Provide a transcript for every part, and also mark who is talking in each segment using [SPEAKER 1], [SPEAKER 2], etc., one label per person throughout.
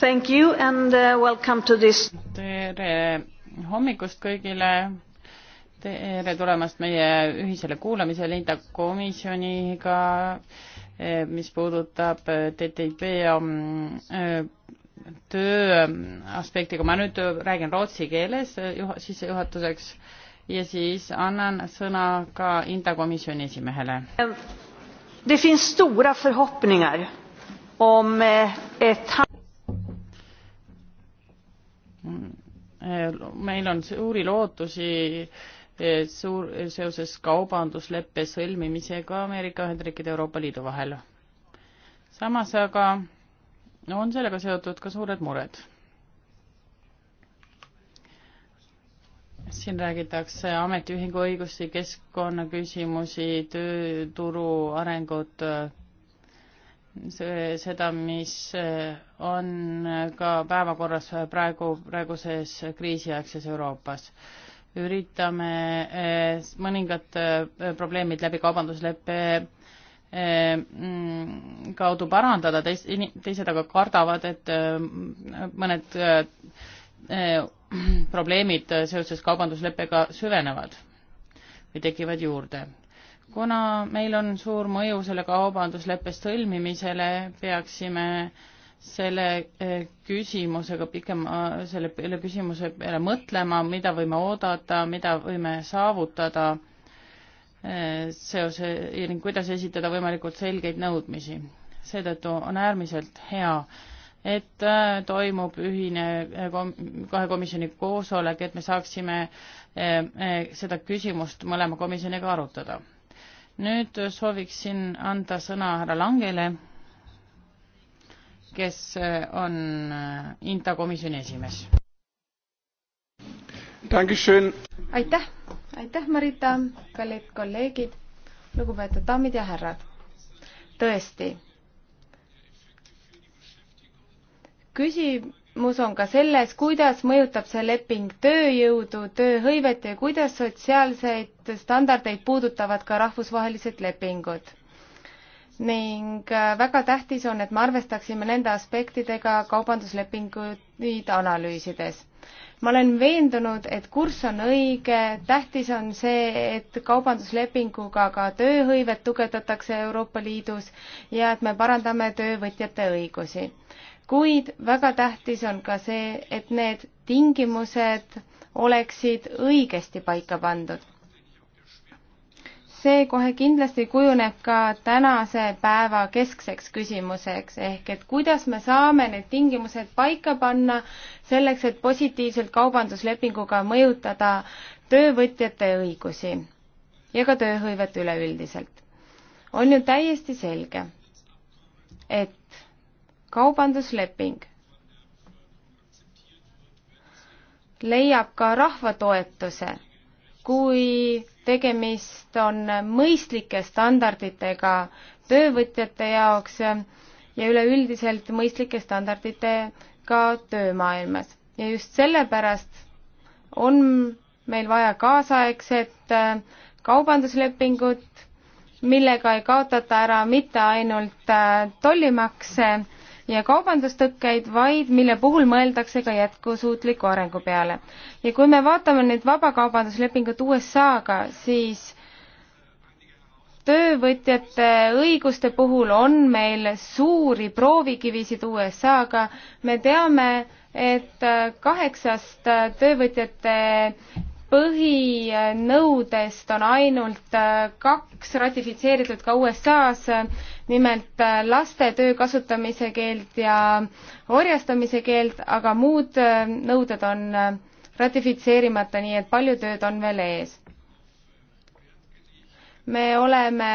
[SPEAKER 1] Thank you and uh, welcome to this. tere hommikust kõigile. tere tulemast meie ühisele kuulamisele Inta komisjoniga, eh, mis puudutab eh, TTIP mm, eh, töö aspekti, kui ma nüüd räägin rootsi keeles sissejuhatuseks ja siis annan sõna ka Inta komisjoni esimehele.
[SPEAKER 2] Um, det finns stora förhoppningar om
[SPEAKER 1] ett Mm. Eh, meil on suuri lootusi eh, suur, seoses kaubandusleppe sõlmimisega Ameerika Ühendriikide ja Euroopa Liidu vahel. samas aga on sellega seotud ka suured mured. siin räägitakse ametiühingu õigusi, keskkonnaküsimusi, tööturu arengut see, seda, mis eh, on eh, ka päevakorras eh, praegu, praeguses kriisiaegses Euroopas. üritame mõningad probleemid läbi kaubandusleppe mm, kaudu parandada, teis-, teised aga kardavad, et mõned probleemid seoses kaubandusleppega süvenevad või tekivad juurde kuna meil on suur mõju selle kaubandusleppe sõlmimisele, peaksime selle eh, küsimusega pikema, selle, selle küsimuse peale mõtlema, mida võime oodata, mida võime saavutada eh, seose ning kuidas esitada võimalikult selgeid nõudmisi. seetõttu on äärmiselt hea, et eh, toimub ühine kom-, kahe komisjoni koosolek, et me saaksime seda küsimust mõlema komisjoniga arutada nüüd sooviksin anda sõna härra Langele, kes on äh, INTA komisjoni esimees.
[SPEAKER 3] aitäh, aitäh, Marita, kallid kolleegid, lugupeetud daamid ja härrad. tõesti, küsi-, küsimus on ka selles, kuidas mõjutab see leping tööjõudu, tööhõivet ja kuidas sotsiaalseid standardeid puudutavad ka rahvusvahelised lepingud. ning äh, väga tähtis on, et me arvestaksime nende aspektidega kaubanduslepinguid analüüsides. ma olen veendunud, et kurss on õige, tähtis on see, et kaubanduslepinguga ka tööhõivet tugevdatakse Euroopa Liidus ja et me parandame töövõtjate õigusi kuid väga tähtis on ka see, et need tingimused oleksid õigesti paika pandud. see kohe kindlasti kujuneb ka tänase päeva keskseks küsimuseks, ehk et kuidas me saame need tingimused paika panna selleks, et positiivselt kaubanduslepinguga mõjutada töövõtjate õigusi ja ka tööhõivet üleüldiselt. on ju täiesti selge, et kaubandusleping leiab ka rahva toetuse, kui tegemist on mõistlike standarditega töövõtjate jaoks ja üleüldiselt mõistlike standarditega töömaailmas. ja just sellepärast on meil vaja kaasaegset kaubanduslepingut, millega ei kaotata ära mitte ainult tollimakse, ja kaubandustõkkeid, vaid mille puhul mõeldakse ka jätkusuutliku arengu peale. ja kui me vaatame nüüd vabakaubanduslepingut USA-ga, siis töövõtjate õiguste puhul on meil suuri proovikivisid USA-ga, me teame, et kaheksast töövõtjate põhinõudest on ainult äh, kaks ratifitseeritud ka USA-s, nimelt äh, laste töö kasutamise keeld ja orjastamise keeld, aga muud äh, nõuded on ratifitseerimata, nii et palju tööd on veel ees. me oleme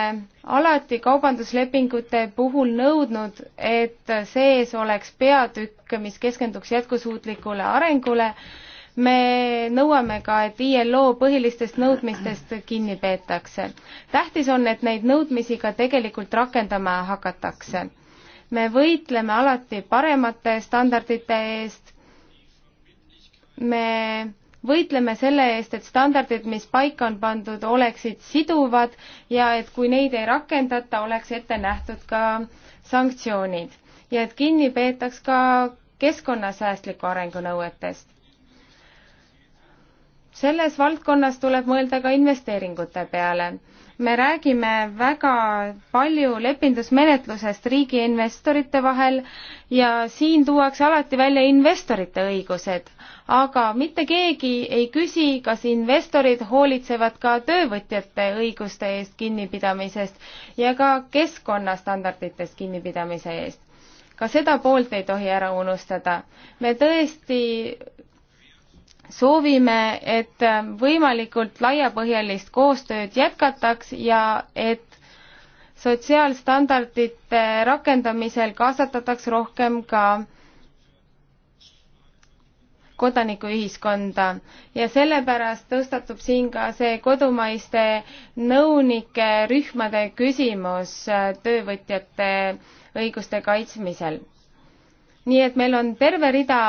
[SPEAKER 3] alati kaubanduslepingute puhul nõudnud, et sees oleks peatükk, mis keskenduks jätkusuutlikule arengule me nõuame ka, et ILO põhilistest nõudmistest kinni peetakse. tähtis on, et neid nõudmisi ka tegelikult rakendama hakatakse. me võitleme alati paremate standardite eest, me võitleme selle eest, et standardid, mis paika on pandud, oleksid siduvad ja et kui neid ei rakendata, oleks ette nähtud ka sanktsioonid ja et kinni peetaks ka keskkonnasäästliku arengu nõuetest selles valdkonnas tuleb mõelda ka investeeringute peale. me räägime väga palju lepindusmenetlusest riigi investorite vahel ja siin tuuakse alati välja investorite õigused, aga mitte keegi ei küsi, kas investorid hoolitsevad ka töövõtjate õiguste eest kinnipidamisest ja ka keskkonnastandarditest kinnipidamise eest ka seda poolt ei tohi ära unustada. me tõesti soovime, et võimalikult laiapõhjalist koostööd jätkataks ja et sotsiaalstandardite rakendamisel kaasatataks rohkem ka kodanikuühiskonda ja sellepärast tõstatub siin ka see kodumaiste nõunike rühmade küsimus töövõtjate õiguste kaitsmisel. nii et meil on terve rida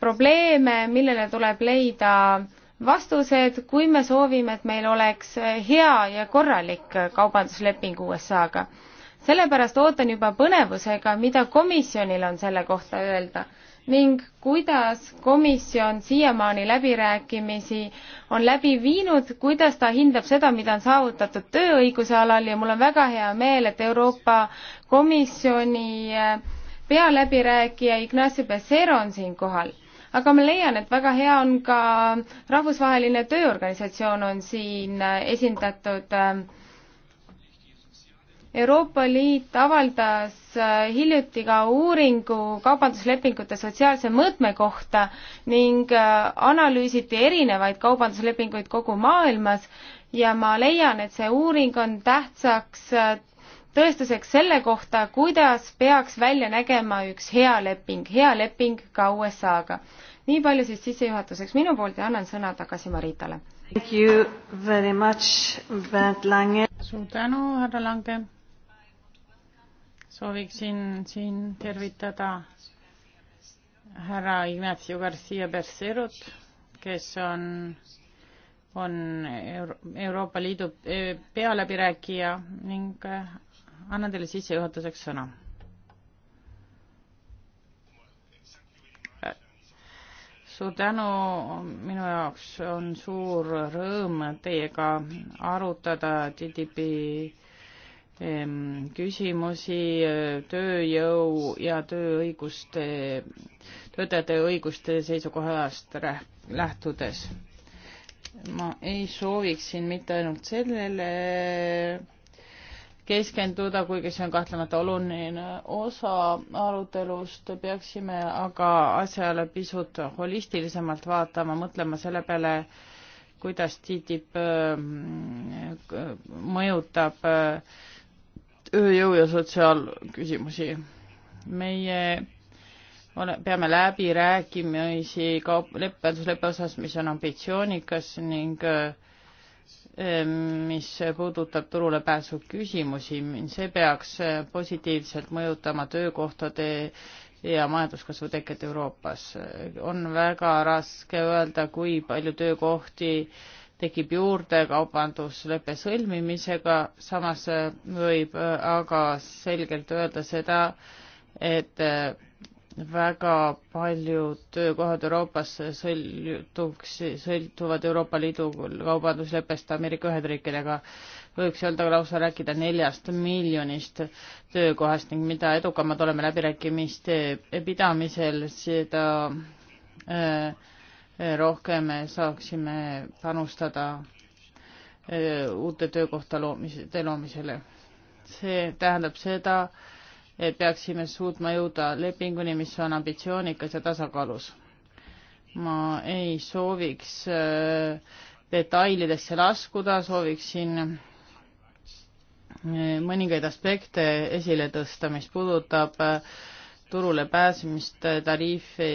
[SPEAKER 3] probleeme, millele tuleb leida vastused, kui me soovime, et meil oleks hea ja korralik kaubandusleping USA-ga. sellepärast ootan juba põnevusega, mida komisjonil on selle kohta öelda ning kuidas komisjon siiamaani läbirääkimisi on läbi viinud, kuidas ta hindab seda, mida on saavutatud tööõiguse alal ja mul on väga hea meel, et Euroopa Komisjoni pealäbirääkija Ignacio Becerro on siin kohal aga ma leian, et väga hea on ka rahvusvaheline tööorganisatsioon on siin äh, esindatud. Äh, Euroopa Liit avaldas äh, hiljuti ka uuringu kaubanduslepingute sotsiaalse mõõtme kohta ning analüüsiti erinevaid kaubanduslepinguid kogu maailmas ja ma leian, et see uuring on tähtsaks tõestuseks selle kohta, kuidas peaks välja nägema üks hea leping, hea leping ka USA-ga. nii palju siis sissejuhatuseks minu poolt
[SPEAKER 1] ja annan sõna tagasi Maritale. suur tänu, härra Lange. sooviksin siin tervitada härra Ignacio Garcia Bercerot, kes on, on Euro Euroopa Liidu eh, pealäbirääkija ning eh, annan teile sissejuhatuseks sõna. suur tänu, minu jaoks on suur rõõm teiega arutada TTIP-i küsimusi tööjõu ja tööõiguste, töötajate õiguste seisukohast lähtudes. ma ei sooviks siin mitte ainult sellele keskenduda, kuigi see on kahtlemata oluline osa arutelust, peaksime aga asjale pisut holistilisemalt vaatama, mõtlema selle peale, kuidas TTIP mm, mõjutab äh, tööjõu ja sotsiaalküsimusi. meie ole, peame läbirääkimisi kaup-, leppe, leppe osas, mis on ambitsioonikas ning öö, äh, Ehm, mis puudutab turule pääsu küsimusi, see peaks positiivselt mõjutama töökohtade ja majanduskasvu teket Euroopas. on väga raske öelda, kui palju töökohti tekib juurde kaubanduslepe sõlmimisega, samas võib aga selgelt öelda seda, et väga paljud töökohad Euroopas sõltuks, sõltuvad Euroopa Liidu kaubandusleppest Ameerika Ühendriikidega. võiks öelda lausa rääkida neljast miljonist töökohast ning mida edukamad oleme läbirääkimiste pidamisel, seda äh, rohkem saaksime panustada äh, uute töökohtade loomisele. see tähendab seda, peaksime suutma jõuda lepinguni, mis on ambitsioonikas ja tasakaalus. ma ei sooviks äh, detailidesse laskuda, sooviksin äh, mõningaid aspekte esile tõsta, mis puudutab äh, turule pääsemist, tariifi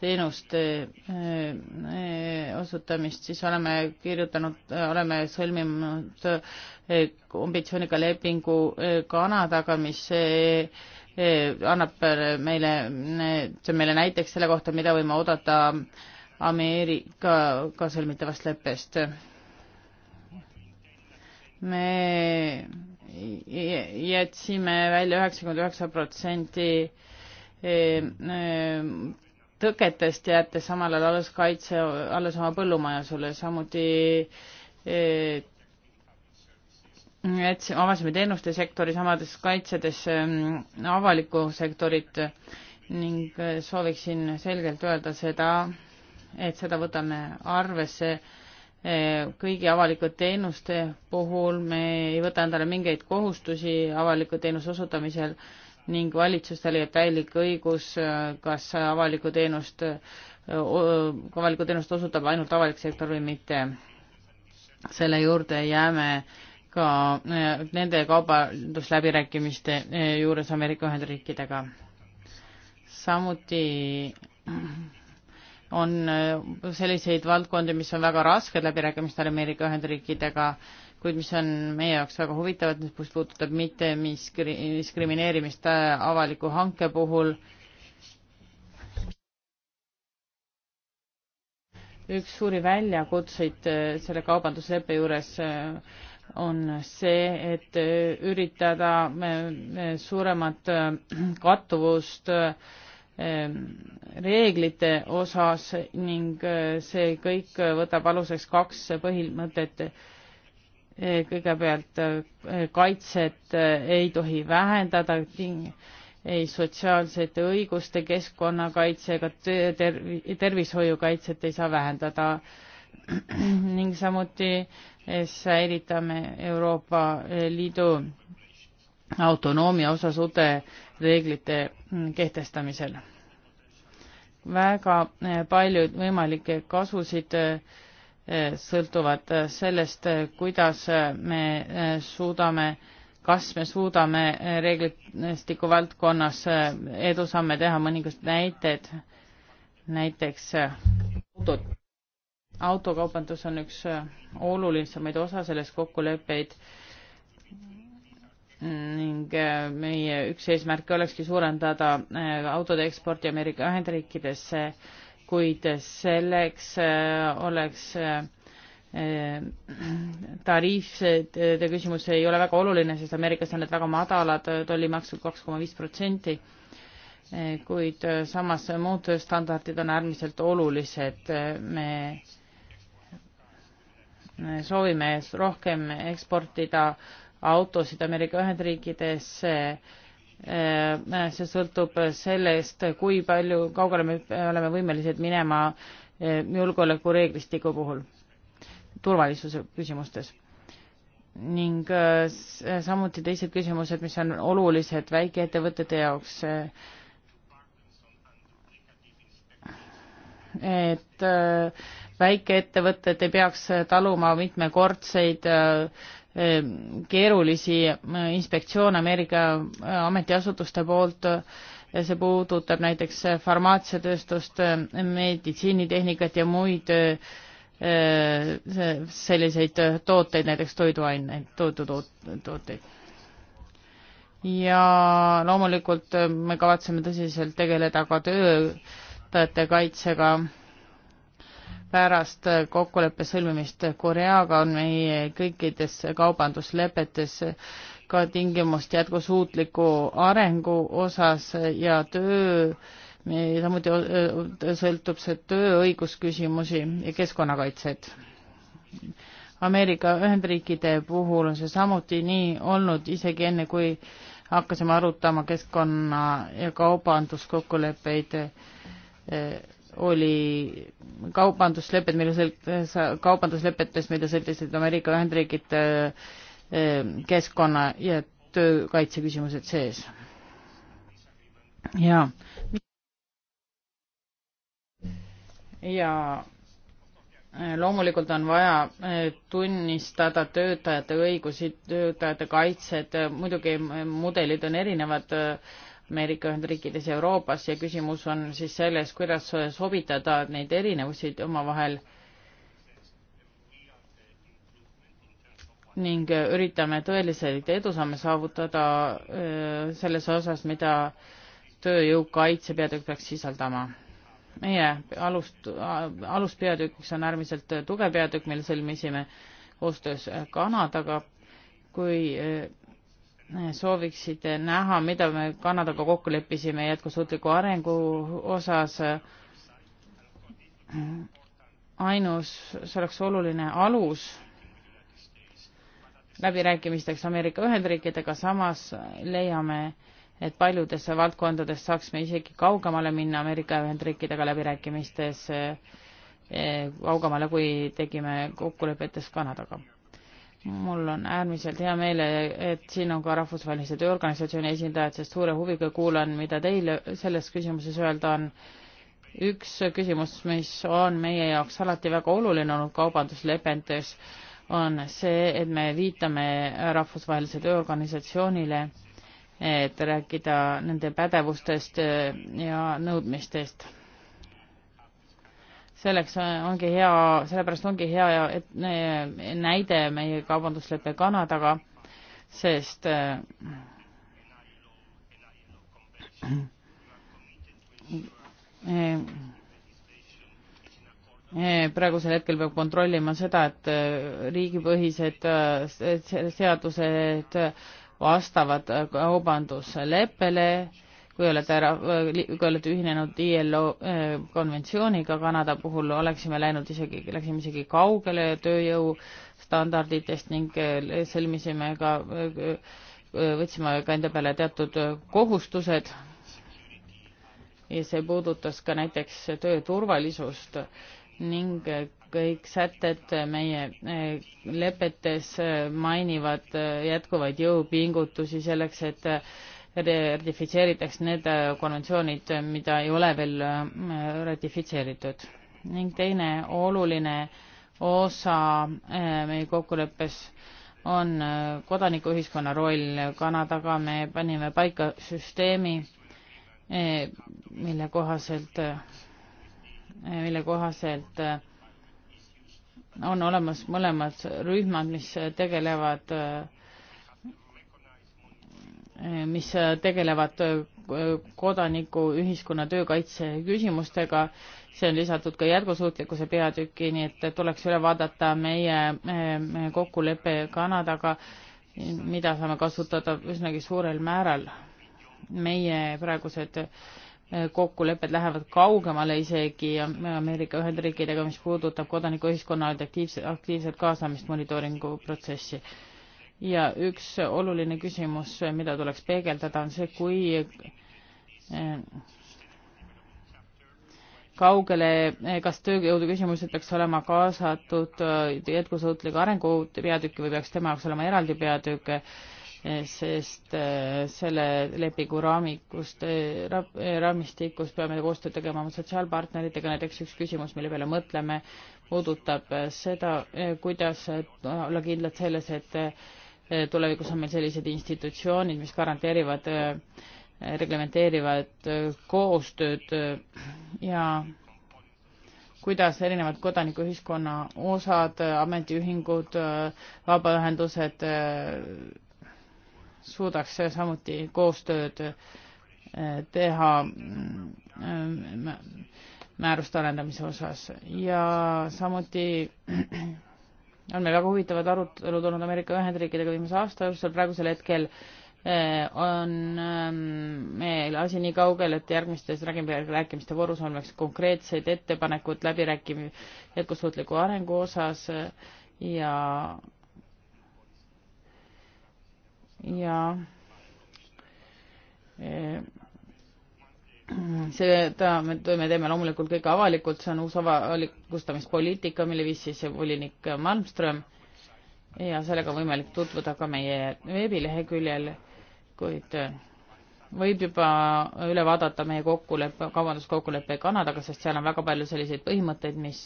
[SPEAKER 1] teenuste eh, osutamist, siis oleme kirjutanud, oleme sõlminud eh, ambitsiooniga lepingu eh, Kanadaga, mis annab meile, see on meile näiteks selle kohta, mida võime oodata Ameerikaga sõlmitavast leppest. me jätsime välja üheksakümmend üheksa protsenti tõketest, jättes samal ajal alles kaitse, alles oma põllumajandusele, samuti jätsime, eh, avasime teenuste sektori samades kaitsedes mm, avalikku sektorit ning eh, sooviksin selgelt öelda seda, et seda võtame arvesse eh, kõigi avalike teenuste puhul, me ei võta endale mingeid kohustusi avaliku teenuse osutamisel ning valitsustel jääb täielik õigus, äh, kas avalikku teenust, äh, äh, avalikku teenust osutab ainult avalik sektor või mitte. selle juurde jääme ka nende kaubandusläbirääkimiste juures Ameerika Ühendriikidega. samuti on selliseid valdkondi, mis on väga rasked läbirääkimistel Ameerika Ühendriikidega kuid mis on meie jaoks väga huvitavad, mis puudutab mitte miskri-, diskrimineerimist äh, avaliku hanke puhul. üks suuri väljakutseid äh, selle kaubandusleppe juures äh, on see, et üritada suuremat kattuvust reeglite osas ning see kõik võtab aluseks kaks põhimõtet Eh, kõigepealt eh, kaitset eh, ei tohi vähendada, ei sotsiaalsete õiguste keskkonnakaitse ega ter-, tervishoiukaitset ei saa vähendada ning samuti säilitame Euroopa Liidu autonoomia osas uute reeglite mm, kehtestamisel. väga palju võimalikke kasusid äh, sõltuvad sellest, kuidas me suudame, kas me suudame reeglistiku valdkonnas edusamme teha, mõningad näited, näiteks autod. autokaubandus on üks olulisemaid osa sellest kokkuleppeid ning meie üks eesmärke olekski suurendada autode eksporti Ameerika Ühendriikidesse äh, kuid selleks äh, oleks äh, tariifsete küsimus ei ole väga oluline, sest Ameerikas on need väga madalad äh, tollimaksud kaks koma viis protsenti, kuid samas muud standardid on äärmiselt olulised. me soovime rohkem eksportida autosid Ameerika Ühendriikidesse Äh, see sõltub sellest, kui palju kaugele me oleme võimelised minema äh, julgeolekureeglistiku puhul, turvalisuse küsimustes. ning äh, samuti teised küsimused, mis on olulised väikeettevõtete jaoks. et väikeettevõtted ei peaks taluma mitmekordseid Ehm, keerulisi äh, inspektsioone Ameerika äh, ametiasutuste poolt. see puudutab näiteks äh, farmaatsiatööstust, meditsiinitehnikat ja muid selliseid tooteid, näiteks toiduaineid, toidutooteid. ja loomulikult me kavatseme tõsiselt tegeleda ka töötajate kaitsega pärast kokkuleppe sõlmimist Koreaga on meie kõikides kaubanduslepetes ka tingimust jätkusuutliku arengu osas ja töö, samuti sõltub see tööõigusküsimusi ja keskkonnakaitset. Ameerika Ühendriikide puhul on see samuti nii olnud isegi enne, kui hakkasime arutama keskkonna ja kaubanduskokkuleppeid oli kaubanduslepet, mille sõlt-, kaubanduslepetest, mida sõltisid Ameerika Ühendriigid äh, äh, keskkonna ja töökaitse küsimused sees. ja, ja loomulikult on vaja äh, tunnistada töötajate õigusi, töötajate kaitset, muidugi mudelid on erinevad Ameerika Ühendriikides ja Euroopas ja küsimus on siis selles, kuidas sobitada neid erinevusi omavahel ning üritame tõeliselt edusamme saavutada äh, selles osas, mida tööjõukaitse peatükk peaks sisaldama. meie alust, aluspeatükiks on äärmiselt tugev peatükk, mille sõlmisime koostöös Kanadaga, kui äh, sooviksid näha, mida me Kanadaga kokku leppisime jätkusuutliku arengu osas. ainus, see oleks oluline alus läbirääkimisteks Ameerika Ühendriikidega, samas leiame, et paljudesse valdkondadesse saaksime isegi kaugemale minna Ameerika Ühendriikidega läbirääkimistes kaugemale, kui tegime kokkulepetes Kanadaga mul on äärmiselt hea meel, et siin on ka rahvusvahelise tööorganisatsiooni esindajad, sest suure huviga kuulan, mida teil selles küsimuses öelda on. üks küsimus, mis on meie jaoks alati väga oluline olnud kaubanduslepetes, on see, et me viitame rahvusvahelise tööorganisatsioonile, et rääkida nende pädevustest ja nõudmistest selleks äh, ongi hea, sellepärast ongi hea ja et, äh, näide meie kaubanduslepe Kanadaga, sest äh, praegusel hetkel peab kontrollima seda, et riigipõhised seadused vastavad kaubandusleppele kui olete ära, kui olete ühinenud ILO eh, konventsiooniga Kanada puhul, oleksime läinud isegi, läksime isegi kaugele tööjõustandarditest ning eh, sõlmisime ka, eh, võtsime ka enda peale teatud kohustused. ja see puudutas ka näiteks tööturvalisust ning kõik sätted meie lepetes mainivad jätkuvaid jõupingutusi selleks, et ratifitseeritaks need äh, konventsioonid, mida ei ole veel äh, ratifitseeritud. ning teine oluline osa äh, meie kokkuleppes on kodanikuühiskonna roll. Kanadaga me panime paika süsteemi, mille kohaselt, mille kohaselt on olemas mõlemad rühmad, mis tegelevad mis äh, tegelevad äh, kodanikuühiskonna töökaitse küsimustega. see on lisatud ka jätkusuutlikkuse peatüki, nii et tuleks üle vaadata meie äh, kokkulepe Kanadaga, mida saame kasutada üsnagi suurel määral. meie praegused kokkulepped lähevad kaugemale isegi Ameerika Ühendriikidega, mis puudutab kodanikuühiskonna aktiivse, aktiivset kaasamist monitooringu protsessi ja üks oluline küsimus, mida tuleks peegeldada, on see, kui eh, kaugele, eh, kas tööjõudu küsimused peaks olema kaasatud eh, jätkusuutliku arengu peatükki või peaks tema jaoks olema eraldi peatükk, sest selle lepingu raamikust, raamistikus peame koostööd tegema oma sotsiaalpartneritega, näiteks üks küsimus, mille peale mõtleme, puudutab seda, kuidas olla kindlad selles, et Eh, tulevikus on meil sellised institutsioonid, mis garanteerivad, eh, reglementeerivad eh, koostööd ja kuidas erinevad kodanikuühiskonna osad, ametiühingud, vabaühendused suudaks samuti koostööd teha mm, määruste arendamise osas ja samuti on meil väga huvitavad arutelud olnud Ameerika Ühendriikidega viimase aasta jooksul, praegusel hetkel eh, on ehm, meil asi nii kaugel, et järgmistes läbirääkimiste voorus on meil konkreetseid ettepanekuid läbirääkimi- jätkusuutliku arengu osas eh, ja ja eh, seda me teeme loomulikult kõik avalikult, see on uus avalikustamispoliitika, mille viis siis volinik Malmström ja sellega on võimalik tutvuda ka meie veebileheküljel, kuid äh, võib juba üle vaadata meie kokkuleppe, kaubanduskokkuleppe Kanadaga, sest seal on väga palju selliseid põhimõtteid, mis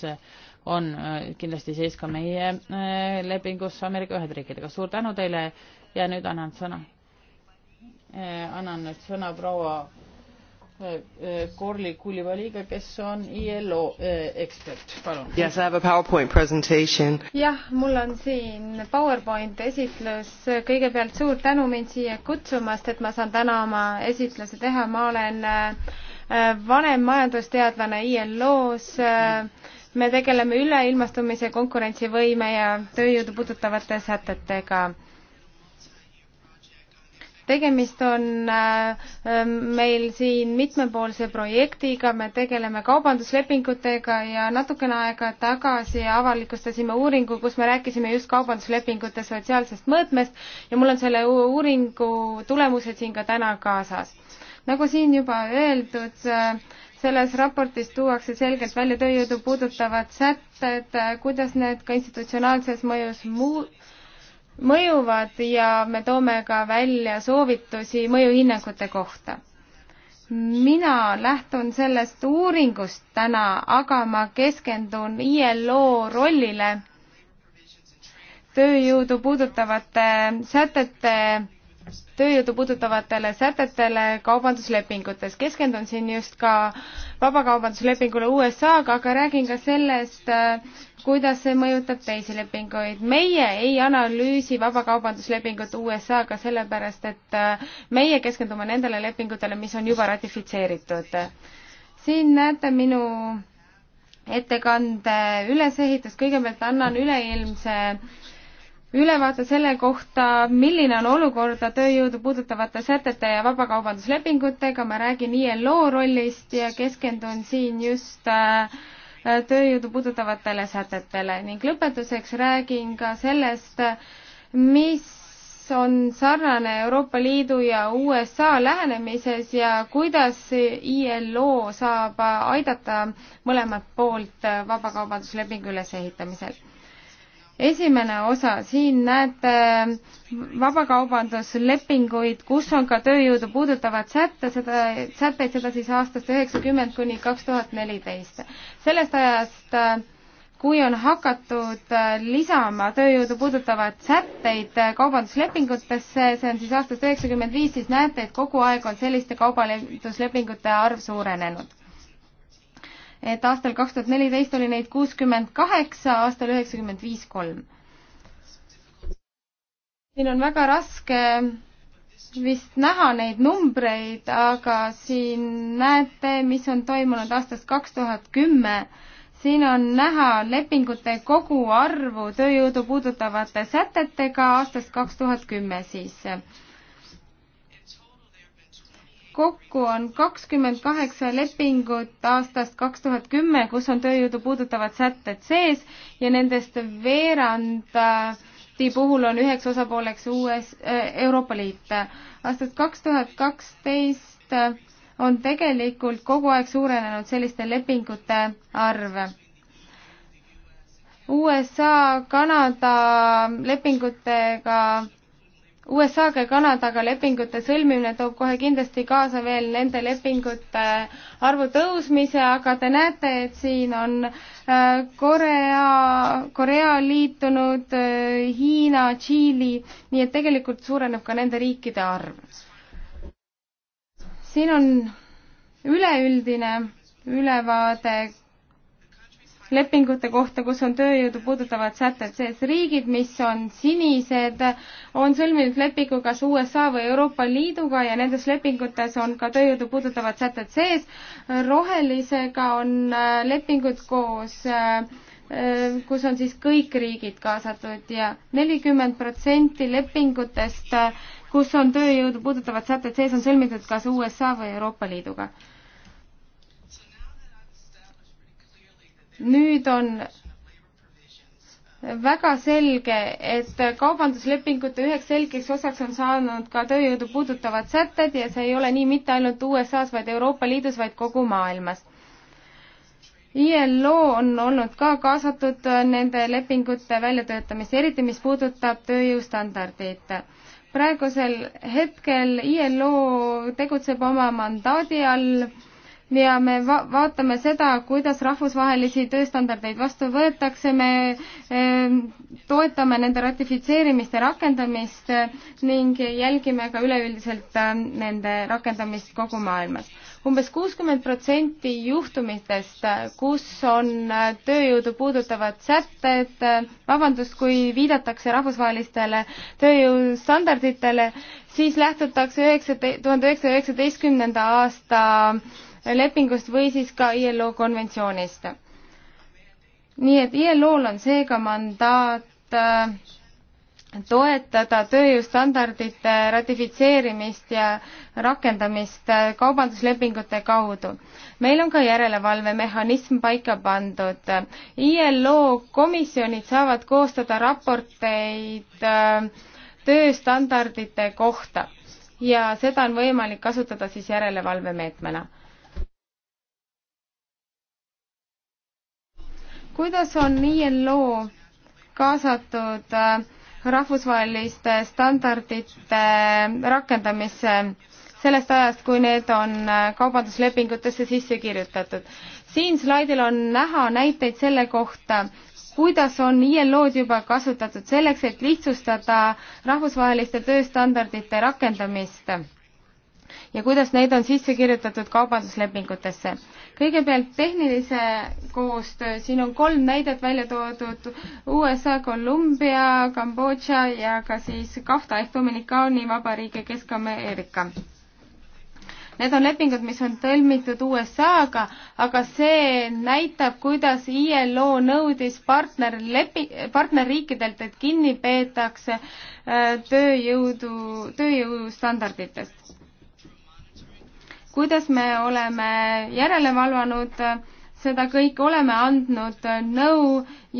[SPEAKER 1] on äh, kindlasti sees ka meie äh, lepingus Ameerika Ühendriikidega. suur tänu teile ja nüüd annan sõna, annan nüüd sõna proua Korli eh, eh, Kulivaliga, kes on ILO eh, ekspert, palun. Yes, I have
[SPEAKER 3] a PowerPoint presentation.
[SPEAKER 1] jah, mul on siin PowerPoint esitlus.
[SPEAKER 3] kõigepealt suur tänu mind siia kutsumast, et ma saan täna oma esitluse teha. ma olen vanem majandusteadlane ILO-s. me tegeleme üleilmastumise, konkurentsivõime ja tööjõudu puudutavate sätetega tegemist on äh, äh, meil siin mitmepoolse projektiga, me tegeleme kaubanduslepingutega ja natukene aega tagasi avalikustasime uuringu, kus me rääkisime just kaubanduslepingute sotsiaalsest mõõtmest ja mul on selle uuringu tulemused siin ka täna kaasas. nagu siin juba öeldud, äh, selles raportis tuuakse selgelt välja tööjõudu puudutavad sätted, kuidas need ka institutsionaalses mõjus muu-, mõjuvad ja me toome ka välja soovitusi mõjuhinnangute kohta. mina lähtun sellest uuringust täna, aga ma keskendun ILO rollile tööjõudu puudutavate sätete tööjõudu puudutavatele sätetele kaubanduslepingutes. keskendun siin just ka vabakaubanduslepingule USA-ga, aga räägin ka sellest, äh, kuidas see mõjutab teisi lepinguid. meie ei analüüsi vabakaubanduslepingut USA-ga sellepärast, et äh, meie keskendume nendele lepingutele, mis on juba ratifitseeritud. siin näete minu ettekande ülesehitust, kõigepealt annan üleilmse äh, ülevaate selle kohta, milline on olukorda tööjõudu puudutavate sätete ja vabakaubanduslepingutega, ma räägin ILO rollist ja keskendun siin just äh, tööjõudu puudutavatele sätetele ning lõpetuseks räägin ka sellest, mis on sarnane Euroopa Liidu ja USA lähenemises ja kuidas ILO saab aidata mõlemat poolt vabakaubanduslepingu ülesehitamisel esimene osa, siin näete vabakaubanduslepinguid, kus on ka tööjõudu puudutavad sätte, seda, sätteid, seda siis aastast üheksakümmend kuni kaks tuhat neliteist. sellest ajast, kui on hakatud äh, lisama tööjõudu puudutavad sätteid äh, kaubanduslepingutesse, see on siis aastast üheksakümmend viis, siis näete, et kogu aeg on selliste kaubanduslepingute arv suurenenud et aastal kaks tuhat neliteist oli neid kuuskümmend kaheksa, aastal üheksakümmend viis kolm. siin on väga raske vist näha neid numbreid, aga siin näete, mis on toimunud aastast kaks tuhat kümme. siin on näha lepingute koguarvu tööjõudu puudutavate sätetega aastast kaks tuhat kümme siis kokku on kakskümmend kaheksa lepingut aastast kaks tuhat kümme, kus on tööjõudu puudutavad sätted sees ja nendest veerandi puhul on üheks osapooleks US, äh, Euroopa Liit. aastast kaks tuhat kaksteist on tegelikult kogu aeg suurenenud selliste lepingute arv USA, Kanada lepingutega USA-ga ja Kanadaga lepingute sõlmimine toob kohe kindlasti kaasa veel nende lepingute arvu tõusmise, aga te näete, et siin on äh, Korea, Korea liitunud, äh, Hiina, Tšiili, nii et tegelikult suureneb ka nende riikide arv. siin on üleüldine ülevaade lepingute kohta, kus on tööjõudu puudutavad sätted sees. riigid, mis on sinised, on sõlminud lepingu kas USA või Euroopa Liiduga ja nendes lepingutes on ka tööjõudu puudutavad sätted sees. rohelisega on äh, lepingud koos äh, äh, kus on siis kõik riigid kaasatud ja nelikümmend protsenti lepingutest, kus on tööjõudu puudutavad sätted sees, on sõlmitud kas USA või Euroopa Liiduga nüüd on väga selge, et kaubanduslepingute üheks selgeks osaks on saanud ka tööjõudu puudutavad sätted ja see ei ole nii mitte ainult USA-s, vaid Euroopa Liidus, vaid kogu maailmas. ILO on olnud ka kaasatud nende lepingute väljatöötamisse, eriti mis puudutab tööjõustandardeid. praegusel hetkel ILO tegutseb oma mandaadi all ja me va vaatame seda, kuidas rahvusvahelisi tööstandardeid vastu võetakse, me ehm, toetame nende ratifitseerimist ja rakendamist ning jälgime ka üleüldiselt äh, nende rakendamist kogu maailmas umbes kuuskümmend protsenti juhtumitest, äh, kus on äh, tööjõudu puudutavad sätted, vabandust, kui viidatakse rahvusvahelistele tööjõustandarditele, siis lähtutakse üheksa, tuhande üheksasaja üheksateistkümnenda aasta lepingust või siis ka ILO konventsioonist. nii et ILO-l on seega mandaat äh, toetada tööjõustandardite ratifitseerimist ja rakendamist äh, kaubanduslepingute kaudu. meil on ka järelevalvemehhanism paika pandud. ILO komisjonid saavad koostada raporteid äh, tööstandardite kohta ja seda on võimalik kasutada siis järelevalvemeetmena kuidas on ILO kaasatud äh, rahvusvaheliste standardite äh, rakendamisse sellest ajast, kui need on äh, kaubanduslepingutesse sisse kirjutatud. siin slaidil on näha näiteid selle kohta, kuidas on ILO-d juba kasutatud selleks, et lihtsustada rahvusvaheliste tööstandardite rakendamist ja kuidas neid on sisse kirjutatud kaubanduslepingutesse. kõigepealt tehnilise koostöö, siin on kolm näidet välja toodud USA, Kolumbia, Kambodža ja ka siis Kafta ehk Dominikaani Vabariik ja Kesk-Ameerika. Need on lepingud, mis on tõlmitud USA-ga, aga see näitab, kuidas ILO nõudis partnerlepi-, partnerriikidelt, et kinni peetakse äh, tööjõudu, tööjõustandarditest kuidas me oleme järele valvanud seda kõike, oleme andnud nõu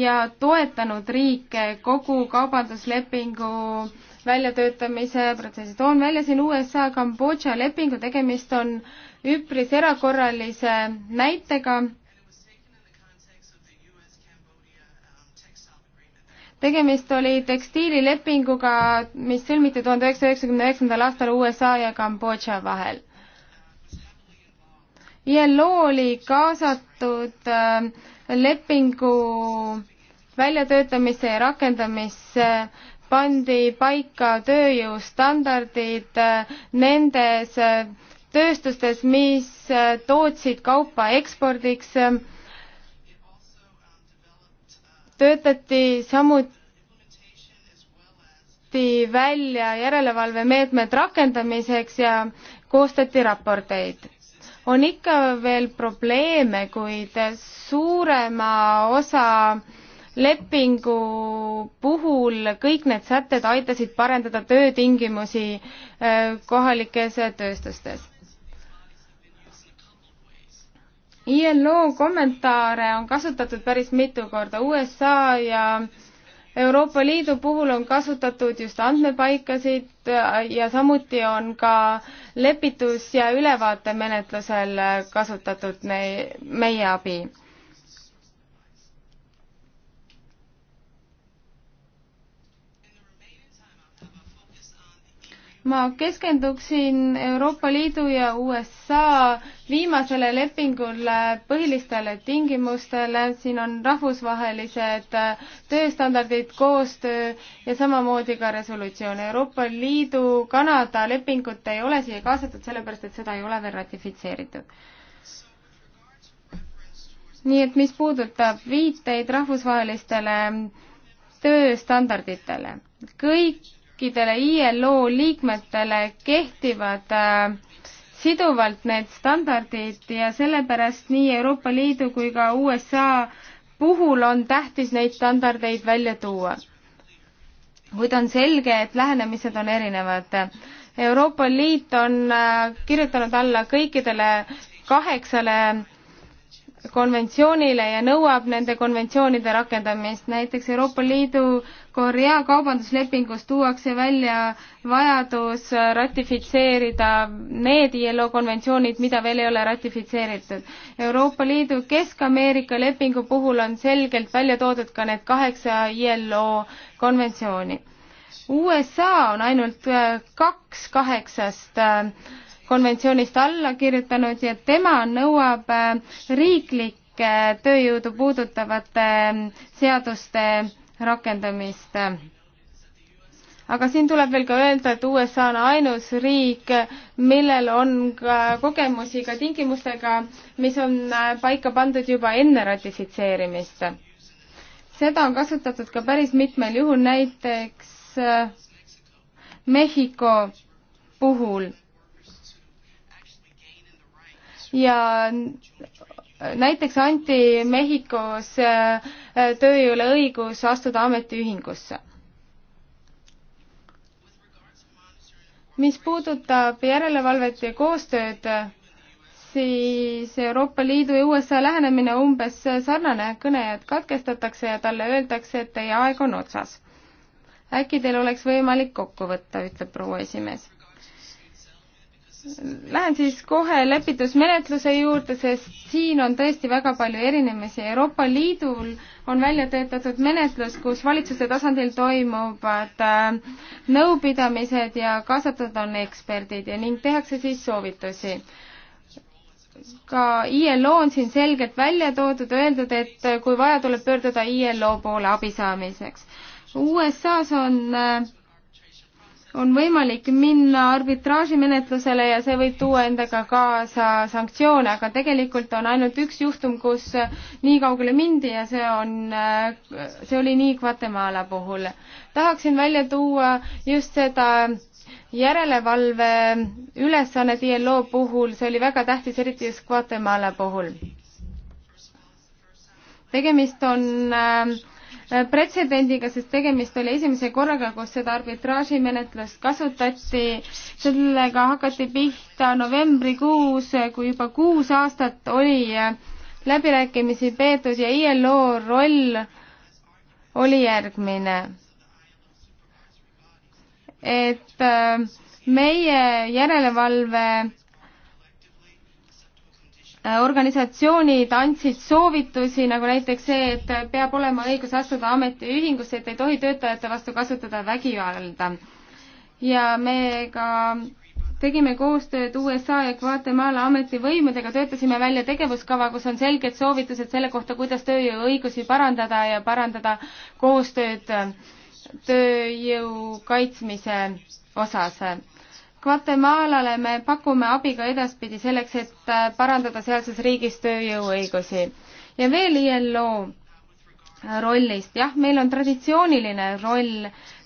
[SPEAKER 3] ja toetanud riike kogu kaubanduslepingu väljatöötamise protsessis. toon välja siin USA Kambodža lepingu, tegemist on üpris erakorralise näitega tegemist oli tekstiililepinguga, mis sõlmiti tuhande üheksasaja üheksakümne üheksandal aastal USA ja Kambodža vahel. ILO oli kaasatud äh, lepingu väljatöötamisse ja rakendamisse pandi paika tööjõustandardid äh, nendes äh, tööstustes, mis tootsid kaupa ekspordiks. töötati samuti välja järelevalvemeetmed rakendamiseks ja koostati raporteid on ikka veel probleeme, kuid suurema osa lepingu puhul kõik need sätted aitasid parendada töötingimusi äh, kohalikes tööstustes. ILO kommentaare on kasutatud päris mitu korda USA ja Euroopa Liidu puhul on kasutatud just andmepaikasid äh, ja samuti on ka lepitus- ja ülevaatemenetlusel kasutatud me, meie abi. ma keskenduksin Euroopa Liidu ja USA viimasele lepingule põhilistele tingimustele, siin on rahvusvahelised äh, tööstandardid, koostöö ja samamoodi ka resolutsioon. Euroopa Liidu Kanada lepingut ei ole siia kaasatud, sellepärast et seda ei ole veel ratifitseeritud. nii et mis puudutab viiteid rahvusvahelistele tööstandarditele, kõikidele ILO liikmetele kehtivad äh, siduvalt need standardid ja sellepärast nii Euroopa Liidu kui ka USA puhul on tähtis neid standardeid välja tuua. kuid on selge, et lähenemised on erinevad. Euroopa Liit on äh, kirjutanud alla kõikidele kaheksale konventsioonile ja nõuab nende konventsioonide rakendamist. näiteks Euroopa Liidu Korea kaubanduslepingus tuuakse välja vajadus ratifitseerida need ILO konventsioonid, mida veel ei ole ratifitseeritud. Euroopa Liidu Kesk-Ameerika lepingu puhul on selgelt välja toodud ka need kaheksa ILO konventsiooni. USA on ainult kaks kaheksast äh, konventsioonist alla kirjutanud ja tema nõuab äh, riiklike äh, tööjõudu puudutavate äh, seaduste rakendamist. aga siin tuleb veel ka öelda, et USA on ainus riik, millel on ka kogemusi ka tingimustega, mis on paika pandud juba enne ratifitseerimist. seda on kasutatud ka päris mitmel juhul, näiteks Mehhiko puhul ja näiteks anti Mehhikos äh, äh, tööjõule õigus astuda ametiühingusse. mis puudutab järelevalvet ja koostööd, siis Euroopa Liidu ja USA lähenemine umbes sarnane, kõnejad katkestatakse ja talle öeldakse, et teie aeg on otsas. äkki teil oleks võimalik kokku võtta, ütleb proua esimees Lähen siis kohe lepitusmenetluse juurde, sest siin on tõesti väga palju erinevusi. Euroopa Liidul on välja töötatud menetlus, kus valitsuse tasandil toimuvad äh, nõupidamised ja kaasatud on eksperdid ja ning tehakse siis soovitusi. ka ILO on siin selgelt välja toodud, öeldud, et äh, kui vaja, tuleb pöörduda ILO poole abi saamiseks. USA-s on äh, on võimalik minna arbitraažimenetlusele ja see võib tuua endaga kaasa sanktsioone, aga tegelikult on ainult üks juhtum, kus nii kaugele mindi ja see on, see oli nii Guatemala puhul. tahaksin välja tuua just seda järelevalve ülesannet ILO puhul, see oli väga tähtis, eriti just Guatemala puhul. tegemist on äh, Äh, pretsedendiga, sest tegemist oli esimese korraga, kus seda arbitraažimenetlust kasutati. sellega hakati pihta novembrikuus, kui juba kuus aastat oli äh, läbirääkimisi peetud ja ILO roll oli järgmine. et äh, meie järelevalve Äh, organisatsioonid andsid soovitusi, nagu näiteks see, et peab olema õigus astuda ametiühingusse, et ei tohi töötajate vastu kasutada vägivalda. ja me ka tegime koostööd USA ja Guatemala ametivõimudega, töötasime välja tegevuskava, kus on selged soovitused selle kohta, kuidas tööjõuõigusi parandada ja parandada koostööd äh, tööjõu kaitsmise osas Guatemalale me pakume abi ka edaspidi selleks, et äh, parandada sealses riigis tööjõuõigusi. ja veel ILO äh, rollist, jah, meil on traditsiooniline roll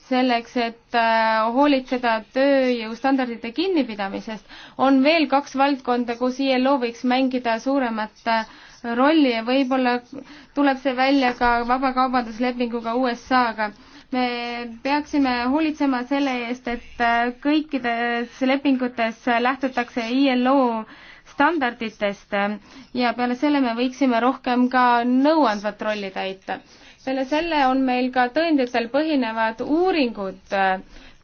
[SPEAKER 3] selleks, et äh, hoolitseda tööjõustandardite kinnipidamisest, on veel kaks valdkonda, kus ILO võiks mängida suuremat rolli ja võib-olla tuleb see välja ka vabakaubanduslepinguga USA-ga me peaksime hoolitsema selle eest, et kõikides lepingutes lähtutakse ILO standarditest ja peale selle me võiksime rohkem ka nõuandvat rolli täita. peale selle on meil ka tõenditel põhinevad uuringud,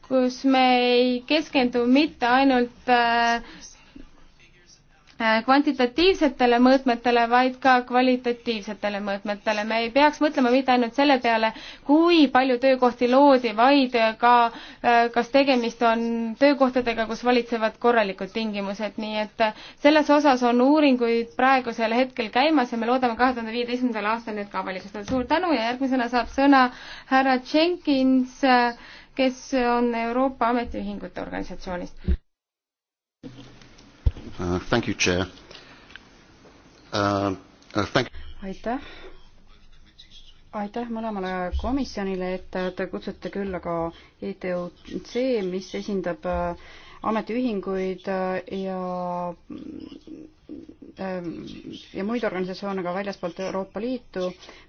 [SPEAKER 3] kus me ei keskendu mitte ainult äh, Äh, kvantitatiivsetele mõõtmetele, vaid ka kvalitatiivsetele mõõtmetele. me ei peaks mõtlema mitte ainult selle peale, kui palju töökohti loodi, vaid ka äh, kas tegemist on töökohtadega, kus valitsevad korralikud tingimused, nii et äh, selles osas on uuringuid praegusel hetkel käimas ja me loodame kahe tuhande viieteistkümnendal aastal need ka avalikustada. suur tänu ja järgmisena saab sõna härra Jenkins, kes on Euroopa Ametiühingute Organisatsioonist.
[SPEAKER 2] Uh, thank you, Chair.
[SPEAKER 3] Uh, uh, thank
[SPEAKER 2] aitäh, aitäh mõlemale komisjonile, et te kutsute külla ka ETUC, mis esindab äh, ametiühinguid äh, ja ähm, ja muid organisatsioone ka väljaspoolt Euroopa Liitu.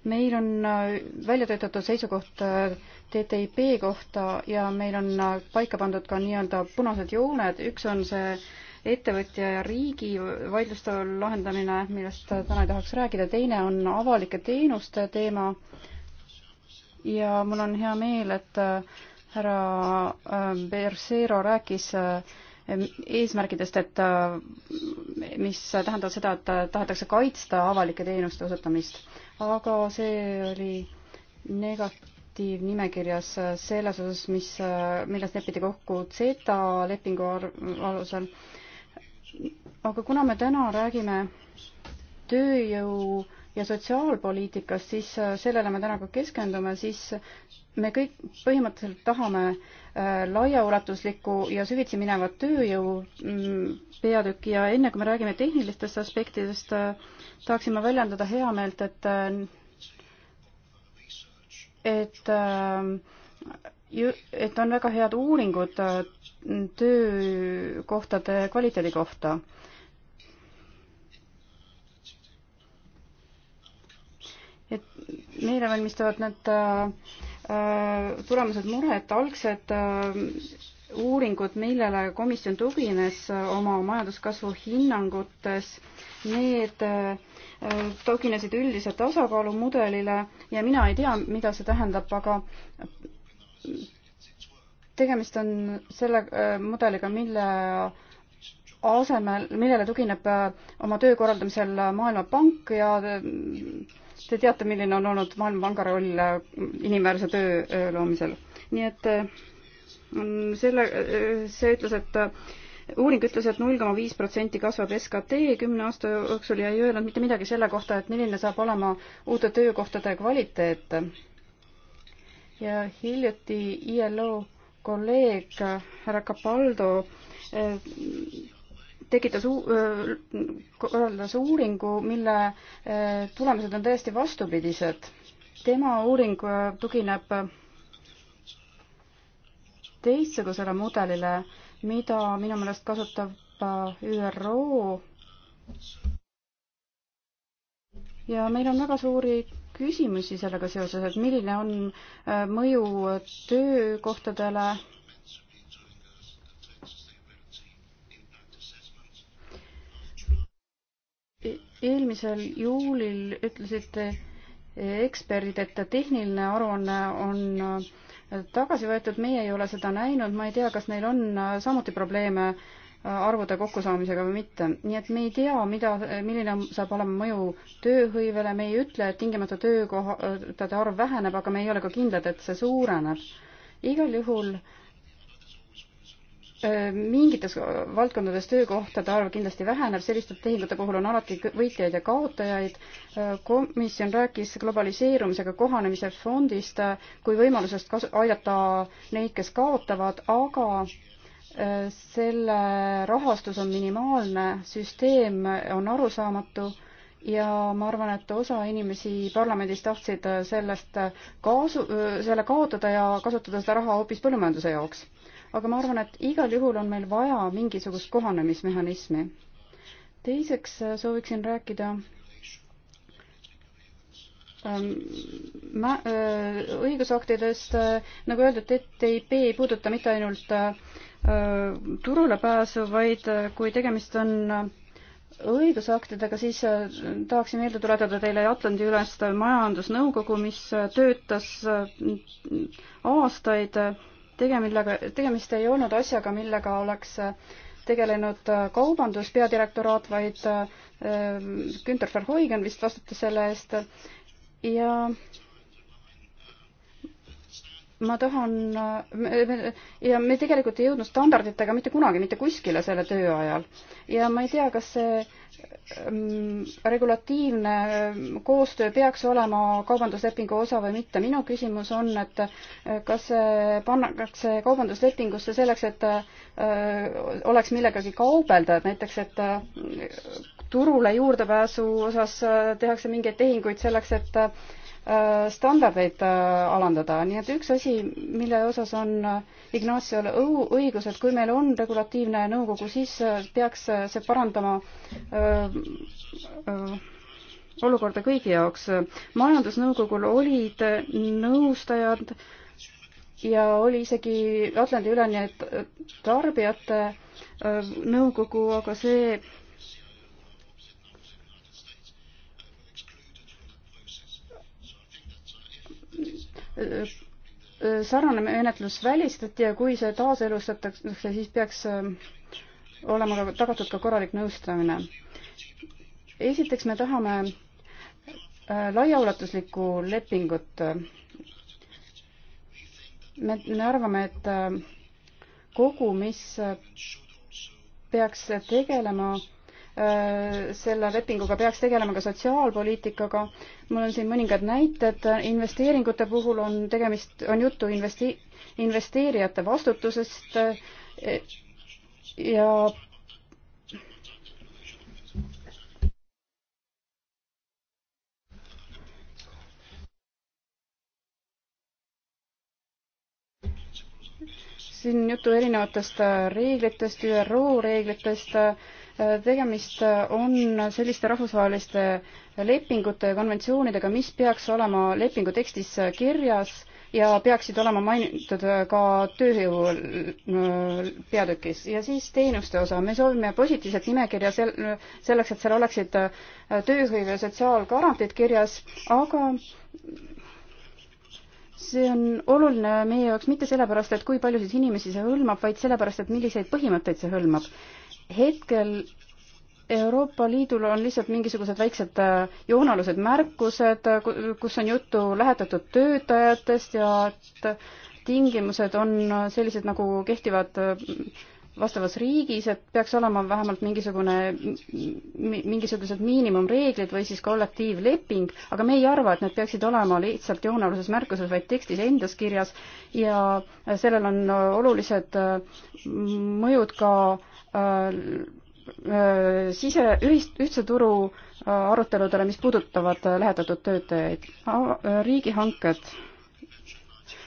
[SPEAKER 2] meil on äh, välja töötatud seisukoht TTIP kohta ja meil on paika pandud ka nii-öelda punased jooned, üks on see ettevõtja ja riigi vaidluste lahendamine, millest täna ei tahaks rääkida, teine on avalike teenuste teema ja mul on hea meel, et äh, härra äh, Berseero rääkis äh, eesmärkidest, et mis tähendab seda, et tahetakse kaitsta avalike teenuste osutamist, aga see oli negatiivne direktiivnimekirjas selles osas, mis, milles lepiti kokku CETA lepingu alusel aga kuna me täna räägime tööjõu ja sotsiaalpoliitikast, siis äh, sellele me täna ka keskendume, siis me kõik põhimõtteliselt tahame äh, laiaulatuslikku ja süvitsi minevat tööjõu mm, peatükki ja enne kui me räägime tehnilistest aspektidest, äh, tahaksin ma väljendada heameelt, et et et on väga head uuringud äh, töökohtade kvaliteedi kohta. et meile valmistavad need äh, äh, tulemused muret, algsed uuringud, millele komisjon tugines oma majanduskasvu hinnangutes, need tuginesid üldise tasakaalumudelile ja mina ei tea, mida see tähendab, aga tegemist on selle äh, mudeliga, mille asemel, millele tugineb äh, oma töö korraldamisel Maailmapank ja äh, te teate, milline on olnud Maailmapanga roll inimväärse töö loomisel. nii et selle, see ütles, et uuring ütles et, et null koma viis protsenti kasvab SKT kümne aasta jooksul ja ei öelnud mitte midagi selle kohta, et milline saab olema uute töökohtade kvaliteet ja hiljuti ILO kolleeg härra Capaldo eh, tekitas, eh, korraldas uuringu, mille eh, tulemused on täiesti vastupidised. tema uuring tugineb teistsugusele mudelile, mida minu meelest kasutab ÜRO. ja meil on väga suuri küsimusi sellega seoses, et milline on äh, mõju töökohtadele. E-, eelmisel juulil ütlesite eksperdid, et tehniline aruanne on äh, tagasi võetud, meie ei ole seda näinud, ma ei tea, kas neil on äh, samuti probleeme äh, arvude kokkusaamisega või mitte. nii et me ei tea, mida, milline saab olema mõju tööhõivele, me ei ütle, et tingimata töökohtade arv väheneb, aga me ei ole ka kindlad, et see suureneb. igal juhul mingites valdkondades töökohtade arv kindlasti väheneb, selliste tehingute puhul on alati võitjaid ja kaotajaid. komisjon rääkis globaliseerumisega kohanemise fondist kui võimalusest kas-, aidata neid, kes kaotavad, aga selle rahastus on minimaalne, süsteem on arusaamatu ja ma arvan, et osa inimesi parlamendis tahtsid sellest kaasu, selle kaotada ja kasutada seda raha hoopis põllumajanduse jaoks. aga ma arvan, et igal juhul on meil vaja mingisugust kohanemismehhanismi. teiseks sooviksin rääkida ähm, mä-, äh, õigusaktidest, nagu öeldud, TTIP ei puuduta mitte ainult äh, turule pääsu, vaid äh, kui tegemist on äh, õigusaktidega, siis äh, tahaksin meelde tuletada teile Atlandi ülest majandusnõukogu, mis töötas aastaid, tege-, millega, tegemist ei olnud asjaga, millega oleks tegelenud kaubandus peadirektoraat, vaid Günter Verhoegen vist vastutas selle eest ja ma tahan ja me tegelikult ei jõudnud standarditega mitte kunagi mitte kuskile selle töö ajal ja ma ei tea, kas see mm, regulatiivne mm, koostöö peaks olema kaubanduslepingu osa või mitte. minu küsimus on, et eh, kas see pannakse kaubanduslepingusse selleks, et eh, oleks millegagi kaubelda, et näiteks, et eh, turule juurdepääsu osas tehakse mingeid tehinguid selleks, et Äh, standardeid äh, alandada, nii et üks asi, mille osas on äh, Ignaciole õigus, et kui meil on regulatiivne nõukogu, siis peaks see parandama olukorda kõigi jaoks. majandusnõukogul olid nõustajad ja oli isegi Atlandi üleni tarbijate nõukogu, aga see sarnane menetlus välistati ja kui see taaselustatakse, siis peaks äh, olema ka tagatud ka korralik nõustamine. esiteks me tahame äh, laiaulatuslikku lepingut. me, me arvame, et äh, kogu, mis peaks tegelema äh, Äh, selle lepinguga peaks tegelema ka sotsiaalpoliitikaga. mul on siin mõningad näited, investeeringute puhul on tegemist, on juttu investi-, investeerijate vastutusest äh, ja siin juttu erinevatest reeglitest, ÜRO reeglitest, tegemist on selliste rahvusvaheliste lepingute ja konventsioonidega, mis peaks olema lepingu tekstis kirjas ja peaksid olema mainitud ka tööjõu äh, peatükis. ja siis teenuste osa, me soovime positiivset nimekirja sel-, selleks, et seal oleksid äh, tööhõive ja sotsiaalgarantiid kirjas, aga see on oluline meie jaoks mitte sellepärast, et kui paljusid inimesi see hõlmab, vaid sellepärast, et milliseid põhimõtteid see hõlmab hetkel Euroopa Liidul on lihtsalt mingisugused väiksed äh, joonealused märkused, äh, kus on juttu lähetatud töötajatest ja et tingimused on äh, sellised, nagu kehtivad vastavas riigis, et peaks olema vähemalt mingisugune, mingisugused miinimumreeglid või siis kollektiivleping, aga me ei arva, et need peaksid olema lihtsalt joonealuses märkuses, vaid tekstis endas kirjas ja sellel on olulised mõjud ka äh, Äh, äh, sise, ühist, ühtse turu äh, aruteludele, mis puudutavad lähetatud töötajaid. riigihanked.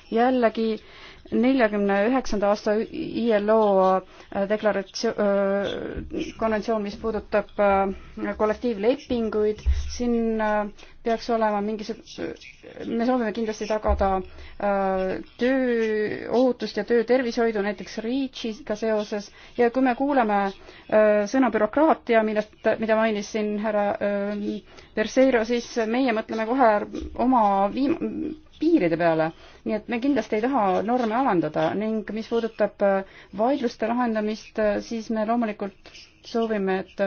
[SPEAKER 2] jällegi äh, neljakümne üheksanda aasta ILO äh, deklaratsioon, äh, konventsioon, mis puudutab äh, kollektiivlepinguid, siin peaks olema mingisugune, me soovime kindlasti tagada tööohutust ja töötervishoidu näiteks REACH-iga seoses ja kui me kuuleme sõna bürokraatia, millest, mida mainis siin härra Verseiro, ähm, siis meie mõtleme kohe oma viim-, piiride peale. nii et me kindlasti ei taha norme alandada ning mis puudutab äh, vaidluste lahendamist, äh, siis me loomulikult soovime, et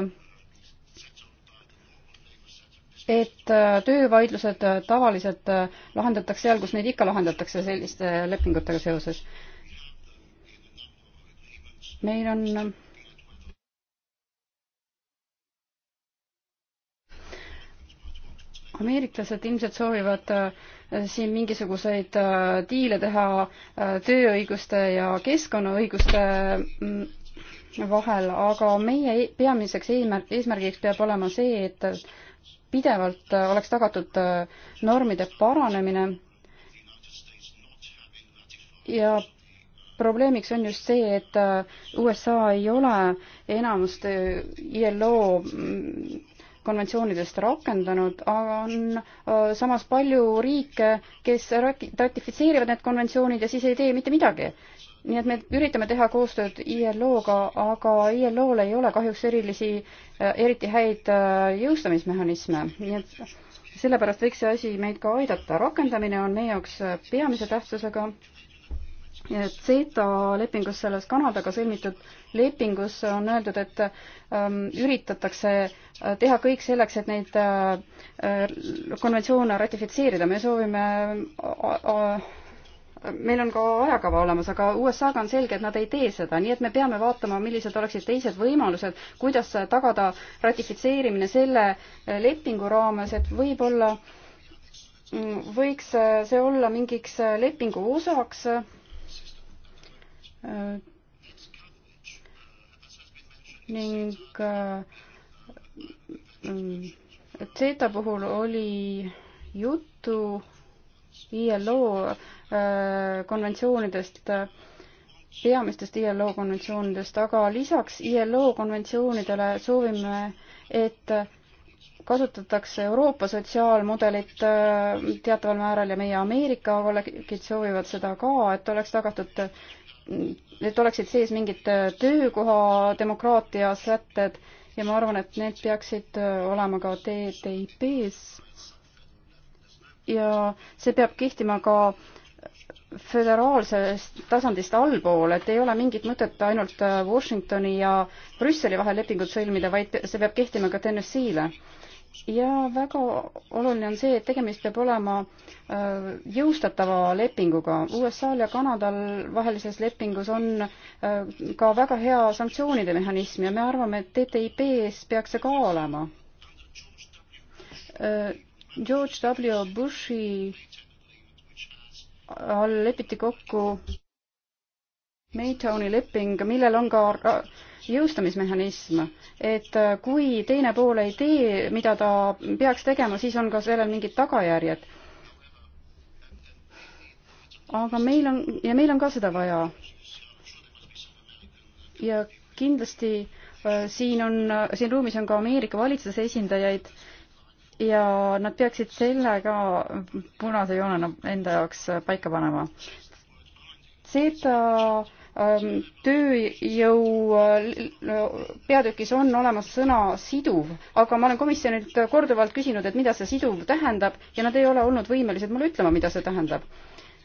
[SPEAKER 2] et äh, töövaidlused tavaliselt lahendatakse seal, kus neid ikka lahendatakse selliste lepingutega seoses. meil on ameeriklased ilmselt soovivad äh, siin mingisuguseid äh, diile teha äh, tööõiguste ja keskkonnaõiguste mm, vahel, aga meie e-, peamiseks eesmärgiks peab olema see, et pidevalt äh, oleks tagatud normide paranemine ja probleemiks on just see, et USA ei ole enamust ILO mm, konventsioonidest rakendanud, aga on samas palju riike, kes ratifitseerivad need konventsioonid ja siis ei tee mitte midagi. nii et me üritame teha koostööd ILO-ga, aga ILO-l ei ole kahjuks erilisi, eriti häid jõustamismehhanisme, nii et sellepärast võiks see asi meid ka aidata. rakendamine on meie jaoks peamise tähtsusega CETA lepingus, selles Kanadaga sõlmitud lepingus on öeldud, et ähm, üritatakse äh, teha kõik selleks, et neid äh, konventsioone ratifitseerida. me soovime äh, äh, meil on ka ajakava olemas, aga USA-ga on selge, et nad ei tee seda, nii et me peame vaatama, millised oleksid teised võimalused, kuidas tagada ratifitseerimine selle lepingu raames, et võib-olla mm, võiks see olla mingiks lepingu osaks Äh, ning äh, mm, Zeta puhul oli juttu ILO äh, konventsioonidest, peamistest ILO konventsioonidest, aga lisaks ILO konventsioonidele soovime, et kasutatakse Euroopa sotsiaalmudelit teataval määral ja meie Ameerika kolleegid soovivad seda ka, et oleks tagatud et oleksid sees mingid äh, töökoha demokraatia sätted ja ma arvan, et need peaksid äh, olema ka TTIP-s. ja see peab kehtima ka föderaalsest tasandist allpool, et ei ole mingit mõtet ainult äh, Washingtoni ja Brüsseli vahel lepingut sõlmida, vaid see peab kehtima ka TNS-ile ja väga oluline on see, et tegemist peab olema äh, jõustatava lepinguga. USA-l ja Kanadal vahelises lepingus on äh, ka väga hea sanktsioonide mehhanism ja me arvame, et TTIP-s peaks see ka olema. Äh, George W Bushi all lepiti kokku Maytowni leping, millel on ka jõustamismehhanism, et kui teine pool ei tee, mida ta peaks tegema, siis on ka sellel mingid tagajärjed. aga meil on ja meil on ka seda vaja. ja kindlasti äh, siin on, siin ruumis on ka Ameerika valitsuse esindajaid ja nad peaksid selle ka punase joonena enda jaoks paika panema. CETA tööjõu äh, peatükis on olemas sõna siduv, aga ma olen komisjonilt korduvalt küsinud, et mida see siduv tähendab ja nad ei ole olnud võimelised mulle ütlema, mida see tähendab.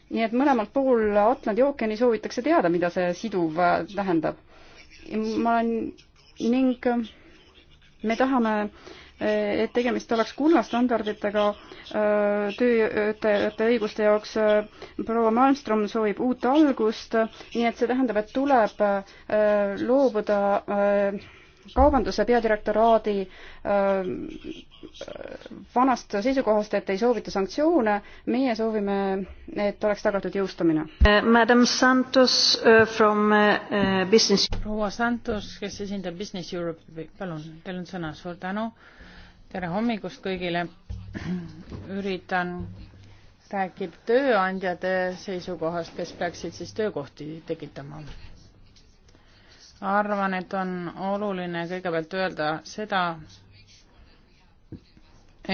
[SPEAKER 2] nii et mõlemalt pool Atlandi ookeani soovitakse teada, mida see siduv äh, tähendab. ma olen ning äh, me tahame äh, et tegemist oleks kullastandarditega äh, töötajate õiguste jaoks. proua Malmström soovib uut algust, nii et see tähendab, et tuleb äh, loobuda äh, kaubanduse peadirektoraadi vanast seisukohast, et ei soovita sanktsioone, meie soovime, et oleks tagatud jõustamine. Madam Santos from Business.
[SPEAKER 1] proua Santos, kes esindab Business Europe, palun, teil on sõna, suur tänu tere hommikust kõigile. üritan rääkida tööandjate seisukohast, kes peaksid siis töökohti tekitama. arvan, et on oluline kõigepealt öelda seda,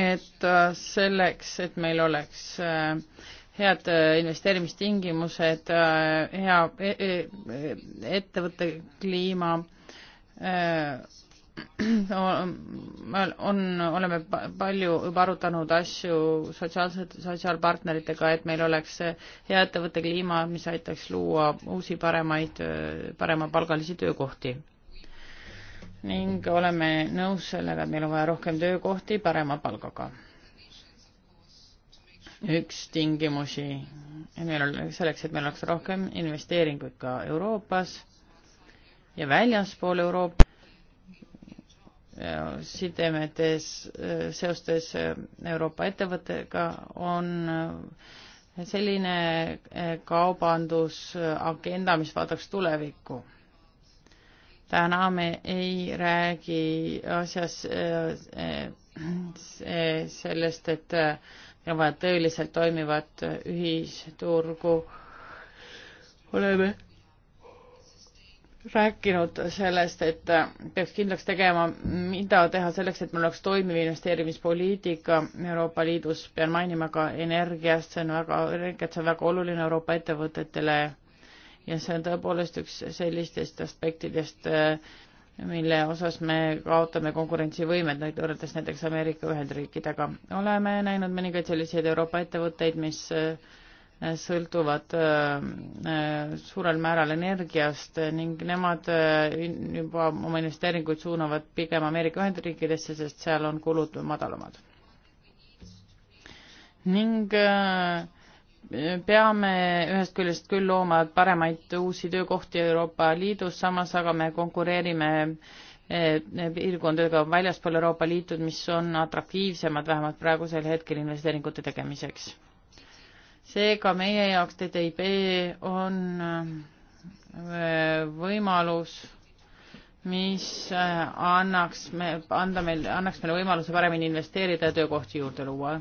[SPEAKER 1] et selleks, et meil oleks äh, head äh, investeerimistingimused, äh, hea e, e, e, ettevõtte kliima, Äh, on, oleme palju juba arutanud asju sotsiaalsete, sotsiaalpartneritega, et meil oleks hea ettevõtte kliima, mis aitaks luua uusi paremaid, paremapalgalisi töökohti. ning oleme nõus sellega, et meil on vaja rohkem töökohti parema palgaga. üks tingimusi, meil on selleks, et meil oleks rohkem investeeringuid ka Euroopas ja väljaspool Euroopa sidemetes, äh, seostes äh, Euroopa ettevõttega on äh, selline kaubandusagenda, mis vaataks tulevikku. täna me ei räägi asjas sellest, et meil on vaja tõeliselt toimivat ühisturgu. oleme rääkinud sellest, et peaks kindlaks tegema, mida teha selleks, et meil oleks toimiv investeerimispoliitika Euroopa Liidus, pean mainima ka energiast, see on väga, energiat, see on väga oluline Euroopa ettevõtetele ja see on tõepoolest üks sellistest aspektidest, mille osas me kaotame konkurentsivõimet võrreldes näiteks Ameerika Ühendriikidega. oleme näinud mõningaid selliseid Euroopa ettevõtteid, mis sõltuvad äh, äh, suurel määral energiast ning nemad äh, juba oma investeeringuid suunavad pigem Ameerika Ühendriikidesse, sest seal on kulud madalamad. ning peame ühest küljest küll looma paremaid uusi töökohti Euroopa Liidus, samas aga me konkureerime piirkondadega väljaspool Euroopa Liitud, mis on atraktiivsemad vähemalt praegusel hetkel investeeringute tegemiseks seega meie jaoks TTIP on äh, võimalus, mis äh, annaks me, anda meil, annaks meile võimaluse paremini investeerida ja töökohti juurde luua.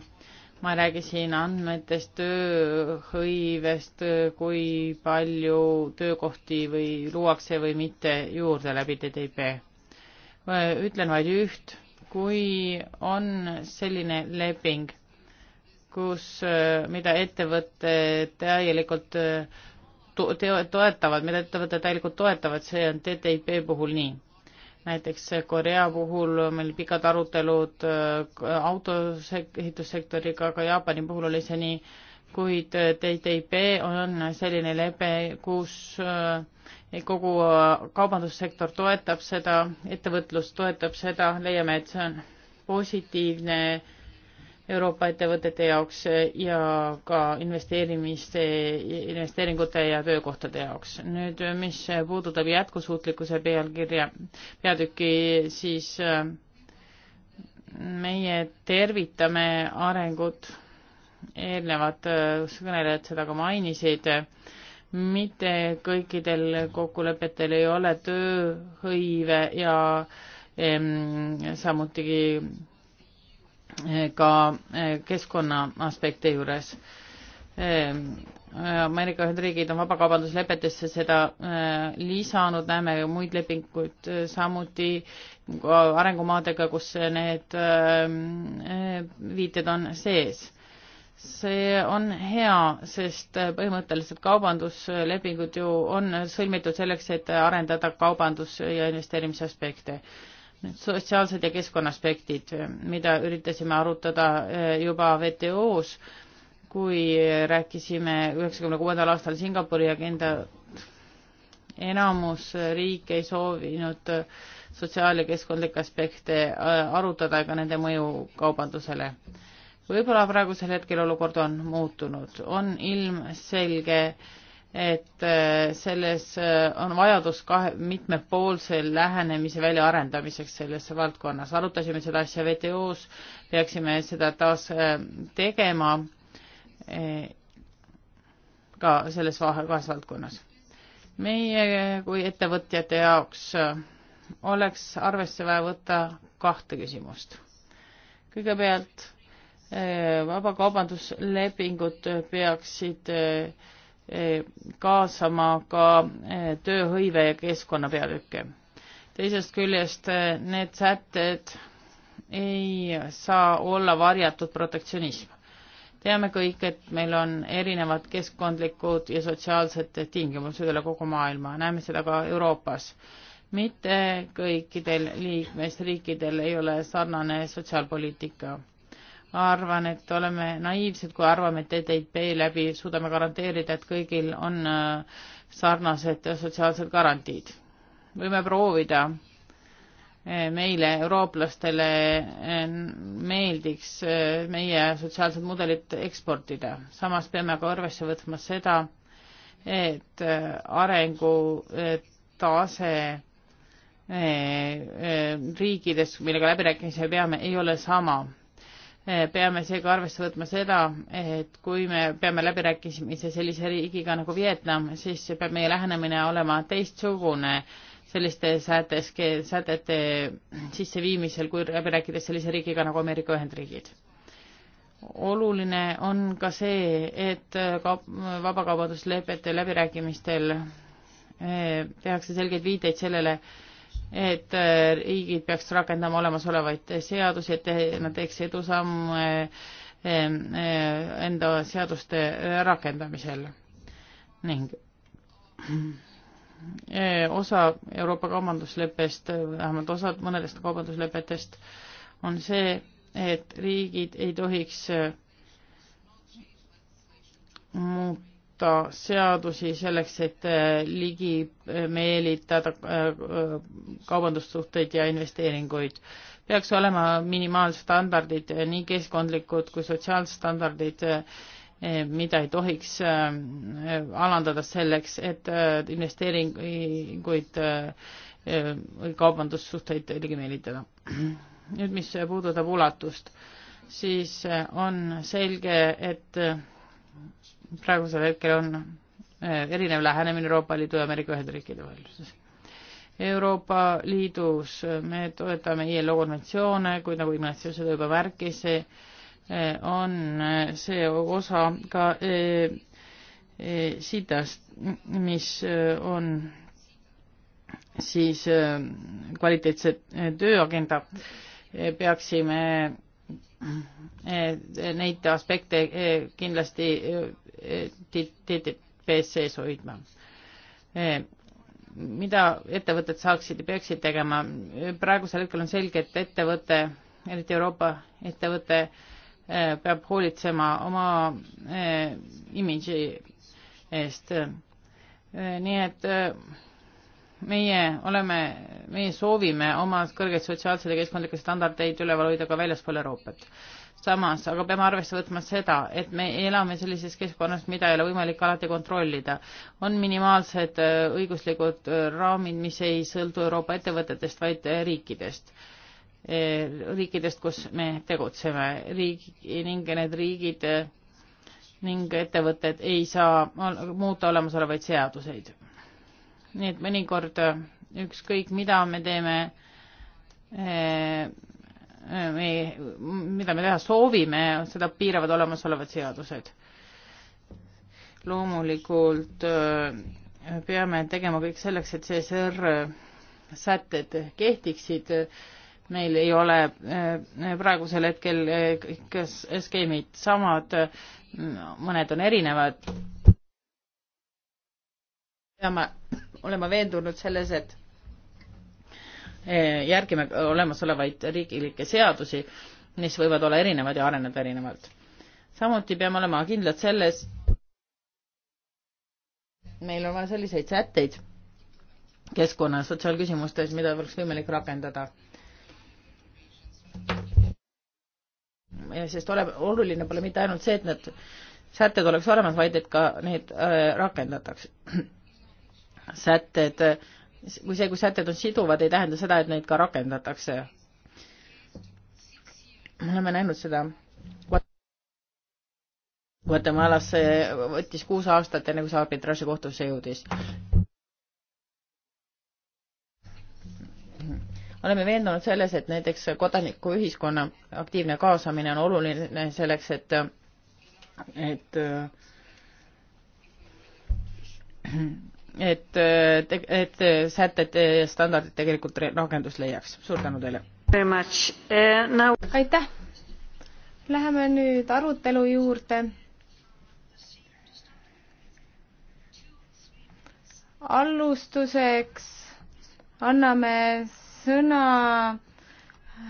[SPEAKER 1] ma räägisin andmetest, tööhõivest, kui palju töökohti või luuakse või mitte juurde läbi TTIP. Äh, ütlen vaid üht, kui on selline leping kus, eh, mida ettevõtted täielikult eh, to-, toetavad, mida ettevõtted täielikult toetavad, see on TTIP puhul nii. näiteks Korea puhul meil pikad arutelud eh, autoehitussektoriga, aga Jaapani puhul oli see nii, kuid TTIP on selline lepe, kus kogu kaubandussektor toetab seda, ettevõtlus toetab seda, leiame, et see on positiivne äh, Euroopa ettevõtete jaoks ja ka investeerimiste, investeeringute ja töökohtade jaoks. nüüd, mis puudutab jätkusuutlikkuse pealkirja, peatüki, siis äh, meie tervitame arengut, eelnevad äh, kõnelejad seda ka mainisid, mitte kõikidel kokkulepetel ei ole tööhõive ja em, samuti ka eh, keskkonna aspekti juures. Eh, Ameerika Ühendriigid on vabakaubanduslepetesse seda eh, lisanud, näeme ju muid lepinguid samuti arengumaadega, kus need viited on sees. see on hea, sest põhimõtteliselt kaubanduslepingud ju on sõlmitud selleks, et arendada kaubandus- ja investeerimisaspekte nüüd sotsiaalsed ja keskkonnaaspektid, mida üritasime arutada eh, juba WTO-s, kui rääkisime üheksakümne kuuendal aastal Singapuri agenda, enamus riike ei soovinud sotsiaal- ja keskkondlikke aspekte eh, arutada ega nende mõju kaubandusele. võib-olla praegusel hetkel olukord on muutunud, on ilmselge, et äh, selles äh, on vajadus kahe, mitmepoolse lähenemise väljaarendamiseks selles valdkonnas. arutasime seda asja WTO-s, peaksime seda taas äh, tegema ka selles vahe, kahes valdkonnas. meie kui ettevõtjate jaoks oleks arvesse vaja võtta kahte küsimust. kõigepealt vabakaubanduslepingud peaksid äh, kaasama ka eh, tööhõive ja keskkonna peatükke. teisest küljest eh, need sätted ei saa olla varjatud protektsionism. teame kõik, et meil on erinevad keskkondlikud ja sotsiaalsed tingimused üle kogu maailma, näeme seda ka Euroopas. mitte kõikidel liikmesriikidel ei ole sarnane sotsiaalpoliitika arvan, et oleme naiivsed, kui arvame, et EDIP läbi suudame garanteerida, et kõigil on äh, sarnased sotsiaalsed garantiid. võime proovida. Äh, meile, eurooplastele äh, meeldiks meie sotsiaalsed mudelid eksportida, samas peame ka arvesse võtma seda, et arengutase riikides, millega läbirääkimisi peame, ei ole sama Eh, peame seega arvesse võtma seda, et kui me peame läbirääkimisi sellise riigiga nagu Vietnam, siis peab meie lähenemine olema teistsugune selliste sätes, sätete sisseviimisel, kui läbi rääkides sellise riigiga nagu Ameerika Ühendriigid. oluline on ka see, et kaup-, vabakaubanduslepete läbirääkimistel eh, tehakse selgeid viiteid sellele, et äh, riigid peaks rakendama olemasolevaid seadusi, et nad teeks edusamme ähm, äh, enda seaduste äh, rakendamisel ning osa Euroopa kaubandusleppest, vähemalt osad mõnedest kaubanduslepetest on see, et riigid ei tohiks muud muuta seadusi selleks, et äh, ligi äh, meelitada äh, kaubandussuhteid ja investeeringuid. peaks olema minimaalstandardid, nii keskkondlikud kui sotsiaalstandardid, mida ei tohiks alandada selleks, et investeeringuid või kaubandussuhteid ligi meelitada. nüüd, mis puudutab ulatust, siis on selge, et praegusel hetkel on eh, erinev lähenemine Euroopa Liidu ja Ameerika Ühendriikide vahel. Euroopa Liidus eh, me toetame ILO konventsioone, kuid nagu Ignatsio seda juba märkis, eh, on see osa ka sidast, mis on siis kvaliteetse tööagenda, peaksime neid aspekte kindlasti TTP-s sees hoidma. mida ettevõtted saaksid ja peaksid tegema? praegusel hetkel on selge, et ettevõte, eriti Euroopa ettevõte, peab hoolitsema oma eh, imidži eest. nii et eh, meie oleme, meie soovime oma kõrgeid sotsiaalseid ja keskkondlikke standardeid üleval hoida ka väljaspool Euroopat samas, aga peame arvesse võtma seda, et me elame sellises keskkonnas, mida ei ole võimalik alati kontrollida. on minimaalsed äh, õiguslikud äh, raamid, mis ei sõltu Euroopa ettevõtetest, vaid äh, riikidest. riikidest, kus me tegutseme, riik ning need riigid ning ettevõtted ei saa muuta olemasolevaid seaduseid. nii et mõnikord ükskõik, mida me teeme, me, mida me teha soovime, seda piiravad olemasolevad seadused. loomulikult äh, peame tegema kõik selleks, et CSR äh, sätted kehtiksid. meil ei ole äh, praegusel hetkel kõik skeemid samad, mõned on erinevad. peame olema veendunud selles, et Eh, järgime olemasolevaid riiklikke seadusi, mis võivad olla erinevad ja areneda erinevalt. samuti peame olema kindlad selles, meil on vaja selliseid sätteid keskkonna sotsiaalküsimustes, mida oleks võimalik rakendada. sest ole, oluline pole mitte ainult see, et need sätted oleks olemas, vaid et ka need äh, rakendataks. sätted äh, või see, kui sätted on siduvad, ei tähenda seda, et neid ka rakendatakse. me oleme näinud seda.
[SPEAKER 3] Guatemalas see
[SPEAKER 1] võttis kuus aastat, enne kui see arbitraaži kohtusse jõudis. oleme veendunud selles, et näiteks kodanikuühiskonna aktiivne kaasamine on oluline selleks, et, et et, et sätted ja standardid tegelikult rakendust leiaks. suur tänu teile! Eh, aitäh!
[SPEAKER 3] Läheme nüüd arutelu juurde. alustuseks anname sõna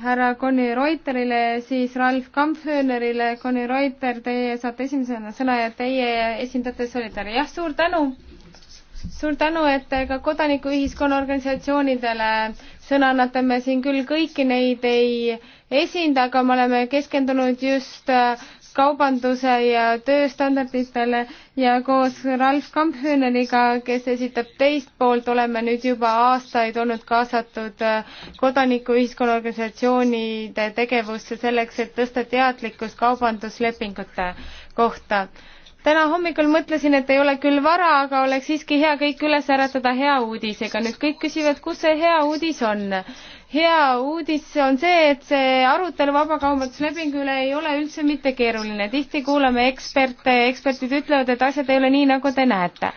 [SPEAKER 3] härra Conny Reuterile, siis Ralf Kampfhönerile. Conny Reuter, teie saate esimesena sõna ja teie esindate Solidari. jah, suur tänu suur tänu, et te ka kodanikuühiskonna organisatsioonidele sõna annate, me siin küll kõiki neid ei esinda, aga me oleme keskendunud just äh, kaubanduse ja tööstandarditele ja koos Ralf Kampfhöneriga, kes esitab teist poolt, oleme nüüd juba aastaid olnud kaasatud äh, kodanikuühiskonna organisatsioonide tegevusse selleks, et tõsta teadlikkust kaubanduslepingute kohta täna hommikul mõtlesin, et ei ole küll vara, aga oleks siiski hea kõik üles äratada hea uudisega. nüüd kõik küsivad, kus see hea uudis on. hea uudis on see, et see arutelu vabakaubanduslepingu üle ei ole üldse mitte keeruline. tihti kuulame eksperte, eksperdid ütlevad, et asjad ei ole nii, nagu te näete.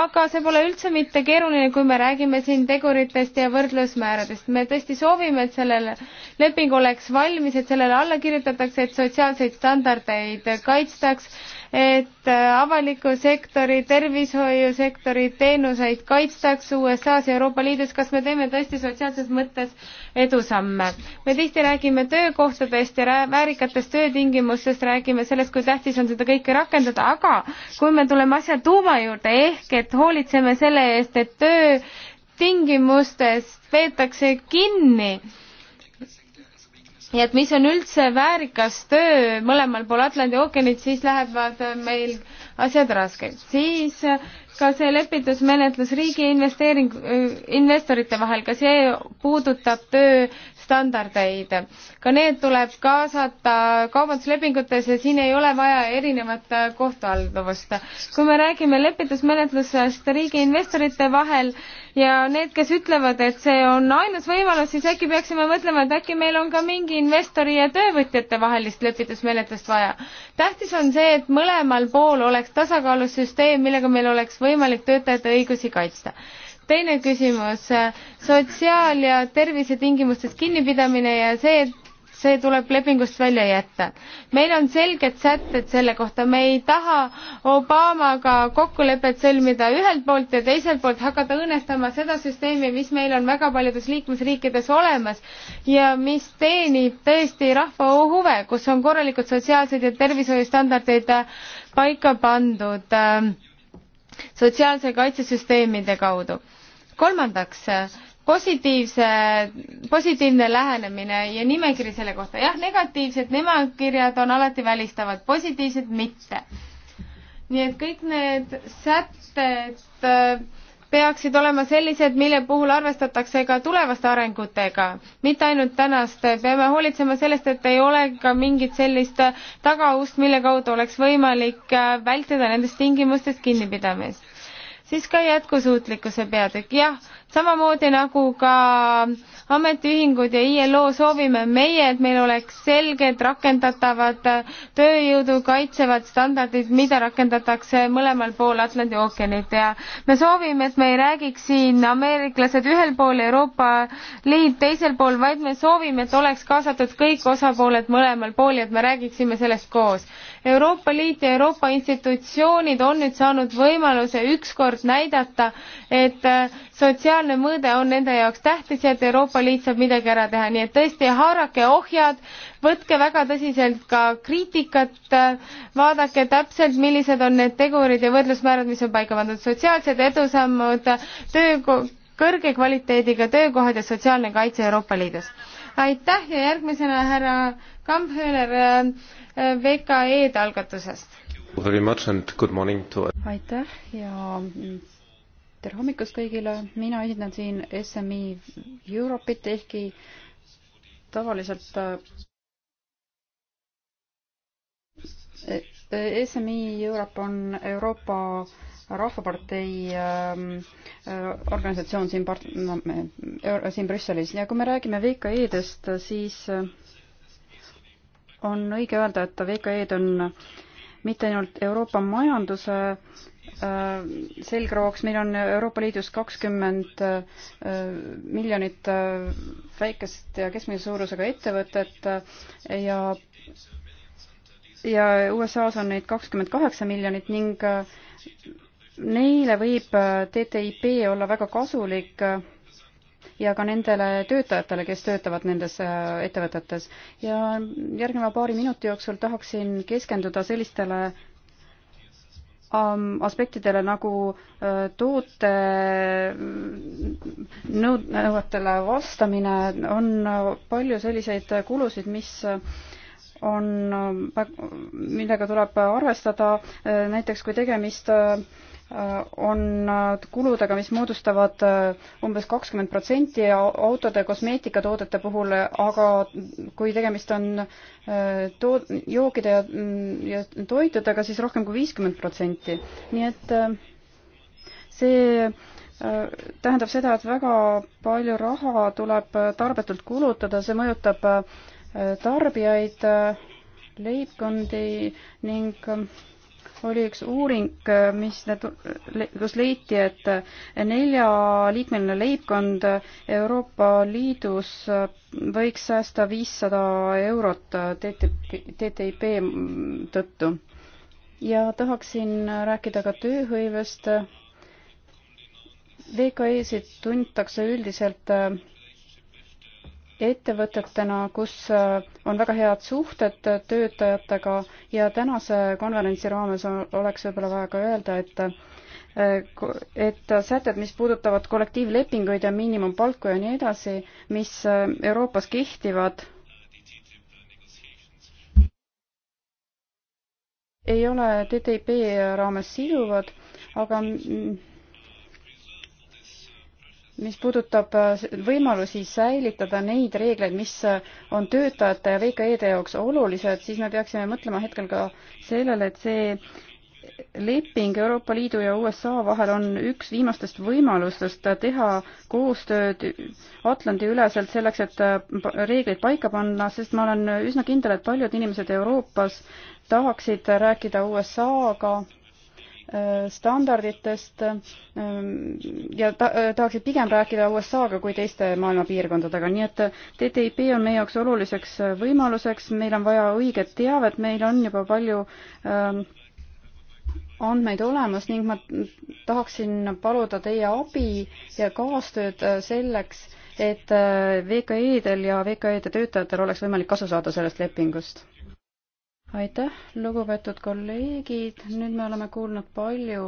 [SPEAKER 3] aga see pole üldse mitte keeruline, kui me räägime siin teguritest ja võrdlusmääradest. me tõesti soovime, et sellel leping oleks valmis, et sellele alla kirjutatakse, et sotsiaalseid standardeid kaitstaks et äh, avaliku sektori, tervishoiusektori teenuseid kaitstakse USA-s ja Euroopa Liidus, kas me teeme tõesti sotsiaalses mõttes edusamme? me tihti räägime töökohtadest ja väärikatest töötingimustest, räägime sellest, kui tähtis on seda kõike rakendada, aga kui me tuleme asja tuuma juurde, ehk et hoolitseme selle eest, et töötingimustest peetakse kinni, nii et mis on üldse väärikas töö mõlemal pool Atlandi ookeanit, siis lähevad meil asjad raskeks. siis äh, ka see lepitusmenetlus riigi investeering, äh, investorite vahel, ka see puudutab töö standardeid. ka need tuleb kaasata kaubanduslepingutesse, siin ei ole vaja erinevat kohtualluvust. kui me räägime lepitusmenetlusest riigi investorite vahel ja need, kes ütlevad, et see on ainus võimalus, siis äkki peaksime mõtlema, et äkki meil on ka mingi investori ja töövõtjate vahelist lepitusmenetlust vaja. tähtis on see, et mõlemal pool oleks tasakaalus süsteem, millega meil oleks võimalik töötajate õigusi kaitsta teine küsimus, sotsiaal- ja tervisetingimustest kinnipidamine ja see, et see tuleb lepingust välja jätta. meil on selged sätted selle kohta, me ei taha Obamaga kokkulepet sõlmida ühelt poolt ja teiselt poolt hakata õõnestama seda süsteemi, mis meil on väga paljudes liikmesriikides olemas ja mis teenib tõesti rahva huve, kus on korralikud sotsiaalsed ja tervishoiustandardid paika pandud ähm, sotsiaalse kaitsesüsteemide kaudu kolmandaks, positiivse, positiivne lähenemine ja nimekiri selle kohta. jah, negatiivsed nimekirjad on alati välistavad, positiivsed mitte. nii et kõik need sätted äh, peaksid olema sellised, mille puhul arvestatakse ka tulevaste arengutega, mitte ainult tänaste. peame hoolitsema sellest, et ei ole ka mingit sellist tagaust, mille kaudu oleks võimalik äh, vältida nendest tingimustest kinnipidamist siis ka jätkusuutlikkuse peatükk, jah, samamoodi nagu ka ametiühingud ja ILO soovime meie, et meil oleks selged rakendatavad tööjõudu kaitsevad standardid, mida rakendatakse mõlemal pool Atlandi ookeanit ja me soovime, et me ei räägiks siin ameeriklased ühel pool, Euroopa Liit teisel pool, vaid me soovime, et oleks kaasatud kõik osapooled mõlemal pool ja et me räägiksime sellest koos. Euroopa Liit ja Euroopa institutsioonid on nüüd saanud võimaluse ükskord näidata, et sotsiaal- sotsiaalne mõõde on nende jaoks tähtis ja et Euroopa Liit saab midagi ära teha, nii et tõesti haarake ohjad, võtke väga tõsiselt ka kriitikat, vaadake täpselt, millised on need tegurid ja võrdlusmäärad, mis on paika pandud, sotsiaalsed edusammud, töö, kõrge kvaliteediga töökohad ja sotsiaalne kaitse Euroopa Liidus. aitäh ja järgmisena härra Kampfhööner äh, VKE-de algatusest.
[SPEAKER 2] aitäh ja tere hommikust kõigile, mina esindan siin SMI Europit, ehkki tavaliselt äh, SMI Europe on Euroopa Rahvapartei ähm, äh, organisatsioon siin part-, äh, siin Brüsselis ja kui me räägime VKE-dest, siis on õige öelda, et VKE-d on mitte ainult Euroopa majanduse Äh, selgrooks, meil on Euroopa Liidus kakskümmend äh, miljonit äh, väikest ja keskmise suurusega ettevõtet ja ja USA-s on neid kakskümmend kaheksa miljonit ning neile võib TTIP olla väga kasulik ja ka nendele töötajatele, kes töötavad nendes ettevõtetes. ja järgneva paari minuti jooksul tahaksin keskenduda sellistele aspektidele nagu äh, toote nõudele vastamine on äh, palju selliseid kulusid, mis äh, on, millega tuleb arvestada, näiteks kui tegemist on kuludega, mis moodustavad äh, umbes kakskümmend protsenti autode kosmeetikatoodete puhul, aga kui tegemist on äh, tood-, jookide ja, mm, ja toitudega, siis rohkem kui viiskümmend protsenti. nii et äh, see tähendab seda, et väga palju raha tuleb tarbetult kulutada, see mõjutab tarbijaid, leibkondi ning oli üks uuring, mis, kus leiti, et neljaliikmeline leibkond Euroopa Liidus võiks säästa viissada eurot TTIP tõttu. ja tahaksin rääkida ka tööhõivest. VKE-sid tuntakse üldiselt ettevõtetena, kus äh, on väga head suhted töötajatega ja tänase konverentsi raames oleks võib-olla vaja ka öelda, et äh, et sätted, mis puudutavad kollektiivlepinguid ja miinimumpalku ja nii edasi, mis äh, Euroopas kehtivad, ei ole TTIP raames siduvad, aga mis puudutab äh, võimalusi säilitada neid reegleid, mis äh, on töötajate ja VKE-de jaoks olulised, siis me peaksime mõtlema hetkel ka sellele, et see leping Euroopa Liidu ja USA vahel on üks viimastest võimalustest teha koostööd Atlandi-üleselt selleks, et äh, reegleid paika panna, sest ma olen üsna kindel, et paljud inimesed Euroopas tahaksid rääkida USA-ga standarditest ehm, ja ta-, äh, tahaksid pigem rääkida USA-ga kui teiste maailma piirkondadega, nii et TTIP on meie jaoks oluliseks äh, võimaluseks, meil on vaja õiget teavet, meil on juba palju ehm, andmeid olemas ning ma tahaksin paluda teie abi ja kaastööd äh, selleks, et VKI-del ja VKI-de töötajatel oleks võimalik kasu saada sellest lepingust aitäh, lugupeetud kolleegid, nüüd me oleme kuulnud palju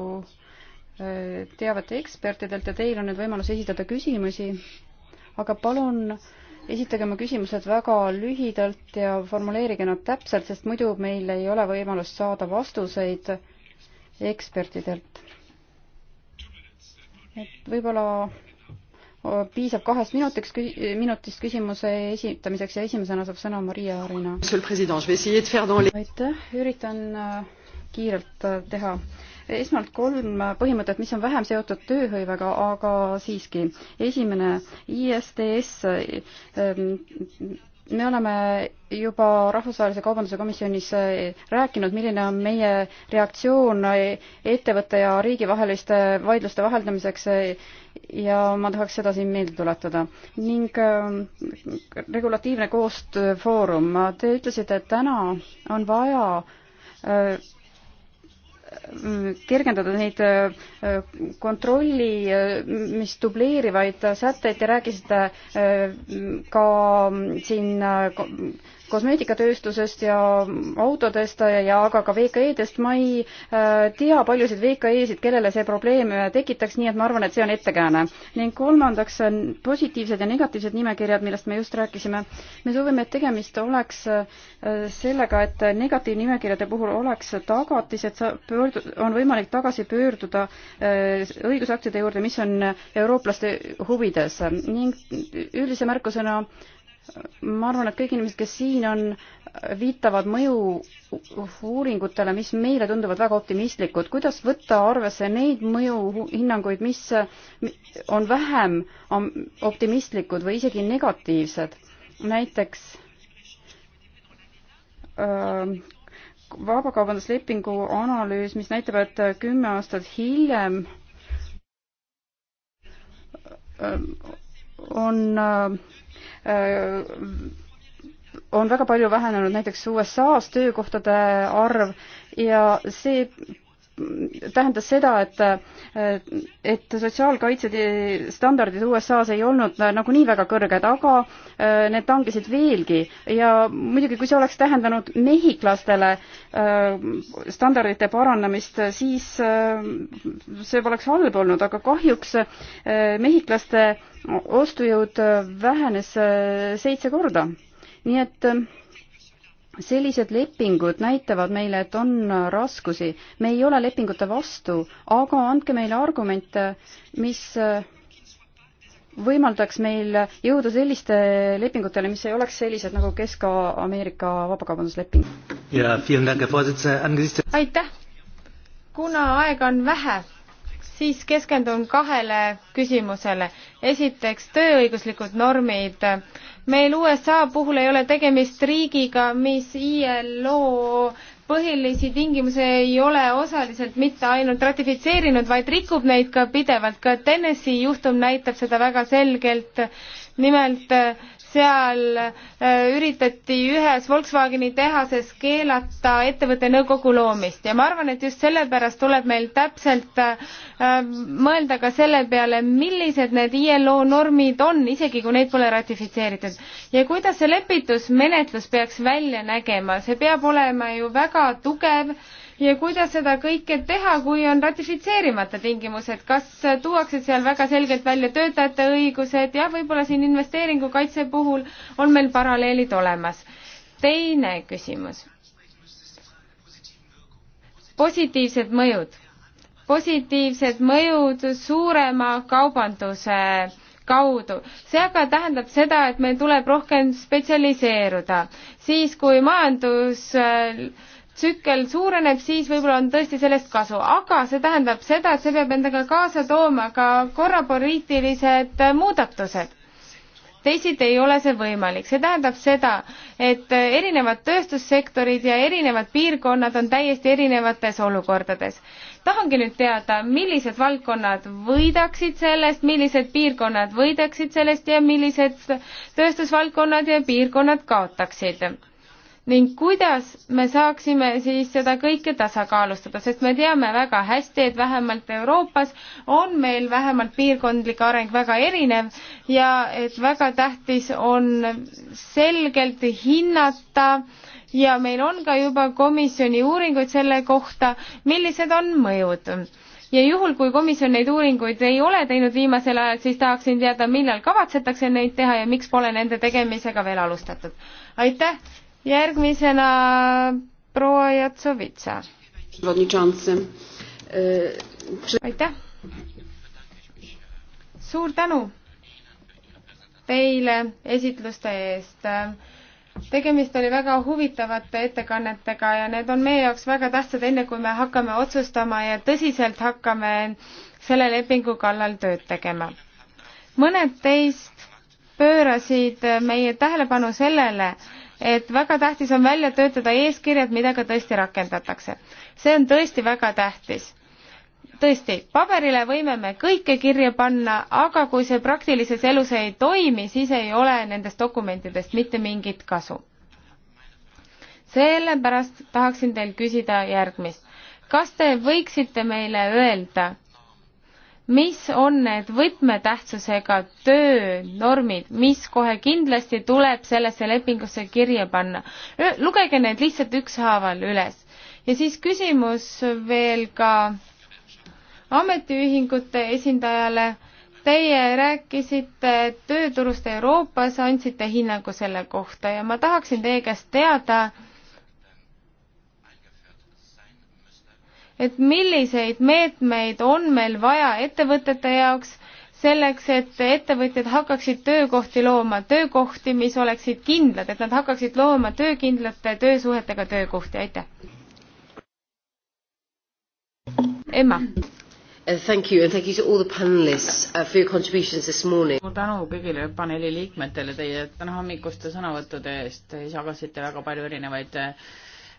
[SPEAKER 2] äh, teavet ekspertidelt ja teil on nüüd võimalus esitada küsimusi. aga palun esitage oma küsimused väga lühidalt ja formuleerige nad täpselt, sest muidu meil ei ole võimalust saada vastuseid ekspertidelt. et võib-olla piisab kahest minutiks, minutist küsimuse esitamiseks ja esimesena saab sõna Maria Arina. aitäh, üritan äh, kiirelt äh, teha. esmalt kolm põhimõtet, mis on vähem seotud tööhõivega, aga siiski. esimene, ISDS me oleme juba Rahvusvahelise Kaubanduse Komisjonis eh, rääkinud, milline on meie reaktsioon ettevõtte ja riigi vaheliste vaidluste vaheldamiseks eh, ja ma tahaks seda siin meelde tuletada. ning eh, regulatiivne koostööfoorum, te ütlesite, et täna on vaja kergendada neid äh, kontrollimist äh, dubleerivaid sätteid, te rääkisite äh, ka siin kosmeetikatööstusest ja autodest ja aga ka VKE-dest, ma ei äh, tea paljusid VKE-sid, kellele see probleem äh, tekitaks, nii et ma arvan, et see on ettekääne. ning kolmandaks, positiivsed ja negatiivsed nimekirjad, millest me just rääkisime. me soovime, et tegemist oleks äh, sellega, et negatiivnimekirjade puhul oleks tagatis, et sa pöördu-, on võimalik tagasi pöörduda õigusaktide juurde, mis on eurooplaste huvides ning üldise märkusena ma arvan, et kõik inimesed, kes siin on, viitavad mõju-uuringutele, mis meile tunduvad väga optimistlikud. kuidas võtta arvesse neid mõjuhinnanguid, mis on vähem optimistlikud või isegi negatiivsed? näiteks öö, vabakaubanduslepingu analüüs, mis näitab, et kümme aastat hiljem öö, on äh, äh, on väga palju vähenenud näiteks USA-s töökohtade arv ja see tähendas seda, et, et sotsiaalkaitse standardid USA-s ei olnud nagunii väga kõrged, aga äh, need langesid veelgi ja muidugi, kui see oleks tähendanud mehhiklastele äh, standardite paranemist, siis äh, see poleks halb olnud, aga kahjuks mehhiklaste ostujõud vähenes seitse korda. nii et sellised lepingud näitavad meile, et on raskusi. me ei ole lepingute vastu, aga andke meile argumente, mis võimaldaks meil jõuda selliste lepingutele, mis ei oleks sellised nagu Kesk-Ameerika vabakaubandusleping.
[SPEAKER 3] aitäh! kuna aega on vähe, siis keskendun kahele küsimusele. esiteks, tööõiguslikud normid. meil USA puhul ei ole tegemist riigiga, mis ILO põhilisi tingimusi ei ole osaliselt mitte ainult ratifitseerinud, vaid rikub neid ka pidevalt. ka Tennessee juhtum näitab seda väga selgelt. nimelt seal äh, üritati ühes Volkswageni tehases keelata ettevõtte nõukogu loomist ja ma arvan, et just sellepärast tuleb meil täpselt äh, mõelda ka selle peale, millised need ILO normid on, isegi kui neid pole ratifitseeritud. ja kuidas see lepitusmenetlus peaks välja nägema, see peab olema ju väga tugev ja kuidas seda kõike teha, kui on ratifitseerimata tingimused, kas tuuakse seal väga selgelt välja töötajate õigused, jah, võib-olla siin investeeringukaitse puhul on meil paralleelid olemas. teine küsimus. positiivsed mõjud, positiivsed mõjud suurema kaubanduse kaudu. see aga tähendab seda, et meil tuleb rohkem spetsialiseeruda. siis, kui majandus äh, tsükkel suureneb, siis võib-olla on tõesti sellest kasu, aga see tähendab seda, et see peab endaga kaasa tooma ka korrapoliitilised muudatused. teisiti ei ole see võimalik, see tähendab seda, et erinevad tööstussektorid ja erinevad piirkonnad on täiesti erinevates olukordades. tahangi nüüd teada, millised valdkonnad võidaksid sellest, millised piirkonnad võidaksid sellest ja millised tööstusvaldkonnad ja piirkonnad kaotaksid ning kuidas me saaksime siis seda kõike tasakaalustada, sest me teame väga hästi, et vähemalt Euroopas on meil vähemalt piirkondlik areng väga erinev ja et väga tähtis on selgelt hinnata ja meil on ka juba komisjoni uuringuid selle kohta, millised on mõjud ja juhul, kui komisjon neid uuringuid ei ole teinud viimasel ajal, siis tahaksin teada, millal kavatsetakse neid teha ja miks pole nende tegemisega veel alustatud. aitäh järgmisena proua Jatsovitsa. E, aitäh. suur tänu teile esitluste eest tegemist oli väga huvitavate ettekannetega ja need on meie jaoks väga tähtsad, enne kui me hakkame otsustama ja tõsiselt hakkame selle lepingu kallal tööd tegema. mõned teist pöörasid meie tähelepanu sellele, et väga tähtis on välja töötada eeskirjad, mida ka tõesti rakendatakse. see on tõesti väga tähtis. tõesti, paberile võime me kõike kirja panna, aga kui see praktilises elus ei toimi, siis ei ole nendest dokumentidest mitte mingit kasu. sellepärast tahaksin teil küsida järgmist. kas te võiksite meile öelda, mis on need võtmetähtsusega töönormid, mis kohe kindlasti tuleb sellesse lepingusse kirja panna. lugege need lihtsalt ükshaaval üles. ja siis küsimus veel ka ametiühingute esindajale. Teie rääkisite tööturust Euroopas, andsite hinnangu selle kohta ja ma tahaksin teie käest teada, et milliseid meetmeid on meil vaja ettevõtete jaoks, selleks, et ettevõtjad hakkaksid töökohti looma, töökohti, mis oleksid kindlad, et nad hakkaksid looma töökindlate töösuhetega töökohti, aitäh. Emma. Uh, thank you and thank you to all the panelists uh, for your contributions this morning. suur
[SPEAKER 1] tänu kõigile paneeli liikmetele teie tänahommikuste sõnavõttude eest, jagasite väga palju erinevaid äh,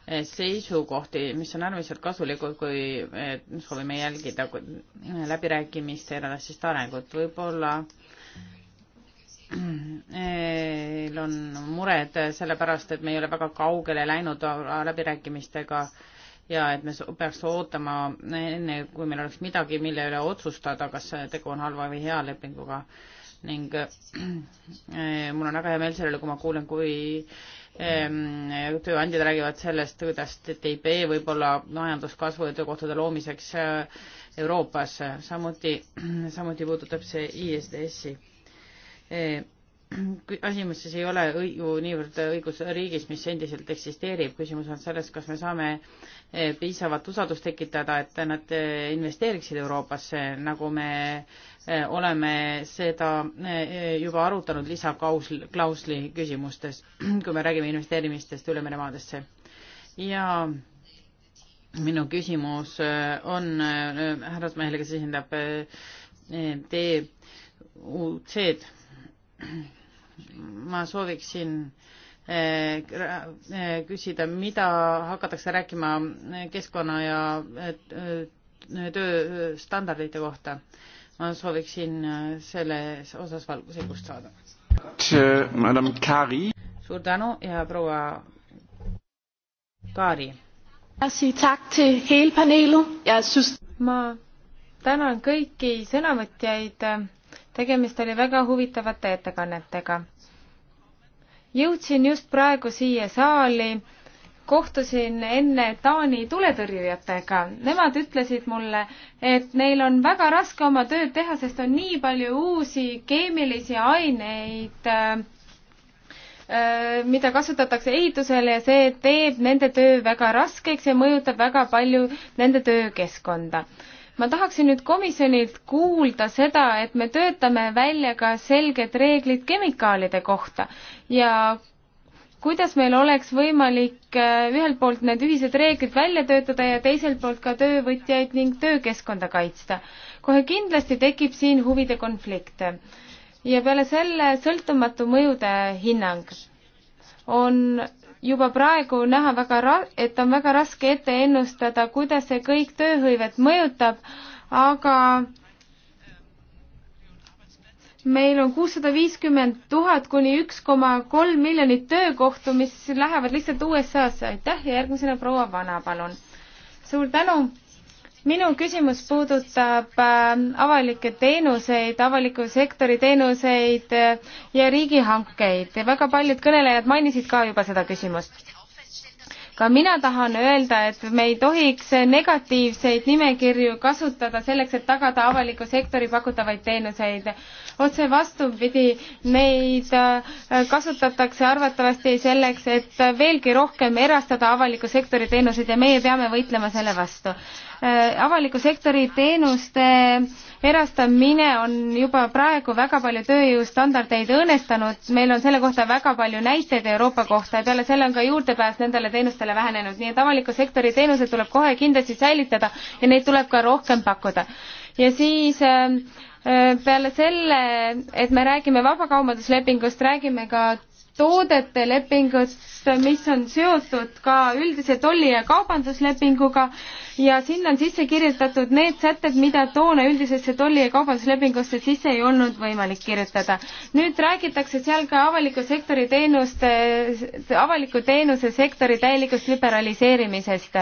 [SPEAKER 1] seisukohti, mis on äärmiselt kasulikud, kui soovime jälgida läbirääkimiste edasist arengut. võib-olla meil on mured sellepärast, et me ei ole väga kaugele läinud läbirääkimistega ja et me peaks ootama enne, kui meil oleks midagi, mille üle otsustada, kas tegu on halva või hea lepinguga. ning eh, mul on väga hea meel selle üle, kui ma kuulen, kui Ehm, tööandjad räägivad sellest, kuidas TTIP võib olla majanduskasvu ja töökohtade loomiseks äh, Euroopas, samuti, samuti puudutab see ISDS-i. Ehm, küsimus siis ei ole ju niivõrd õigusriigis, mis endiselt eksisteerib, küsimus on selles, kas me saame eh, piisavat usaldust tekitada, et nad eh, investeeriksid Euroopasse, nagu me äh, Äh, oleme seda äh, juba arutanud lisaklausli küsimustes, kui me räägime investeerimistest ülemeremaadesse. ja minu küsimus äh, on härrasmehele, kes esindab TUC-d. ma sooviksin küsida, mida hakatakse rääkima keskkonna ja tööstandardite kohta ma sooviksin äh, selles osas valgusõigust saada.
[SPEAKER 2] Äh,
[SPEAKER 1] suur tänu ja proua Kaari.
[SPEAKER 3] ma tänan kõiki sõnavõtjaid, tegemist oli väga huvitavate ettekannetega. jõudsin just praegu siia saali kohtusin enne Taani tuletõrjujatega. Nemad ütlesid mulle, et neil on väga raske oma tööd teha, sest on nii palju uusi keemilisi aineid, äh, äh, mida kasutatakse ehitusel ja see teeb nende töö väga raskeks ja mõjutab väga palju nende töökeskkonda ma tahaksin nüüd komisjonilt kuulda seda, et me töötame välja ka selged reeglid kemikaalide kohta ja kuidas meil oleks võimalik äh, ühelt poolt need ühised reeglid välja töötada ja teiselt poolt ka töövõtjaid ning töökeskkonda kaitsta. kohe kindlasti tekib siin huvide konflikt. ja peale selle sõltumatu mõjude hinnang on juba praegu näha väga ra-, et on väga raske ette ennustada, kuidas see kõik tööhõivet mõjutab, aga meil on kuussada viiskümmend tuhat kuni üks koma kolm miljonit töökohtu, mis lähevad lihtsalt USA-sse. aitäh ja järgmisena proua Vana, palun. suur tänu. minu küsimus puudutab äh, avalikke teenuseid, avaliku sektori teenuseid äh, ja riigihankeid. väga paljud kõnelejad mainisid ka juba seda küsimust ka mina tahan öelda, et me ei tohiks negatiivseid nimekirju kasutada selleks, et tagada avaliku sektori pakutavaid teenuseid otse vastupidi, neid äh, kasutatakse arvatavasti selleks, et veelgi rohkem erastada avaliku sektori teenuseid ja meie peame võitlema selle vastu. Äh, avaliku sektori teenuste erastamine on juba praegu väga palju tööjõustandardeid õõnestanud, meil on selle kohta väga palju näiteid Euroopa kohta ja peale selle on ka juurdepääs nendele teenustele vähenenud, nii et avaliku sektori teenused tuleb kohe kindlasti säilitada ja neid tuleb ka rohkem pakkuda ja siis äh, äh, peale selle, et me räägime vabakaubanduslepingust, räägime ka toodete lepingut, mis on seotud ka üldise tolli- ja kaubanduslepinguga ja sinna on sisse kirjutatud need sätted, mida toona üldisesse tolli- ja kaubanduslepingusse sisse ei olnud võimalik kirjutada. nüüd räägitakse seal ka avaliku sektori teenuste, avaliku teenuse sektori täielikust liberaliseerimisest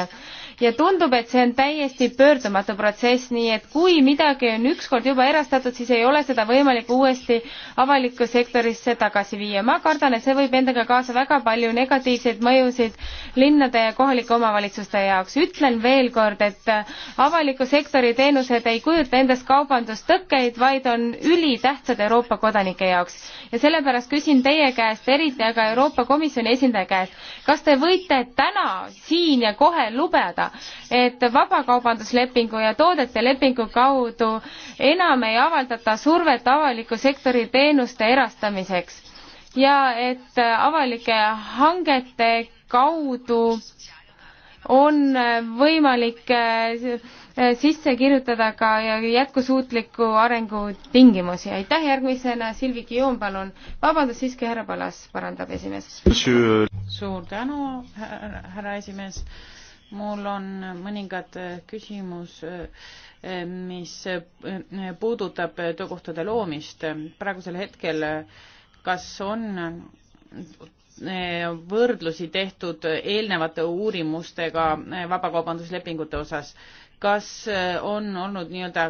[SPEAKER 3] ja tundub, et see on täiesti pöördumatu protsess, nii et kui midagi on ükskord juba erastatud, siis ei ole seda võimalik uuesti avalikku sektorisse tagasi viia. ma kardan, et see võib endaga kaasa väga palju negatiivseid mõjusid linnade ja kohalike omavalitsuste jaoks. ütlen veel kord, et avaliku sektori teenused ei kujuta endast kaubandustõkkeid, vaid on ülitähtsad Euroopa kodanike jaoks. ja sellepärast küsin teie käest, eriti aga Euroopa Komisjoni esindaja käest, kas te võite täna siin ja kohe lubada, et vabakaubanduslepingu ja toodete lepingu kaudu enam ei avaldata survet avaliku sektori teenuste erastamiseks ja et avalike hangete kaudu on võimalik eh, sisse kirjutada ka jätkusuutliku arengu tingimusi. aitäh, järgmisena Silvi Kium, palun.
[SPEAKER 1] vabandust, siiski härra Palas parandab esimees. suur tänu, härra esimees mul on mõningad äh, küsimus, äh, mis äh, puudutab töökohtade loomist. praegusel hetkel, kas on võrdlusi tehtud eelnevate uurimustega vabakaubanduslepingute osas? kas on olnud nii-öelda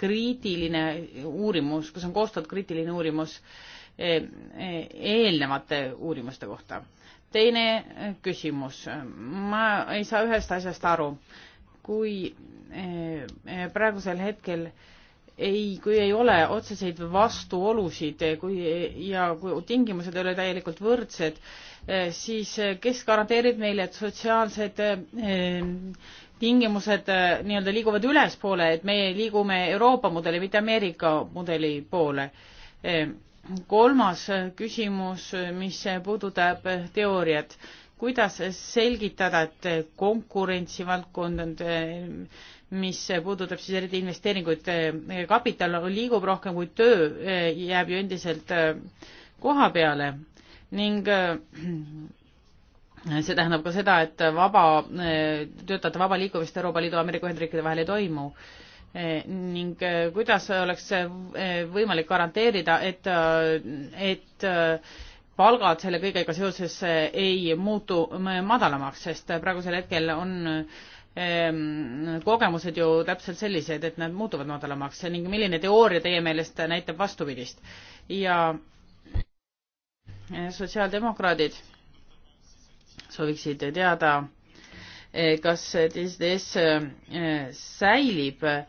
[SPEAKER 1] kriitiline uurimus, kas on koostatud kriitiline uurimus eelnevate uurimuste kohta? teine eh, küsimus. ma ei saa ühest asjast aru. kui eh, eh, praegusel hetkel ei, kui ei ole otseseid vastuolusid, kui ja kui tingimused ei ole täielikult võrdsed, siis kes garanteerib meile, et sotsiaalsed tingimused nii-öelda liiguvad ülespoole, et meie liigume Euroopa mudeli, mitte Ameerika mudeli poole? kolmas küsimus, mis puudutab teooriat. kuidas selgitada, et konkurentsivaldkond on, mis puudutab siis eriti investeeringuid, kapital liigub rohkem kui töö, jääb ju endiselt koha peale ning see tähendab ka seda, et vaba, töötajate vaba liikumist Euroopa Liidu ja Ameerika Ühendriikide vahel ei toimu Eh, ning eh, kuidas oleks eh, võimalik garanteerida, et, et palgad selle kõigega seoses ei muutu madalamaks, sest praegusel hetkel on kogemused ju täpselt sellised, et nad muutuvad madalamaks ning milline teooria teie meelest näitab vastupidist? ja sotsiaaldemokraadid sooviksid teada Eh, kas DSDS eh, säilib, eh,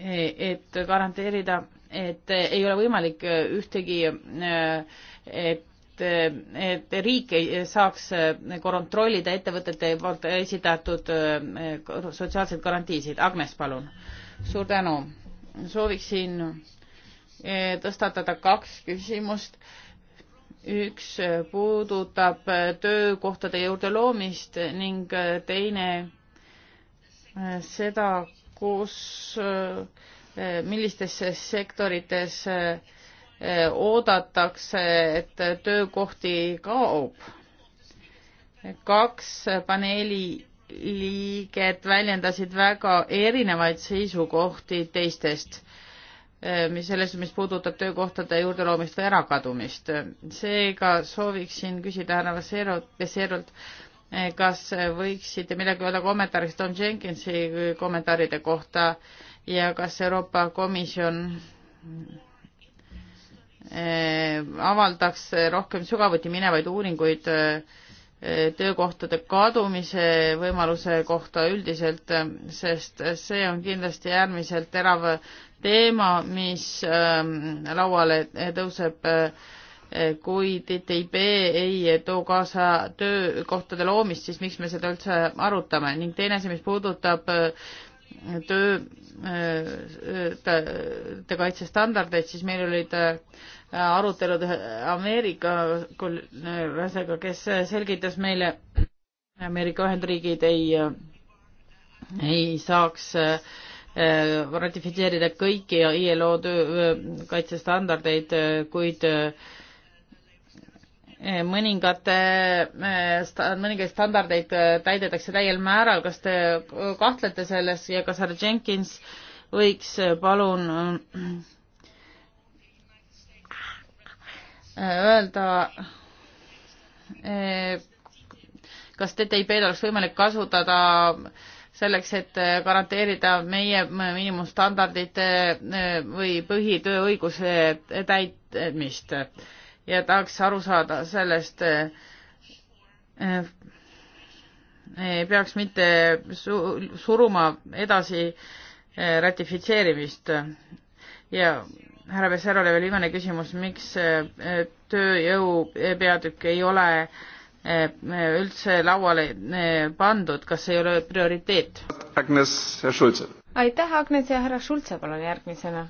[SPEAKER 1] et garanteerida, et ei ole võimalik ühtegi, et et, et riik ei saaks kontrollida ettevõtete poolt esitatud sotsiaalseid garantiisid. Agnes, palun. suur tänu. sooviksin tõstatada kaks küsimust üks puudutab töökohtade juurde loomist ning teine seda, kus, millistes sektorites oodatakse, et töökohti kaob. kaks paneeli liiget väljendasid väga erinevaid seisukohti teistest Äh, mis selles, mis puudutab töökohtade juurdeloomist või ärakadumist. seega sooviksin küsida härra Veseerult, äh, kas võiksite midagi öelda kommentaariks Tom Jenkinsi kommentaaride kohta ja kas Euroopa Komisjon äh, avaldaks rohkem sügavuti minevaid uuringuid töökohtade kadumise võimaluse kohta üldiselt, sest see on kindlasti äärmiselt terav teema, mis ähm, lauale tõuseb, äh, kui TTIP ei too kaasa töökohtade loomist, siis miks me seda üldse arutame ning teine asi, mis puudutab äh, töötajate äh, kaitsestandardeid, siis meil olid arutelud Ameerika kollasega, kes selgitas meile, Ameerika Ühendriigid ei, ei saaks äh, Äh, ratifitseerida kõiki ILO kaitsestandardeid, kuid äh, mõningate, äh, mõningaid standardeid täidetakse täiel määral, kas te kahtlete selles ja kas härra Jenkins võiks palun öelda, kas TTIP-d oleks võimalik kasutada äh, selleks, et äh, garanteerida meie äh, miinimumstandardite äh, või põhitööõiguse täitmist ja tahaks aru saada sellest, ei peaks mitte su-, suruma edasi ratifitseerimist ja härra Besser oli veel viimane küsimus, miks tööjõu peatükk ei ole äh, Eh, üldse lauale eh, pandud, kas ei ole prioriteet?
[SPEAKER 2] Agnes ja Schulze.
[SPEAKER 3] aitäh, Agnes ja härra Schulze, palun järgmisena.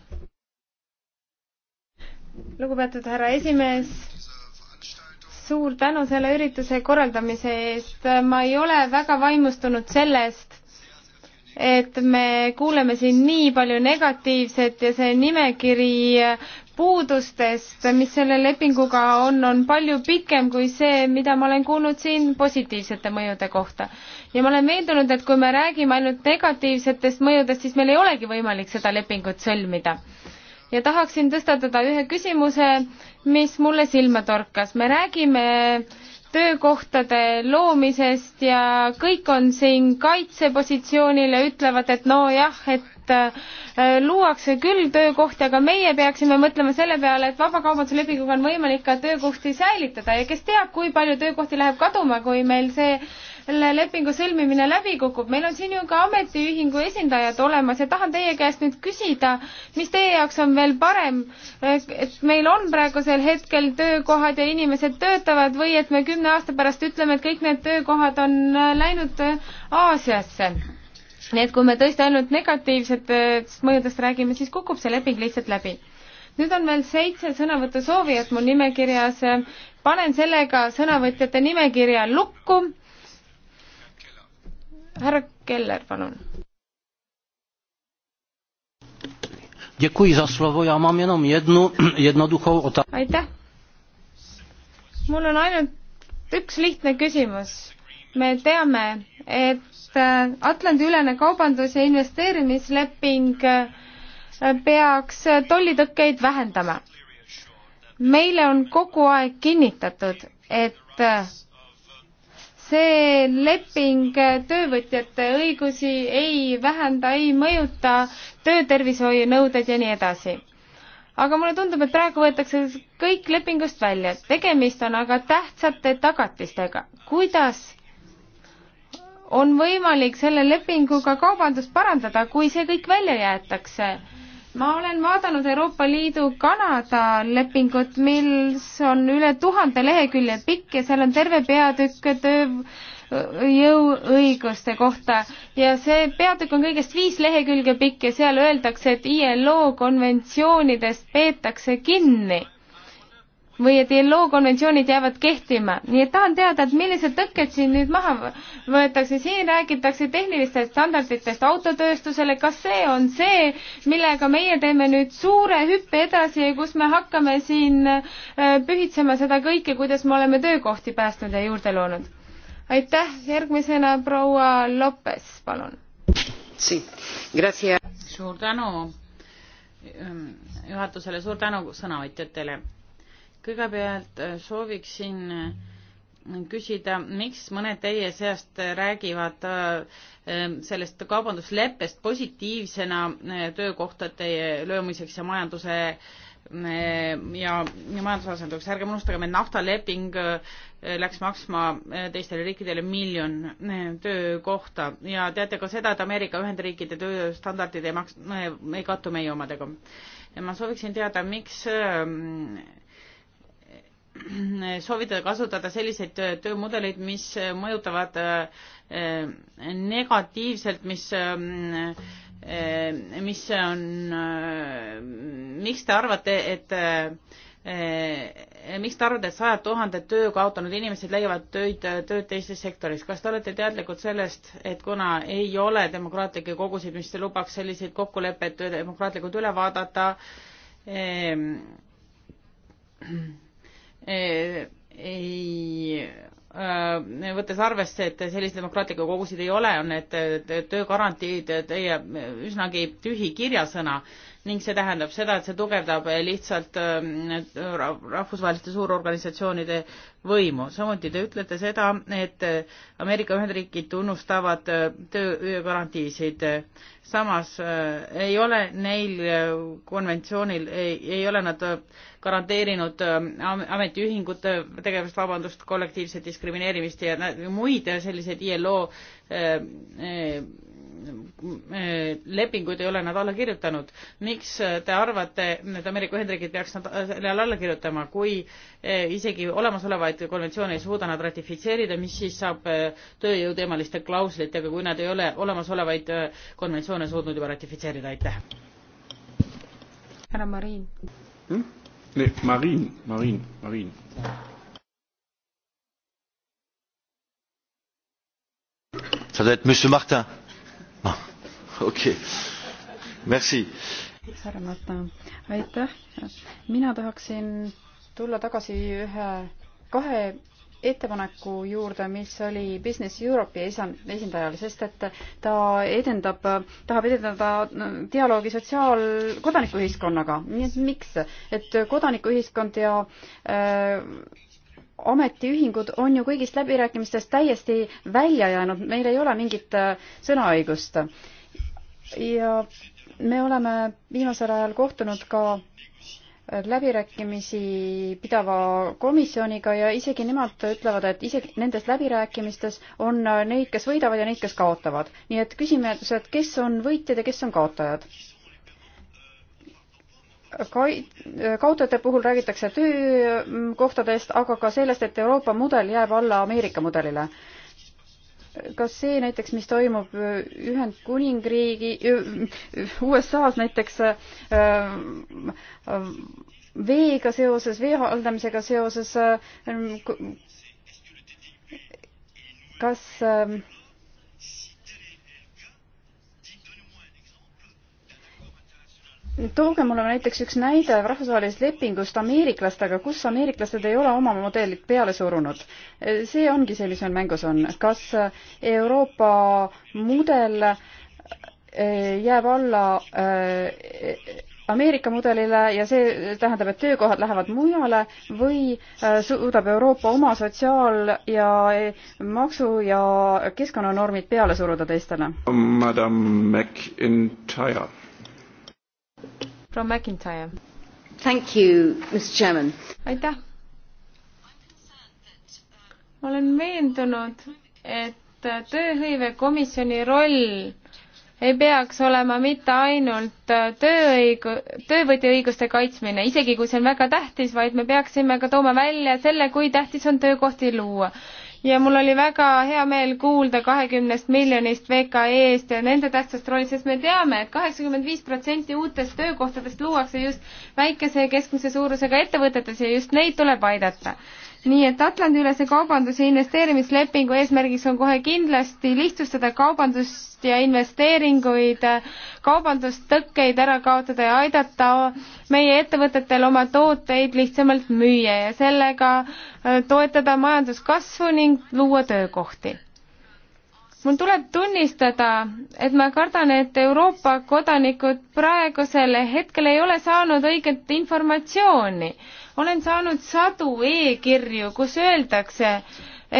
[SPEAKER 3] lugupeetud härra esimees, suur tänu selle ürituse korraldamise eest. ma ei ole väga vaimustunud sellest, et me kuuleme siin nii palju negatiivset ja see nimekiri puudustest, mis selle lepinguga on, on palju pikem kui see, mida ma olen kuulnud siin positiivsete mõjude kohta. ja ma olen veendunud, et kui me räägime ainult negatiivsetest mõjudest, siis meil ei olegi võimalik seda lepingut sõlmida. ja tahaksin tõstatada ühe küsimuse, mis mulle silma torkas. me räägime töökohtade loomisest ja kõik on siin kaitsepositsioonil ja ütlevad, et nojah, et et äh, luuakse küll töökohti, aga meie peaksime mõtlema selle peale, et vabakaubanduslepinguga on võimalik ka töökohti säilitada ja kes teab, kui palju töökohti läheb kaduma, kui meil see selle lepingu sõlmimine läbi kukub. meil on siin ju ka ametiühingu esindajad olemas ja tahan teie käest nüüd küsida, mis teie jaoks on veel parem, et meil on praegusel hetkel töökohad ja inimesed töötavad või et me kümne aasta pärast ütleme, et kõik need töökohad on äh, läinud äh, Aasiasse nii et kui me tõesti ainult negatiivsetest mõjudest räägime, siis kukub see leping lihtsalt läbi. nüüd on veel seitse sõnavõttu soovijat mul nimekirjas. panen sellega sõnavõtjate nimekirja lukku. härra Keller, palun. aitäh. mul on ainult üks lihtne küsimus. me teame, et Äh, Atlandi-ülene kaubandus- ja investeerimisleping äh, peaks äh, tollitõkkeid vähendama. meile on kogu aeg kinnitatud, et see leping töövõtjate õigusi ei vähenda, ei mõjuta töötervishoiunõudeid ja nii edasi. aga mulle tundub, et praegu võetakse kõik lepingust välja, tegemist on aga tähtsate tagatistega. kuidas on võimalik selle lepinguga kaubandust parandada, kui see kõik välja jäetakse. ma olen vaadanud Euroopa Liidu Kanada lepingut, mis on üle tuhande lehekülje pikk ja seal on terve peatükk tööjõuõiguste kohta ja see peatükk on kõigest viis lehekülge pikk ja seal öeldakse, et ILO konventsioonidest peetakse kinni või et ILO konventsioonid jäävad kehtima. nii et tahan teada, et millised tõkked siin nüüd maha võetakse, siin räägitakse tehnilistest standarditest autotööstusele, kas see on see, millega meie teeme nüüd suure hüppe edasi ja kus me hakkame siin äh, pühitsema seda kõike, kuidas me oleme töökohti päästnud ja juurde loonud? aitäh, järgmisena proua Lopes, palun.
[SPEAKER 1] suur tänu ähm, juhatusele, suur tänu sõnavõtjatele kõigepealt äh, sooviksin äh, küsida, miks mõned teie seast räägivad äh, sellest kaubandusleppest positiivsena töökohtade löömiseks ja majanduse ja, ja majandusasenduks, ärgem unustagem, et naftalepping läks maksma teistele riikidele miljon töökohta ja teate ka seda, et Ameerika Ühendriikide tööstandardid ei maks-, ei kattu meie omadega. ma sooviksin teada, miks soovitada kasutada selliseid töömudeleid, mis mõjutavad äh, negatiivselt, mis, äh, mis on, äh, miks te arvate, et miks te arvate, et sajad tuhanded töö kaotanud inimesed leiavad töid, tööd teises sektoris, kas te olete teadlikud sellest, et kuna ei ole demokraatlikke kogusid, mis lubaks selliseid kokkuleppeid demokraatlikult üle vaadata eh,, ei äh, võttes arvesse, et selliseid demokraatlikke kogusid ei ole, on need äh, töögarantiid äh, teie üsnagi tühi kirjasõna ning see tähendab seda, et see tugevdab lihtsalt rahvusvaheliste suurorganisatsioonide võimu. samuti te ütlete seda, et Ameerika Ühendriigid tunnustavad töögarantiisid. samas ei ole neil konventsioonil, ei ole nad garanteerinud äh, ametiühingute tegevust, vabandust, kollektiivset diskrimineerimist ja muid selliseid ILO äh, äh, lepinguid ei ole nad alla kirjutanud. miks te arvate, et Ameerika Ühendriigid peaks nad sellele alla kirjutama, kui isegi olemasolevaid konventsioone ei suuda nad ratifitseerida, mis siis saab tööjõuteemaliste klauslitega, kui nad ei ole olemasolevaid konventsioone suutnud juba ratifitseerida, aitäh.
[SPEAKER 3] härra Marin hmm?.
[SPEAKER 1] Nee, Marin, Marin, Marin.
[SPEAKER 3] Ça doit être Monsieur Martin. Non.
[SPEAKER 1] Ok. Merci.
[SPEAKER 2] härra Martin, aitäh. mina tahaksin tulla tagasi ühe, kahe ettepaneku juurde, mis oli Business Europe'i esindajal, sest et ta edendab, tahab edendada dialoogi sotsiaal, kodanikuühiskonnaga, nii et miks, et kodanikuühiskond ja äh, ametiühingud on ju kõigist läbirääkimistest täiesti välja jäänud, meil ei ole mingit äh, sõnaõigust. ja me oleme viimasel ajal kohtunud ka läbirääkimisi pidava komisjoniga ja isegi nemad ütlevad, et isegi nendes läbirääkimistes on neid, kes võidavad ja neid, kes kaotavad. nii et küsimus, et kes on võitjad ja kes on kaotajad? Kai-, kaotajate puhul räägitakse töökohtadest, aga ka sellest, et Euroopa mudel jääb alla Ameerika mudelile kas see näiteks, mis toimub Ühendkuningriigi, USA-s näiteks äh, äh, veega seoses, vee haldamisega seoses, äh, kas ähm, tooge mulle näiteks üks näide rahvusvahelisest lepingust ameeriklastega, kus ameeriklased ei ole oma modeelit peale surunud. see ongi see, mis meil mängus on. kas Euroopa mudel eh, jääb alla eh, Ameerika mudelile ja see tähendab, et töökohad lähevad mujale või eh, suudab Euroopa oma sotsiaal- ja maksu- ja keskkonnanormid peale suruda teistele? Madam McIntyre
[SPEAKER 3] proua McIntyre. aitäh. ma olen veendunud, et tööhõivekomisjoni roll ei peaks olema mitte ainult tööõigu-, töövõtja õiguste kaitsmine, isegi kui see on väga tähtis, vaid me peaksime ka tooma välja selle, kui tähtis on töökohti luua ja mul oli väga hea meel kuulda kahekümnest miljonist VKE-st ja nende tähtsast rollist, sest me teame et, et kaheksakümmend viis protsenti uutest töökohtadest luuakse just väikese ja keskmise suurusega ettevõtetes ja just neid tuleb aidata nii et Atlandi-ülese kaubanduse investeerimislepingu eesmärgiks on kohe kindlasti lihtsustada kaubandust ja investeeringuid, kaubandustõkkeid ära kaotada ja aidata meie ettevõtetel oma tooteid lihtsamalt müüa ja sellega äh, toetada majanduskasvu ning luua töökohti mul tuleb tunnistada, et ma kardan, et Euroopa kodanikud praegusel hetkel ei ole saanud õiget informatsiooni äh, olen saanud sadu e-kirju, kus öeldakse,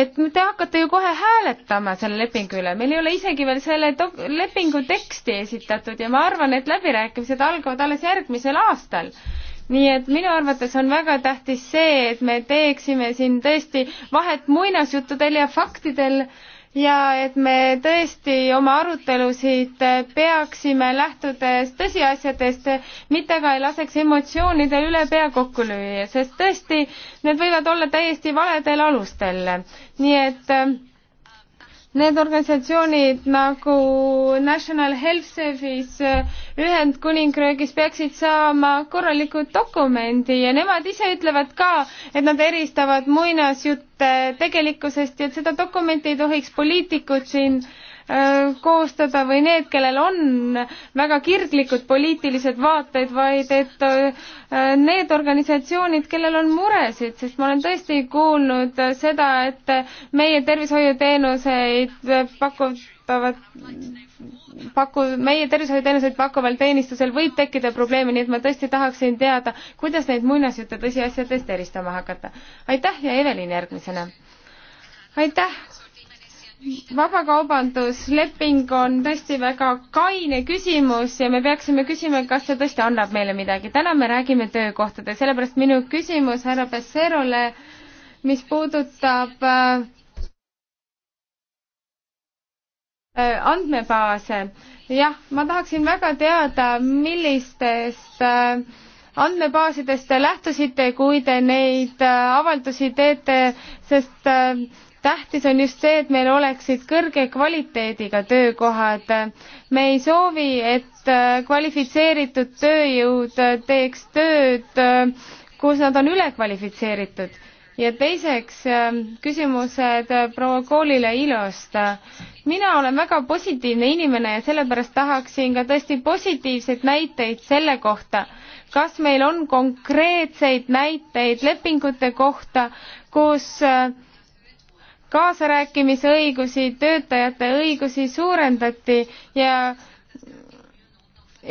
[SPEAKER 3] et te hakkate ju kohe hääletama selle lepingu üle, meil ei ole isegi veel selle lepingu teksti esitatud ja ma arvan, et läbirääkimised algavad alles järgmisel aastal nii et minu arvates on väga tähtis see, et me teeksime siin tõesti vahet muinasjuttudel ja faktidel äh, ja et me tõesti oma arutelusid peaksime lähtudes tõsiasjadest, mitte aga ei laseks emotsioonidel üle pea kokku lüüa, sest tõesti, need võivad olla täiesti valedel alustel. nii et Need organisatsioonid nagu National Health Service Ühendkuningriigis peaksid saama korraliku dokumendi ja nemad ise ütlevad ka, et nad eristavad muinasjutte tegelikkusest ja et seda dokumenti ei tohiks poliitikud siin äh, Äh, koostada või need, kellel on väga kirglikud poliitilised vaated, vaid et äh, need organisatsioonid, kellel on muresid, sest ma olen tõesti kuulnud seda, et meie tervishoiuteenuseid pakutavad paku-, meie tervishoiuteenuseid pakkuval teenistusel võib tekkida probleeme, nii et ma tõesti tahaksin teada, kuidas neid muinasjutte tõsiasjadest eristama hakata. aitäh ja Evelin järgmisena! aitäh, vabakaubandusleping on tõesti väga kaine küsimus ja me peaksime küsima, kas see tõesti annab meile midagi. täna me räägime töökohtade, sellepärast minu küsimus härra Besserole, mis puudutab äh, andmebaase. jah, ma tahaksin väga teada, millistest äh, andmebaasidest te lähtusite, kui te neid äh, avaldusi teete, sest äh, tähtis on just see, et meil oleksid kõrge kvaliteediga töökohad. me ei soovi, et äh, kvalifitseeritud tööjõud äh, teeks tööd, äh, kus nad on ülekvalifitseeritud. ja teiseks küsimused proua koolile ILO-st. mina olen väga positiivne inimene ja sellepärast tahaksin ka tõesti positiivseid näiteid selle kohta, kas meil on konkreetseid näiteid lepingute kohta, kus äh, kaasarääkimisõigusi, töötajate õigusi suurendati ja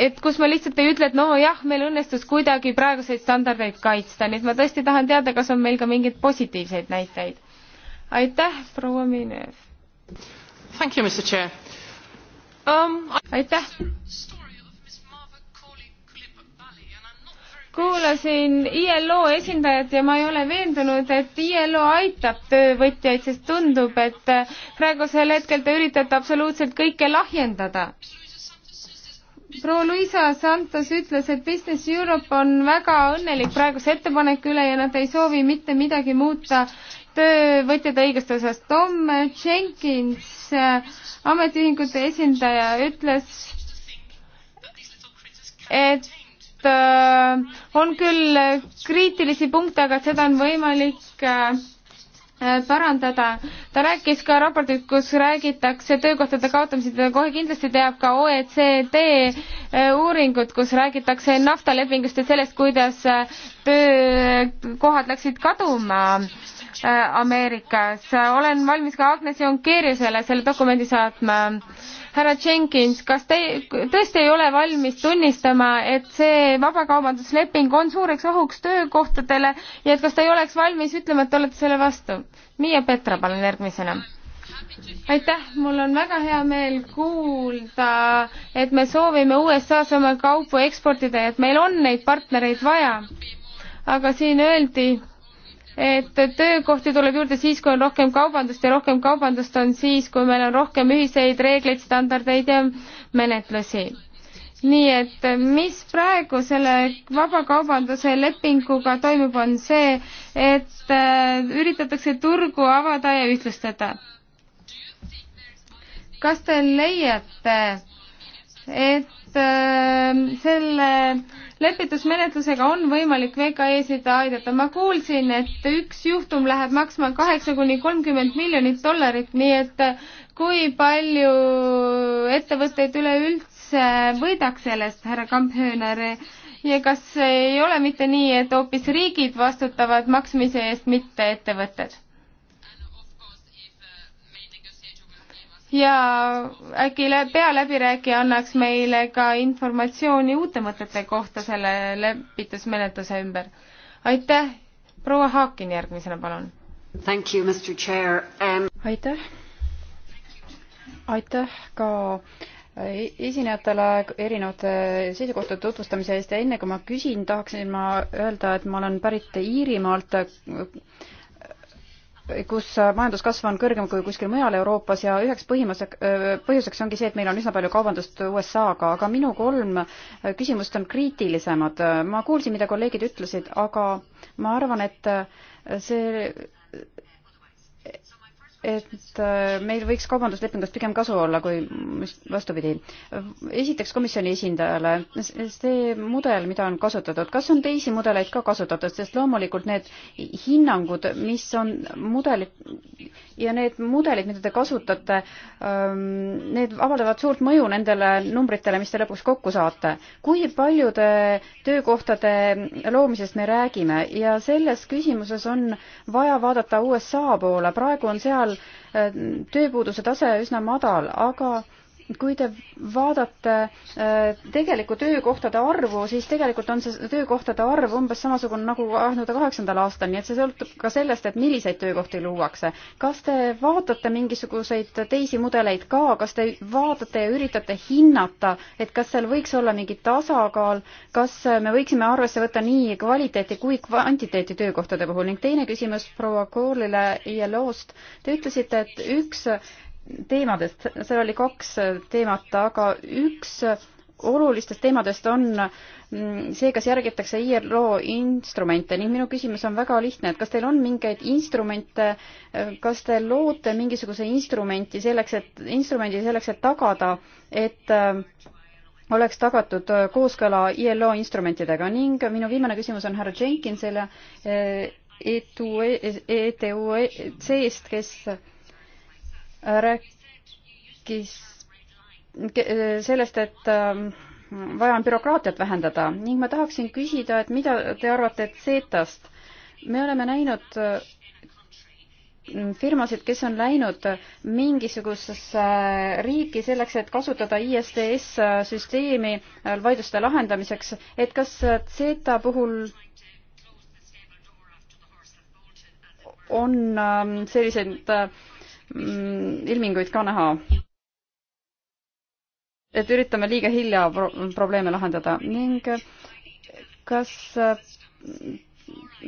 [SPEAKER 3] et kus ma lihtsalt ei ütle, et nojah, meil õnnestus kuidagi praeguseid standardeid kaitsta, nii et ma tõesti tahan teada, kas on meil ka mingeid positiivseid näiteid. aitäh, proua Minev! Um, I... aitäh! kuulasin ILO esindajat ja ma ei ole veendunud, et ILO aitab töövõtjaid, sest tundub, et äh, praegusel hetkel te üritate absoluutselt kõike lahjendada. proua Luisa Santos ütles, et Business Europe on väga õnnelik praeguse ettepaneku üle ja nad ei soovi mitte midagi muuta töövõtjate õiguste osas. Tom Jenkins, äh, ametiühingute esindaja, ütles, et Äh, on küll kriitilisi punkte, aga seda on võimalik äh, äh, parandada. ta rääkis ka raportit, kus räägitakse töökohtade kaotamisest ja kohe kindlasti teab ka OECD uuringut, kus räägitakse naftalepingust ja sellest, kuidas töökohad läksid kaduma Äh, Ameerikas. olen valmis ka Agnes Jonkeeriusele selle dokumendi saatma. härra Jenkins, kas te tõesti ei ole valmis tunnistama, et see vabakaubandusleping on suureks ohuks töökohtadele ja et kas te ei oleks valmis ütlema, et te olete selle vastu? Miia Petra, palun järgmisena aitäh, mul on väga hea meel kuulda, et me soovime USA-s oma kaupu eksportida ja et meil on neid partnereid vaja. aga siin öeldi, et töökohti tuleb juurde siis, kui on rohkem kaubandust ja rohkem kaubandust on siis, kui meil on rohkem ühiseid reegleid, standardeid ja menetlusi. nii et mis praegu selle vabakaubanduse lepinguga toimub, on see, et äh, üritatakse turgu avada ja ühtlustada. kas te leiate, et äh, selle lepitusmenetlusega on võimalik VKE-sid aidata. ma kuulsin, et üks juhtum läheb maksma kaheksa kuni kolmkümmend miljonit dollarit, nii et eh, kui palju ettevõtteid üleüldse võidaks sellest, härra Kamphööner? ja kas ei ole mitte nii, et hoopis riigid vastutavad maksmise eest, mitte ettevõtted? ja äkki pealäbirääkija annaks meile ka informatsiooni uute mõtete kohta selle lepitusmenetluse ümber. aitäh, proua Haakin järgmisena, palun.
[SPEAKER 2] Um... aitäh. aitäh ka e, esinejatele erinevate seisukohtade tutvustamise eest ja enne kui ma küsin, tahaksin ma öelda, et ma olen pärit Iirimaalt kus äh, majanduskasv on kõrgem kui kuskil mujal Euroopas ja üheks põhimõtteks, äh, põhjuseks ongi see, et meil on üsna palju kaubandust USA-ga, aga minu kolm äh, küsimust on kriitilisemad. ma kuulsin, mida kolleegid ütlesid, aga ma arvan, et see et äh, meil võiks kaubanduslepingust pigem kasu olla kui vastupidi. esiteks komisjoni esindajale, see mudel, mida on kasutatud, kas on teisi mudeleid ka kasutatud, sest loomulikult need hinnangud, mis on mudelit ja need mudelid, mida te kasutate, ähm, need avaldavad suurt mõju nendele numbritele, mis te lõpuks kokku saate. kui paljude töökohtade loomisest me räägime ja selles küsimuses on vaja vaadata USA poole, praegu on seal äh, tööpuuduse tase üsna madal, aga kui te vaatate äh, tegelikku töökohtade arvu, siis tegelikult on see töökohtade arv umbes samasugune nagu kahe tuhande kaheksandal aastal, nii et see sõltub ka sellest, et milliseid töökohti luuakse. kas te vaatate mingisuguseid teisi mudeleid ka, kas te vaatate ja üritate hinnata, et kas seal võiks olla mingi tasakaal, kas me võiksime arvesse võtta nii kvaliteeti kui kvantiteeti töökohtade puhul ning teine küsimus proua Koolile ILO-st. Te ütlesite, et üks teemadest, seal oli kaks teemat, aga üks olulistest teemadest on mm, see, kas järgitakse ILO instrumente ning minu küsimus on väga lihtne, et kas teil on mingeid instrumente, kas te loote mingisuguse instrumenti selleks, et, instrumendi selleks, et tagada, et äh, oleks tagatud äh, kooskõla ILO instrumentidega ning minu viimane küsimus on härra Jenkinsile äh, ETU-st, e, e e kes rääkis sellest, et ähm, vaja on bürokraatiat vähendada ning ma tahaksin küsida, et mida te arvate CETA-st? me oleme näinud äh, firmasid, kes on läinud mingisugusesse äh, riiki selleks, et kasutada ISDS äh, süsteemi vaidluste lahendamiseks, et kas CETA puhul on ähm, sellised äh, Mm, ilminguid ka näha. et üritame liiga hilja pro probleeme lahendada ning kas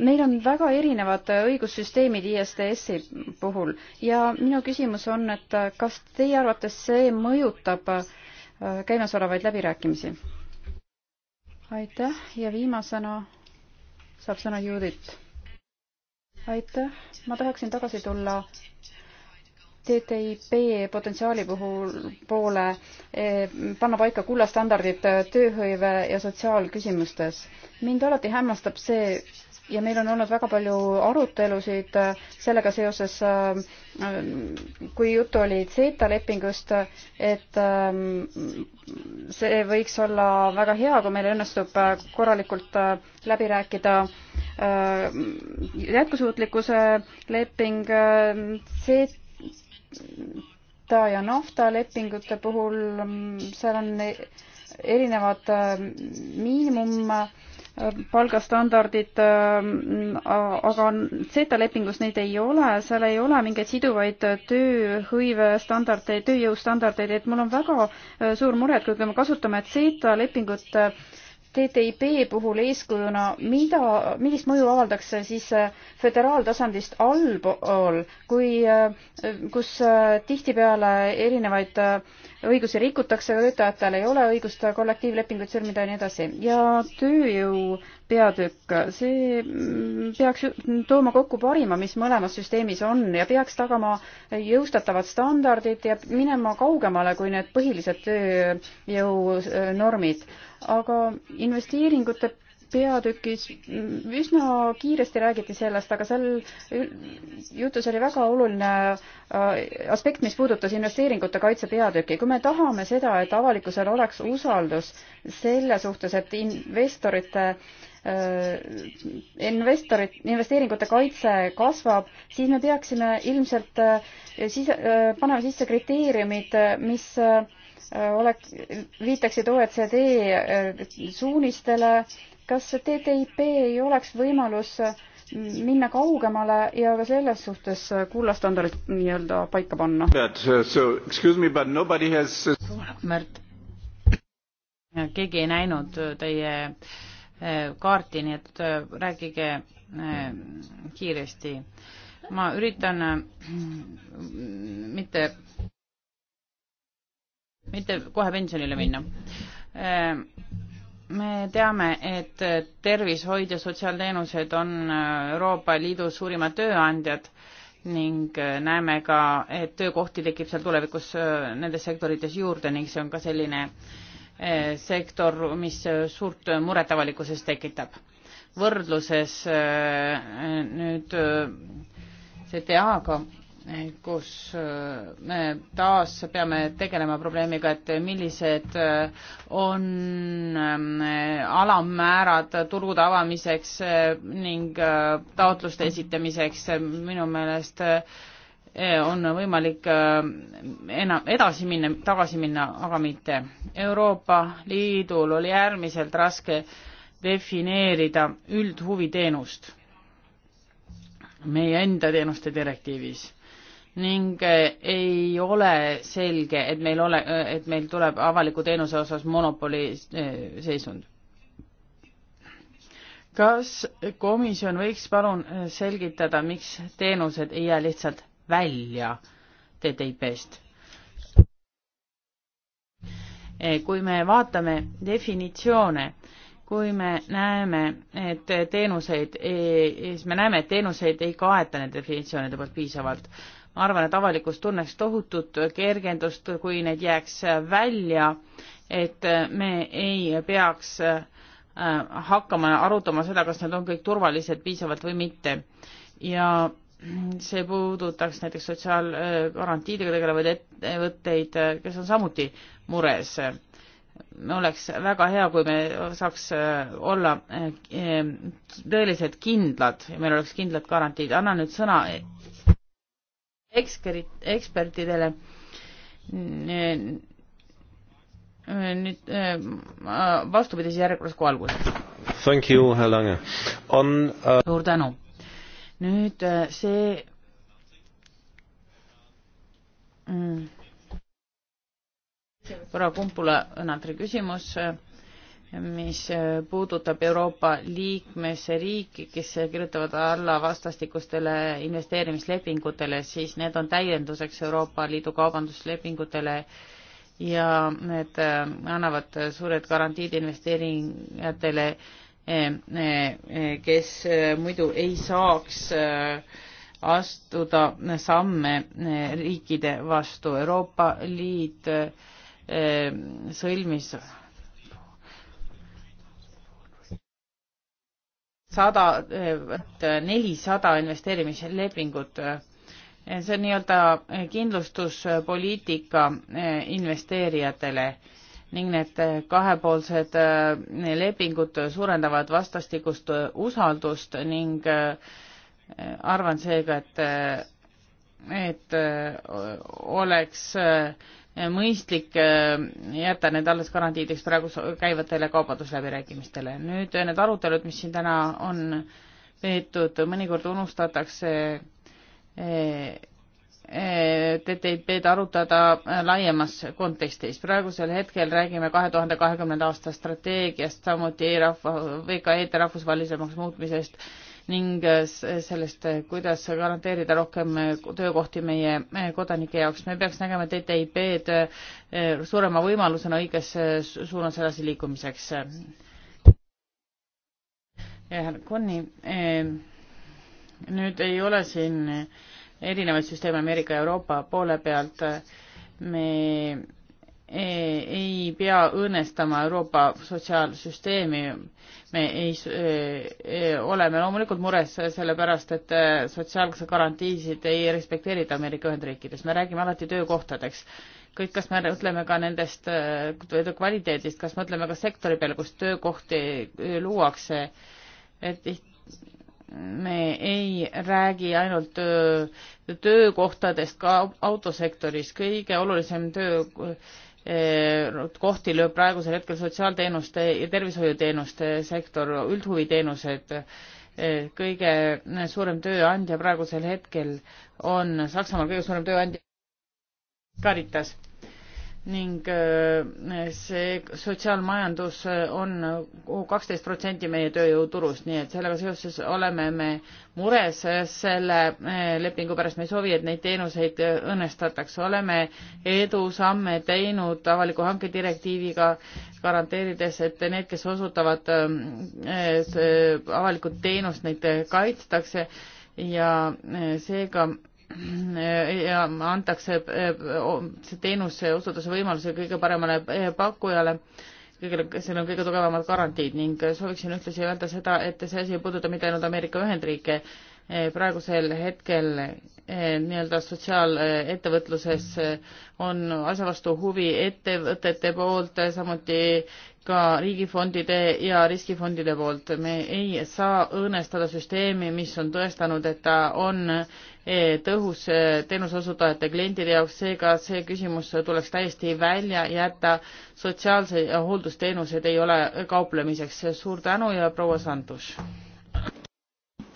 [SPEAKER 2] meil on väga erinevad õigussüsteemid ISDS-i puhul ja minu küsimus on, et kas teie arvates see mõjutab äh, käimasolevaid läbirääkimisi? aitäh ja viimasena saab sõna Judith. aitäh, ma tahaksin tagasi tulla TTIP potentsiaali puhul poole e, panna paika kullastandardid e, tööhõive ja sotsiaalküsimustes. mind alati hämmastab see ja meil on olnud väga palju arutelusid e, sellega seoses, kui juttu oli CETA lepingust, et see võiks olla väga hea, kui meil õnnestub korralikult läbi rääkida jätkusuutlikkuse leping, CETA nafta ja nafta lepingute puhul mm, seal on e-, erinevad äh, miinimum äh, palgastandardid, äh, aga CETA lepingus neid ei ole, seal ei ole mingeid siduvaid tööhõivestandardeid, tööjõustandardeid, et mul on väga suur mure, et kui me kasutame CETA lepingut TTIP puhul eeskujuna, mida, millist mõju avaldaks siis äh, föderaaltasandist allpool, kui, äh, kus äh, tihtipeale erinevaid õigusi rikutakse, töötajatel ei ole õigust kollektiivlepinguid sõlmida ja nii edasi. ja tööjõu peatükk, see mm, peaks tooma kokku parima, mis mõlemas süsteemis on ja peaks tagama jõustatavad standardid ja minema kaugemale kui need põhilised tööjõunormid. Äh, aga investeeringute peatükis mm, üsna kiiresti räägiti sellest, aga seal jutus oli väga oluline äh, aspekt, mis puudutas investeeringute kaitse peatüki. kui me tahame seda, et avalikkusel oleks usaldus selle suhtes, et investorite äh, Äh, investorid, investeeringute kaitse kasvab, siis me peaksime ilmselt äh, sise, äh, panema sisse kriteeriumid, mis oleks, viitaksid OECD suunistele. kas TTIP ei oleks võimalus minna kaugemale ja ka selles suhtes kullastandardid nii-öelda paika panna. Uh, has... Uh,
[SPEAKER 1] Märt, keegi ei näinud teie Eh, kaarti, nii et eh, rääkige eh, kiiresti. ma üritan mitte, mitte kohe pensionile minna. me teame, et tervishoid ja sotsiaalteenused on Euroopa Liidu suurimad tööandjad ning näeme ka, et töökohti tekib seal tulevikus nendes sektorites juurde ning see on ka selline äh, Eh, sektor, mis eh, suurt muret avalikkuses tekitab. võrdluses eh, nüüd CTA-ga, kus me taas peame tegelema probleemiga, et millised on alammäärad turude avamiseks ning taotluste esitamiseks, minu meelest äh, Eh, on võimalik eh, enam edasi minna, tagasi minna, aga mitte. Euroopa Liidul oli äärmiselt raske defineerida üldhuviteenust meie enda teenuste direktiivis ning eh, ei ole selge, et meil ole, et meil tuleb avaliku teenuse osas monopoli seisund. kas komisjon võiks palun selgitada, miks teenused ei jää lihtsalt välja TTIP-st. Eh, kui me vaatame definitsioone, kui me näeme, et teenuseid, e-, e-, siis me näeme, et teenuseid ei kaeta nende definitsioonide poolt piisavalt. ma arvan, et avalikkus tunneks tohutut kergendust, kui need jääks välja, et me ei peaks äh, hakkama arutama seda, kas nad on kõik turvalised piisavalt või mitte. ja see puudutaks näiteks sotsiaalgarantiidega tegelevaid ettevõtteid, kes on samuti mures. oleks väga hea, kui me saaks olla eh, tõeliselt kindlad ja meil oleks kindlad garantiid. annan nüüd sõna ekspert, ekspertidele. nüüd eh, vastupidises järjekorras kui alguses.
[SPEAKER 2] Thank you, Helen. on uh....
[SPEAKER 1] suur tänu nüüd äh, see mm, korra Kumpula Õnatri küsimus, äh, mis äh, puudutab Euroopa liikmesriiki, kes kirjutavad alla vastastikustele investeerimislepingutele, siis need on täienduseks Euroopa Liidu kaubanduslepingutele ja need annavad suured garantiid investeeringutele äh, Eh, eh, kes eh, muidu ei saaks astuda samme riikide vastu. Euroopa Liit sõlmis sada, nelisada investeerimislepingut. see on nii-öelda kindlustuspoliitika investeerijatele ning need äh, kahepoolsed äh, lepingud suurendavad vastastikust äh, usaldust ning arvan seega, et, et oleks mõistlik jätta need alles garantiideks praegu käivatele kaubandusläbirääkimistele. nüüd need arutelud, mis siin täna on peetud, mõnikord unustatakse Eh, TTIP-d arutada eh, laiemas kontekstis. praegusel hetkel räägime kahe tuhande kahekümnenda aasta strateegiast, samuti e-rahva, VKE-de rahvusvahelisemaks muutmisest ning eh, sellest, kuidas garanteerida rohkem töökohti meie kodanike jaoks. me peaks nägema TTIP-d suurema võimalusena õiges suunas edasiliikumiseks. härra Konni, nüüd ei ole siin erinevaid süsteeme Ameerika ja Euroopa poole pealt, me e, ei pea õõnestama Euroopa sotsiaalsüsteemi, me ei, e, e, oleme loomulikult mures sellepärast, et sotsiaalse garantiisid ei respekteerita Ameerika Ühendriikides, me räägime alati töökohtadeks kõik, kas me mõtleme ka nendest töö kvaliteedist, kas mõtleme ka sektori peale, kus töökohti luuakse, et me ei räägi ainult töökohtadest ka autosektoris, kõige olulisem töökohti lööb praegusel hetkel sotsiaalteenuste ja tervishoiuteenuste sektor, üldhuviteenused, kõige suurem tööandja praegusel hetkel on Saksamaal kõige suurem tööandja Caritas ning äh, see sotsiaalmajandus äh, on äh, kaksteist protsenti meie tööjõuturust, nii et sellega seoses oleme me mures selle lepingu pärast, me ei soovi, et neid teenuseid õnnestatakse, oleme edusamme teinud avaliku hanke direktiiviga, garanteerides, et need, kes osutavad avalikku teenust, neid kaitstakse ja seega ja antakse eh, see teenuse osutuse võimaluse kõige paremale eh, pakkujale, kõigele, seal on kõige tugevamad garantiid ning sooviksin ühtlasi öelda seda, et see asi ei puuduta mitte ainult Ameerika Ühendriike, Eh, praegusel hetkel eh, nii-öelda sotsiaalettevõtluses eh, on asja vastu huvi ettevõtete poolt, samuti ka riigifondide ja riskifondide poolt. me ei saa õõnestada süsteemi, mis on tõestanud, et ta on tõhus teenuseosutajate klientide jaoks, seega see küsimus tuleks täiesti välja jätta. sotsiaalse hooldusteenused ei ole kauplemiseks. suur tänu ja proua Sandus!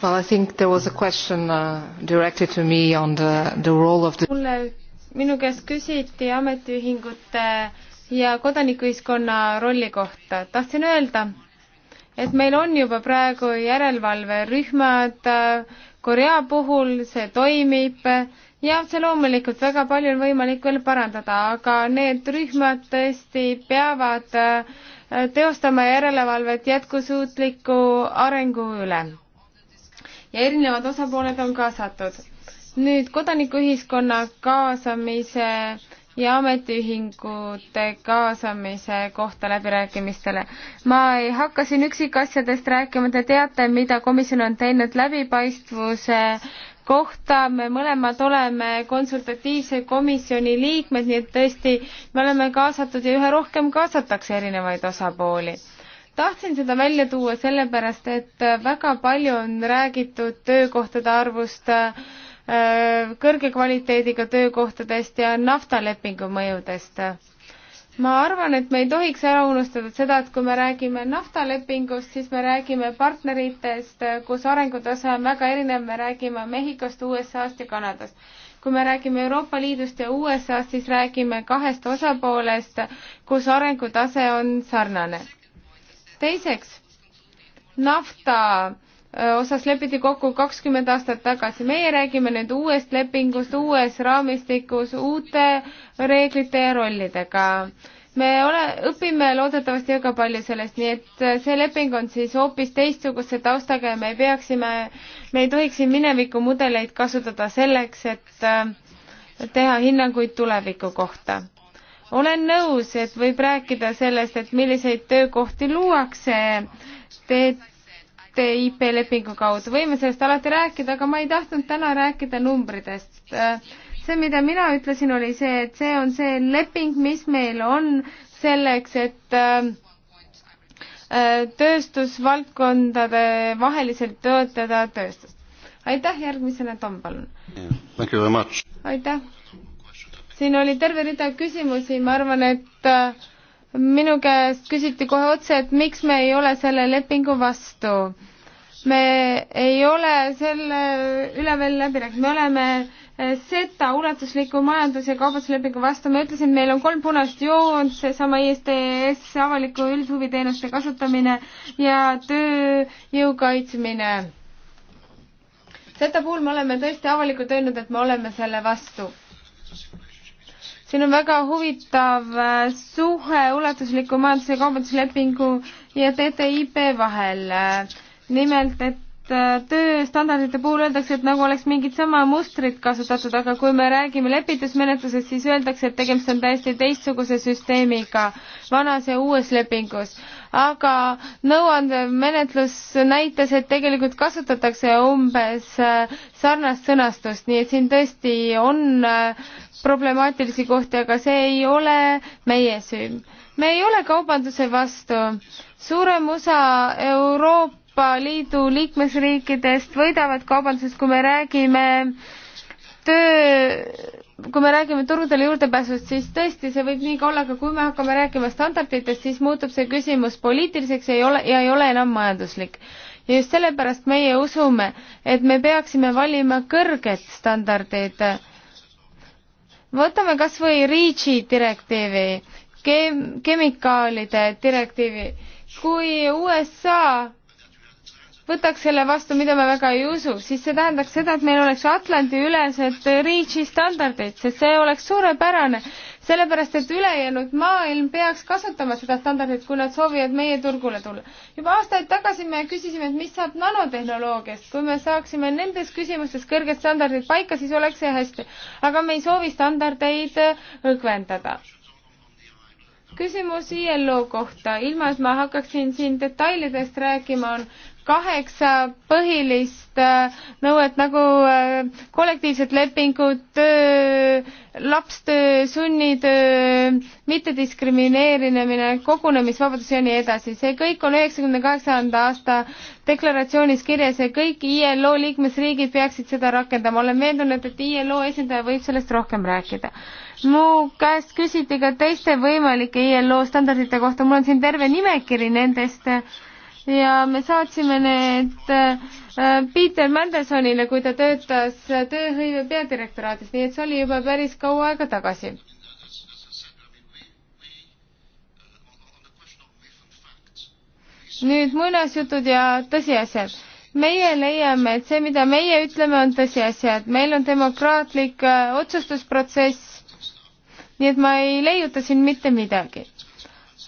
[SPEAKER 3] Well, I think there was a question uh, directed to me on the, the role of the mulle, minu käest küsiti ametiühingute ja kodanikuühiskonna rolli kohta. tahtsin öelda, et meil on juba praegu järelevalverühmad äh, Korea puhul, see toimib ja see loomulikult väga palju on võimalik veel parandada, aga need rühmad tõesti peavad äh, teostama järelevalvet jätkusuutliku arengu üle ja erinevad osapooled on kaasatud. nüüd kodanikuühiskonna kaasamise ja ametiühingute kaasamise kohta läbirääkimistele. ma ei hakka siin üksikasjadest rääkima, te teate, mida komisjon on teinud läbipaistvuse kohta, me mõlemad oleme konsultatiivse komisjoni liikmed, nii et tõesti, me oleme kaasatud ja üha rohkem kaasatakse erinevaid osapooli tahtsin seda välja tuua sellepärast, et väga palju on räägitud töökohtade arvust, äh, kõrge kvaliteediga töökohtadest ja naftalepingu mõjudest. ma arvan, et me ei tohiks ära unustada seda, et kui me räägime naftalepingust, siis me räägime partneritest, kus arengutase on väga erinev, me räägime Mehhikost, USA-st ja Kanadast kui me räägime Euroopa Liidust ja USA-st, siis räägime kahest osapoolest, kus arengutase on sarnane teiseks, nafta osas lepiti kokku kakskümmend aastat tagasi. meie räägime nüüd uuest lepingust, uues raamistikus, uute reeglite ja rollidega. me ole, õpime loodetavasti väga palju sellest, nii et see leping on siis hoopis teistsuguse taustaga ja me peaksime, me ei tohiks siin minevikumudeleid kasutada selleks, et teha hinnanguid tuleviku kohta olen nõus, et võib rääkida sellest, et milliseid töökohti luuakse TTIP lepingu kaudu, võime sellest alati rääkida, aga ma ei tahtnud täna rääkida numbritest. see, mida mina ütlesin, oli see, et see on see leping, mis meil on selleks, et äh, tööstusvaldkondade vaheliselt töötada tööstust. aitäh, järgmisena Tom, palun! aitäh! siin oli terve rida küsimusi, ma arvan, et äh, minu käest küsiti kohe otse, et miks me ei ole selle lepingu vastu. me ei ole selle üle veel läbi rääkinud, me oleme äh, seta ulatusliku majandus- ja kaubanduslepingu vastu, ma ütlesin, meil on kolm punast joont, seesama ISDS, avaliku üldhuviteenuste kasutamine ja tööjõu kaitsmine. seta puhul me oleme tõesti avalikult öelnud, et me oleme selle vastu siin on väga huvitav äh, suhe ulatusliku majanduse ja kaubanduslepingu ja TTIP vahel. Äh, nimelt, et äh, tööstandardite puhul öeldakse, et nagu oleks mingit sama mustrit kasutatud, aga kui me räägime lepitusmenetlusest, siis öeldakse, et tegemist on täiesti teistsuguse süsteemiga vanas ja uues lepingus aga nõuandev menetlus näitas, et tegelikult kasutatakse umbes äh, sarnast sõnastust, nii et siin tõesti on äh, problemaatilisi kohti, aga see ei ole meie süü. me ei ole kaubanduse vastu. suurem osa Euroopa Liidu liikmesriikidest võidavad kaubandusest, kui me räägime töö kui me räägime turudele juurdepääsust, siis tõesti, see võib nii ka olla, aga kui me hakkame rääkima standarditest, siis muutub see küsimus poliitiliseks ja ei ole, ja ei ole enam majanduslik. ja just sellepärast meie usume, et me peaksime valima kõrged standardid. võtame kas või REACH-i direktiivi ke, kemikaalide direktiivi. kui USA võtaks selle vastu, mida me väga ei usu, siis see tähendaks seda, et meil oleks Atlandi-ülesed REACH-i standardid, sest see oleks suurepärane, sellepärast et ülejäänud maailm peaks kasutama seda standardit, kui nad soovivad meie turgule tulla. juba aastaid tagasi me küsisime, et mis saab nanotehnoloogiast, kui me saaksime nendes küsimustes kõrged standardid paika, siis oleks see hästi. aga me ei soovi standardeid õgvendada äh, küsimus ILO kohta, ilma et ma hakkaksin siin detailidest rääkima, on kaheksa äh, põhilist äh, nõuet nagu äh, kollektiivsed lepingud, töö, lapstöö, sunnitöö, mittediskrimineerimine, kogunemisvabadus ja nii edasi. see kõik on üheksakümne kaheksanda aasta deklaratsioonis kirjas ja kõik ILO liikmesriigid peaksid seda rakendama. olen veendunud, et ILO esindaja võib sellest rohkem rääkida mu käest küsiti ka teiste võimalike ILO standardite kohta, mul on siin terve nimekiri nendest äh, ja me saatsime need äh, Peter Mandelsonile, kui ta töötas tööhõive peadirektoraadis, nii et see oli juba päris kaua aega tagasi. nüüd muinasjutud ja tõsiasjad. meie leiame, et see, mida meie ütleme, on tõsiasjad. meil on demokraatlik äh, otsustusprotsess, nii et ma ei leiuta siin mitte midagi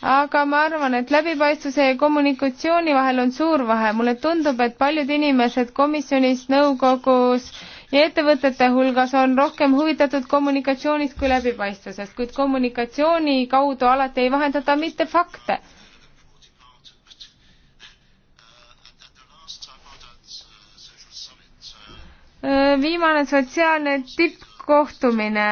[SPEAKER 3] aga ma arvan, et läbipaistvuse ja kommunikatsiooni vahel on suur vahe. mulle tundub, et paljud inimesed komisjonis, nõukogus ja ettevõtete hulgas on rohkem huvitatud kommunikatsioonist kui läbipaistvusest, kuid kommunikatsiooni kaudu alati ei vahendata mitte fakte viimane sotsiaalne tippkohtumine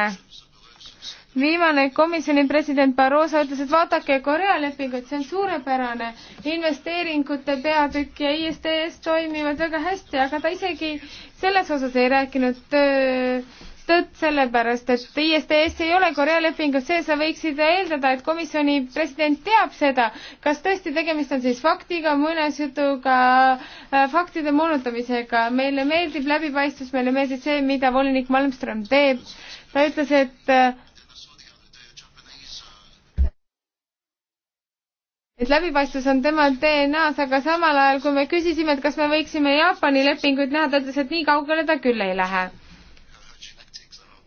[SPEAKER 3] viimane komisjoni president Barroso ütles, et vaadake Korea lepingut, see on suurepärane. investeeringute peatükk ja ISDS toimivad väga hästi, aga ta isegi selles osas ei rääkinud tõtt, sellepärast et ISDS ei ole Korea lepingus sees, sa võiksid eeldada, et komisjoni president teab seda, kas tõesti tegemist on siis faktiga, muinasjutuga, äh, faktide moonutamisega. meile meeldib läbipaistvus, meile meeldib see, mida volinik Malmström teeb. ta ütles, et äh, et läbipaistvus on tema DNA-s, aga samal ajal, kui me küsisime, et kas me võiksime Jaapani lepinguid näha, ta ütles, et nii kaugele ta küll ei lähe.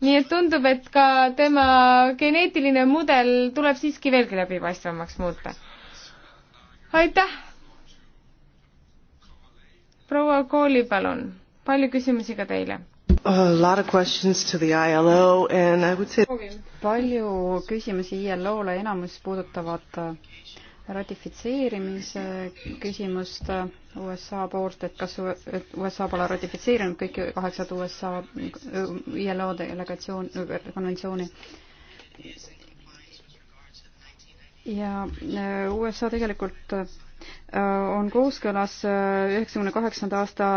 [SPEAKER 3] nii et tundub, et ka tema geneetiline mudel tuleb siiski veelgi läbipaistvamaks muuta. aitäh! proua Kooli, palun, palju küsimusi ka teile
[SPEAKER 2] Say... palju küsimusi ILO-le, enamus puudutavad ratifitseerimise küsimust USA poolt, et kas USA pole ratifitseerinud kõiki kaheksat USA ILO delegatsioon, konventsiooni ja äh, USA tegelikult äh, on kooskõlas äh, üheksakümne kaheksanda aasta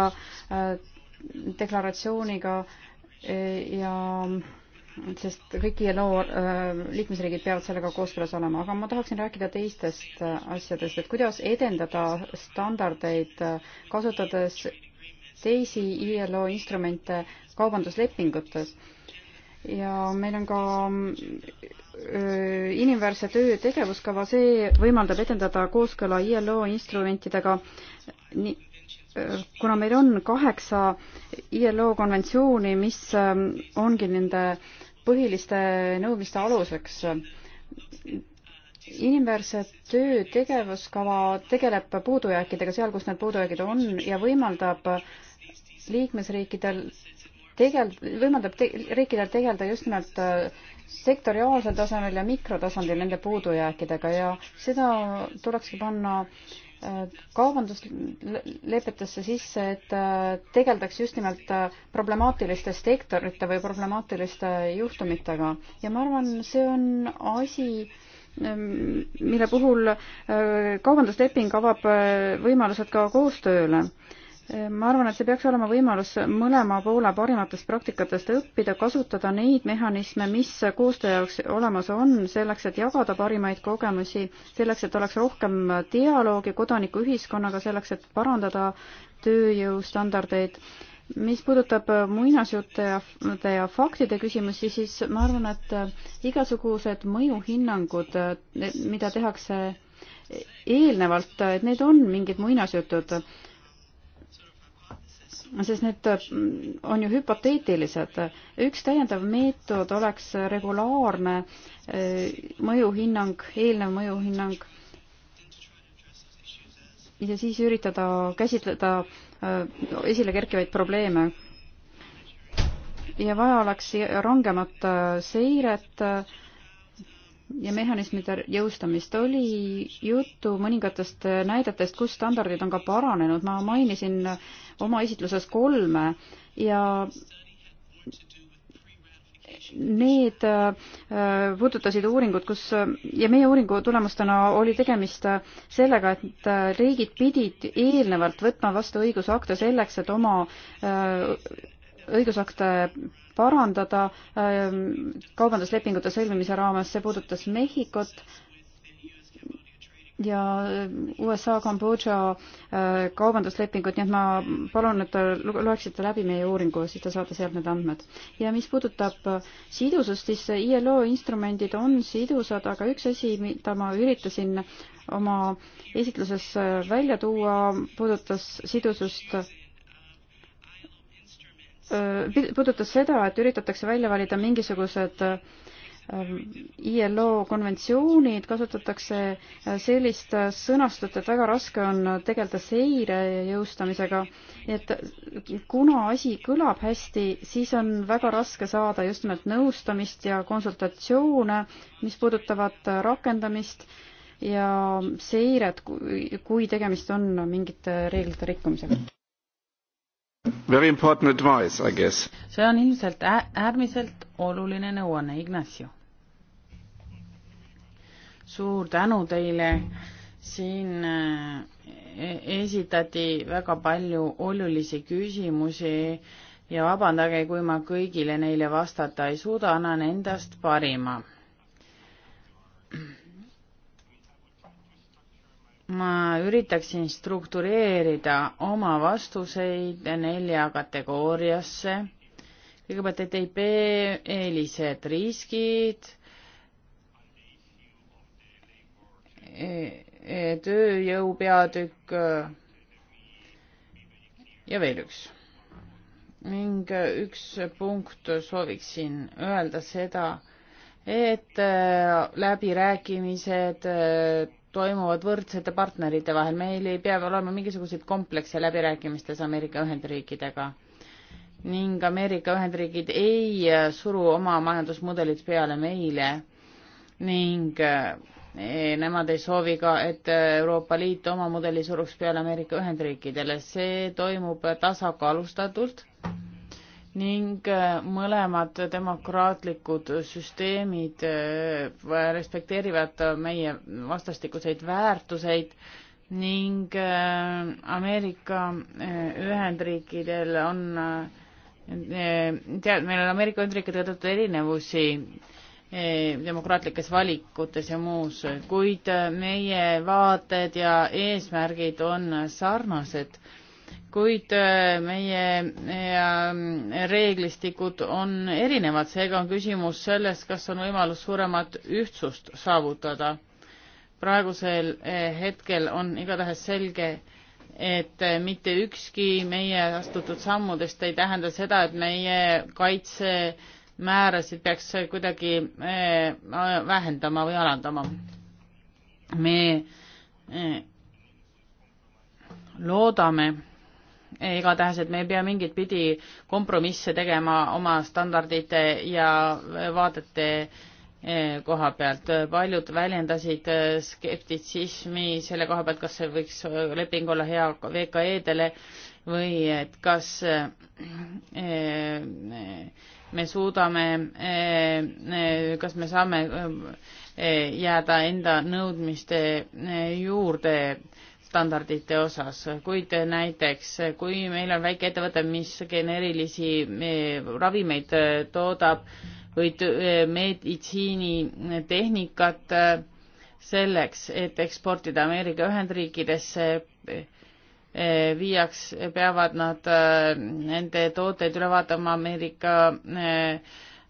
[SPEAKER 2] deklaratsiooniga ja sest kõik ILO äh, liikmesriigid peavad sellega kooskõlas olema, aga ma tahaksin rääkida teistest äh, asjadest, et kuidas edendada standardeid, äh, kasutades teisi ILO instrumente kaubanduslepingutes. ja meil on ka inimväärse töö tegevuskava, see võimaldab edendada kooskõla ILO instrumentidega nii kuna meil on kaheksa ILO konventsiooni, mis ongi nende äh, põhiliste nõudmiste aluseks. inimväärse töö tegevuskava tegeleb puudujääkidega seal, kus need puudujäägid on ja võimaldab liikmesriikidel tegel-, võimaldab te-, riikidel tegeleda just nimelt äh, sektoriaalsel tasemel ja mikrotasandil nende puudujääkidega ja seda tulekski panna äh, kaubanduslepetesse sisse, et äh, tegeldaks just nimelt äh, problemaatiliste sektorite või problemaatiliste juhtumitega ja ma arvan, see on asi, ähm, mille puhul äh, kaubandusleping avab võimalused ka koostööle ma arvan, et see peaks olema võimalus mõlema poole parimatest praktikatest õppida, kasutada neid mehhanisme, mis koostöö jaoks olemas on, selleks, et jagada parimaid kogemusi, selleks, et oleks rohkem dialoogi kodanikuühiskonnaga, selleks, et parandada tööjõustandardeid. mis puudutab muinasjutte ja, ja faktide küsimusi, siis ma arvan, et igasugused mõjuhinnangud, mida tehakse eelnevalt, et need on mingid muinasjutud sest need äh, on ju hüpoteetilised. üks täiendav meetod oleks regulaarne äh, mõjuhinnang, eelnev mõjuhinnang ja siis üritada käsitleda äh, esile kerkivaid probleeme. ja vaja oleks rangemat seiret ja mehhanismide jõustamist. oli juttu mõningatest näidetest, kus standardid on ka paranenud, ma mainisin oma esitluses kolme ja need äh, puudutasid uuringut, kus ja meie uuringu tulemustena oli tegemist sellega, et riigid pidid eelnevalt võtma vastu õigusakte selleks, et oma äh, õigusakte parandada ähm, kaubanduslepingute sõlmimise raames, see puudutas Mehhikut ja USA Kambodža äh, kaubanduslepingut, nii et ma palun, et te loeksite läbi meie uuringu, siis te saate sealt need andmed. ja mis puudutab äh, sidusust, siis ILO instrumendid on sidusad, aga üks asi, mida ma üritasin oma esitluses äh, välja tuua, puudutas sidusust Äh, puudutas seda, et üritatakse välja valida mingisugused äh, ILO konventsioonid, kasutatakse äh, sellist sõnastust, et väga raske on tegeleda seire jõustamisega. et kuna asi kõlab hästi, siis on väga raske saada just nimelt nõustamist ja konsultatsioone, mis puudutavad rakendamist ja seiret, kui tegemist on mingite reeglite rikkumisega Very important advice, I guess.
[SPEAKER 1] see on ilmselt äärmiselt oluline nõuanne, Ignacio. suur tänu teile, siin äh, e- esitati väga palju olulisi küsimusi ja vabandage, kui ma kõigile neile vastata ei suuda, annan endast parima ma üritaksin struktureerida oma vastuseid nelja kategooriasse. kõigepealt ETIP eelised, riskid, e, tööjõu peatükk ja veel üks. ning üks punkt sooviksin öelda seda, et äh, läbirääkimised äh, toimuvad võrdsete partnerite vahel, meil ei pea olema mingisuguseid komplekse läbirääkimistes Ameerika Ühendriikidega. ning Ameerika Ühendriigid ei suru oma majandusmudelit peale meile ning eh, nemad ei soovi ka, et Euroopa Liit oma mudeli suruks peale Ameerika Ühendriikidele, see toimub tasakaalustatult ning äh, mõlemad demokraatlikud süsteemid äh, respekteerivad meie vastastikuseid väärtuseid ning äh, Ameerika Ühendriikidel on tead, meil on Ameerika Ühendriikide tõttu erinevusi demokraatlikes valikutes ja muus, kuid meie vaated ja eesmärgid on sarnased kuid äh, meie äh, reeglistikud on erinevad, seega on küsimus selles, kas on võimalus suuremat ühtsust saavutada. praegusel äh, hetkel on igatahes selge, et mitte ükski meie astutud sammudest ei tähenda seda, et meie kaitsemäärasid peaks kuidagi vähendama või alandama. me loodame igatahes, et me ei pea mingit pidi kompromisse tegema oma standardite ja vaadete eh, koha pealt. paljud väljendasid eh, skeptitsismi selle koha pealt, kas see võiks eh, leping olla hea VKE-dele või et kas me suudame, kas me saame jääda enda nõudmiste juurde standardite osas, kuid näiteks kui meil on väikeettevõte, mis geneerilisi eh, ravimeid eh, toodab või eh, meditsiinitehnikat selleks, et eksportida Ameerika Ühendriikidesse, viiaks, peavad nad nende tooteid üle vaatama Ameerika äh,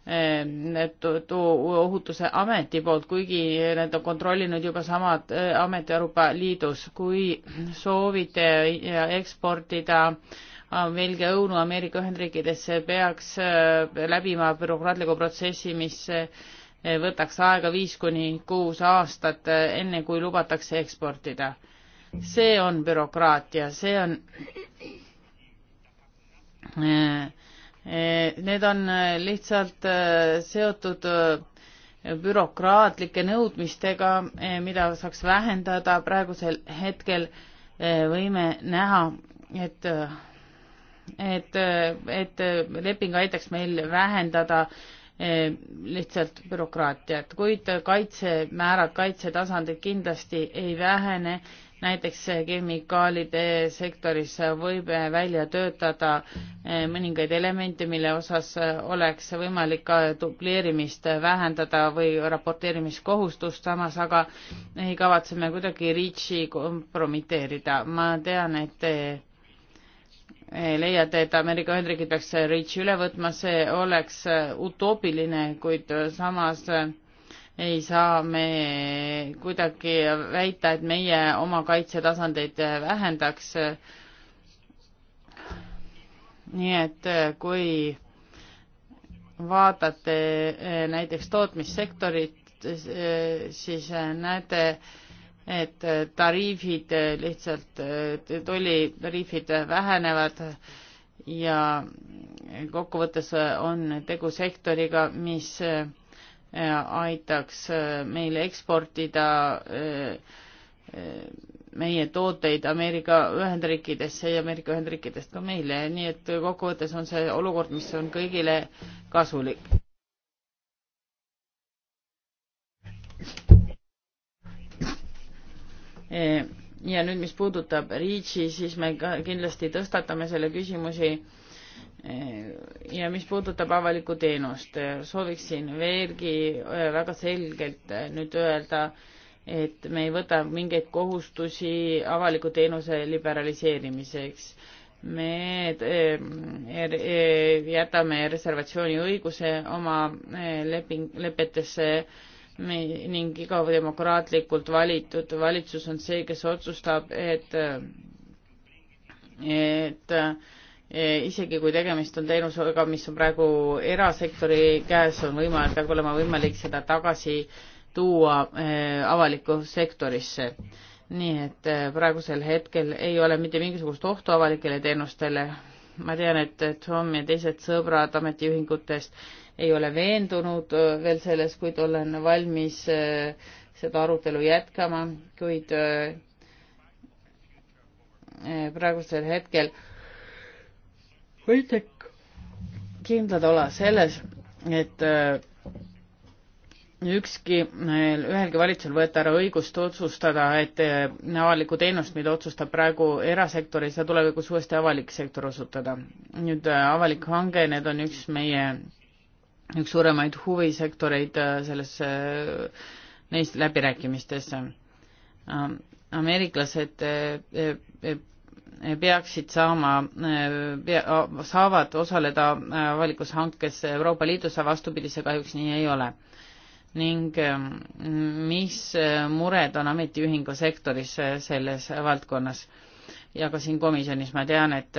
[SPEAKER 1] Eh, ohutuse ameti poolt, kuigi need on kontrollinud juba samad eh, amet Euroopa Liidus. kui soovite eksportida ah, Belgia õunu Ameerika Ühendriikidesse, peaks eh, läbima bürokraatliku protsessi, mis võtaks aega viis kuni kuus aastat, enne kui lubatakse eksportida. see on bürokraatia, see on Eh, need on eh, lihtsalt eh, seotud bürokraatlike nõudmistega, mida saaks vähendada, praegusel hetkel võime näha, et et, et leping aitaks meil vähendada lihtsalt bürokraatiat, kuid kaitsemäärad, kaitsetasandid kindlasti ei vähene näiteks kemikaalide sektoris võime välja töötada eh, mõningaid elemente, mille osas oleks võimalik ka dubleerimist vähendada või raporteerimiskohustust, samas aga ei kavatse me kuidagi REACH-i kompromiteerida. ma tean, et te eh, leiate, et Ameerika Ühendriigid peaks REACH-i üle võtma, see oleks utoopiline, kuid samas eh, ei saa me kuidagi väita, et meie oma kaitsetasandeid vähendaks. nii et eh, kui vaatate eh, näiteks tootmissektorit, eh, siis näete, et tariifid lihtsalt, tollitariifid vähenevad ja kokkuvõttes on tegu sektoriga, mis aitaks äh, meil eksportida äh, äh, meie tooteid Ameerika Ühendriikidesse ja Ameerika Ühendriikidest ka meile, nii et kokkuvõttes on see olukord, mis on kõigile kasulik. ja nüüd, mis puudutab REACH-i, siis me kindlasti tõstatame selle küsimusi ja mis puudutab avalikku teenust, sooviksin veelgi äh, väga selgelt äh, nüüd öelda, et me ei võta mingeid kohustusi avaliku teenuse liberaliseerimiseks. me äh, er-, jätame reservatsiooniõiguse oma leping, lepetesse ning iga demokraatlikult valitud valitsus on see, kes otsustab, et et E, isegi kui tegemist on teenusega, mis on praegu erasektori käes, on võimalik, peab olema võimalik seda tagasi tuua e, avalikku sektorisse. nii et e, praegusel hetkel ei ole mitte mingisugust ohtu avalikele teenustele. ma tean, et Tom ja teised sõbrad ametiühingutest ei ole veendunud veel selles, kuid olen valmis seda arutelu jätkama, kuid praegusel hetkel äh, võite kindlad olla selles, et äh, ükski, ühelgi valitsusel võeta ära õigust otsustada, et äh, avalikku teenust, mida otsustab praegu erasektor, ei saa tulevikus uuesti avalik sektor osutada. nüüd äh, avalik hange, need on üks meie, üks suuremaid huvisektoreid selles, neis läbirääkimistes. ameeriklased peaksid saama, saavad osaleda avalikus hankes Euroopa Liidus, aga vastupidi, see kahjuks nii ei ole. ning mis mured on ametiühingu sektoris selles valdkonnas? ja ka siin komisjonis ma tean, et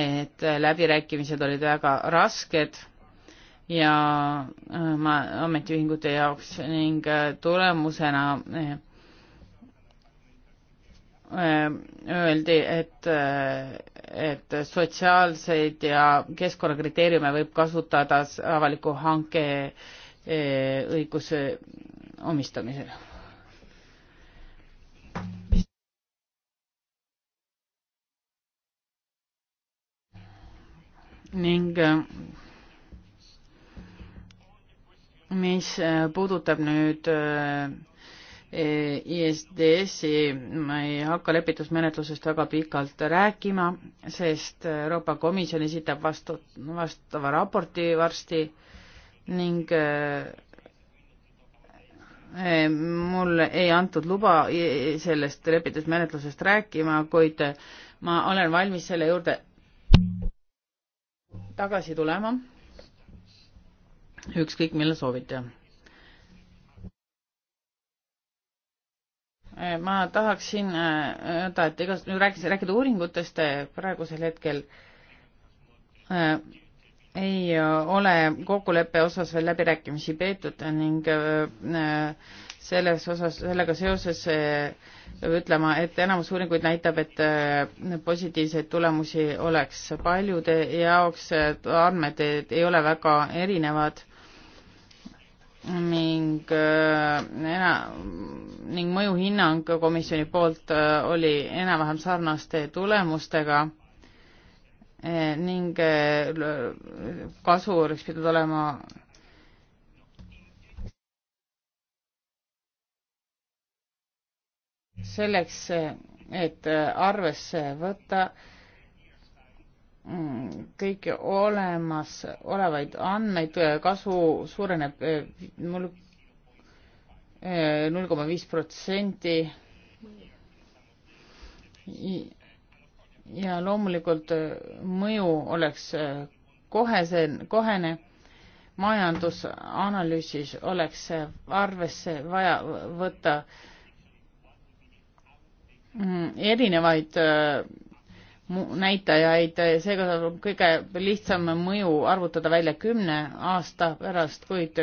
[SPEAKER 1] et läbirääkimised olid väga rasked ja ma ametiühingute jaoks ning tulemusena Äh, öeldi, et, äh, et sotsiaalseid ja keskkonnakriteeriume võib kasutada avaliku hanke äh, õiguse omistamisel. ning mis puudutab nüüd äh, ISDS-i ma ei hakka lepitusmenetlusest väga pikalt rääkima, sest Euroopa Komisjon esitab vastu, vastava raporti varsti ning eh, eh, mul ei antud luba sellest lepitusmenetlusest rääkima, kuid ma olen valmis selle juurde tagasi tulema. ükskõik, millal soovite Äh, ma tahaksin äh, öelda, et igas-, nüüd rääkis, rääkida uuringutest äh, praegusel hetkel äh, ei ole kokkuleppe osas veel läbirääkimisi peetud ning äh, selles osas, sellega seoses äh, peab ütlema, et enamus uuringuid näitab, et positiivseid tulemusi oleks paljude jaoks, andmed ei ole väga erinevad ning äh, ena- ning mõjuhinnang komisjoni poolt äh, oli enam-vähem sarnaste tulemustega äh, ning kasu oleks pidanud olema selleks, et arvesse võtta kõiki olemasolevaid andmeid, kasu suureneb mul eh, eh, null koma viis protsenti. ja loomulikult eh, mõju oleks kohese, kohene. majandusanalüüsis oleks arvesse vaja võtta mm, erinevaid näitajaid, seega saab kõige lihtsam mõju arvutada välja kümne aasta pärast, kuid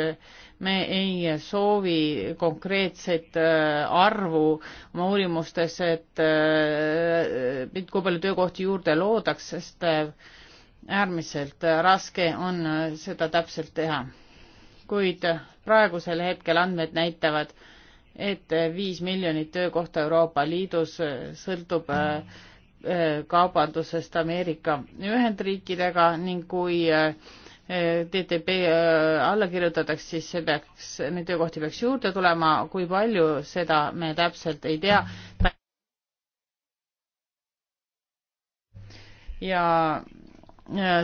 [SPEAKER 1] me ei soovi konkreetset äh, arvu oma uurimustes, äh, et kui palju töökohti juurde loodaks, sest äh, äärmiselt raske on seda täpselt teha. kuid praegusel hetkel andmed näitavad, et viis miljonit töökohta Euroopa Liidus sõltub mm kaubandusest Ameerika Ühendriikidega ning kui eh, TTP eh, alla kirjutatakse, siis see peaks, neid töökohti peaks juurde tulema, kui palju, seda me täpselt ei tea. ja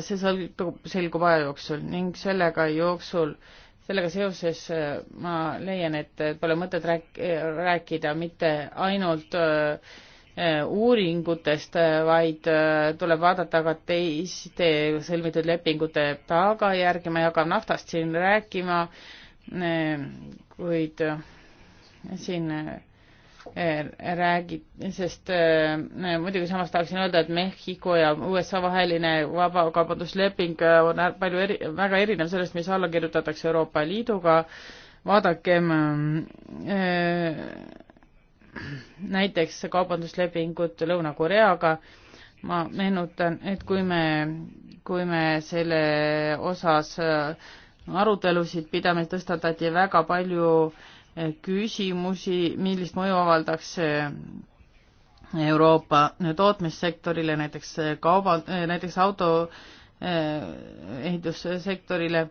[SPEAKER 1] see selgub, selgub aja jooksul ning sellega jooksul, sellega seoses eh, ma leian, et pole mõtet rääk-, rääkida mitte ainult äh, Äh, uuringutest, äh, vaid äh, tuleb vaadata ka teiste sõlmitud lepingute tagajärgi, ma ei hakka naftast siin rääkima, kuid siin räägid, sest muidugi samas tahaksin öelda, et Mehhiko ja USA vaheline vabakaubandusleping on palju eri, väga erinev sellest, mis alla kirjutatakse Euroopa Liiduga, vaadakem äh, näiteks kaubanduslepingut Lõuna-Koreaga. ma meenutan, et kui me, kui me selle osas äh, arutelusid pidame, tõstatati väga palju äh, küsimusi, millist mõju avaldaks äh, Euroopa tootmissektorile, näiteks kauba, näiteks auto ehitussektorile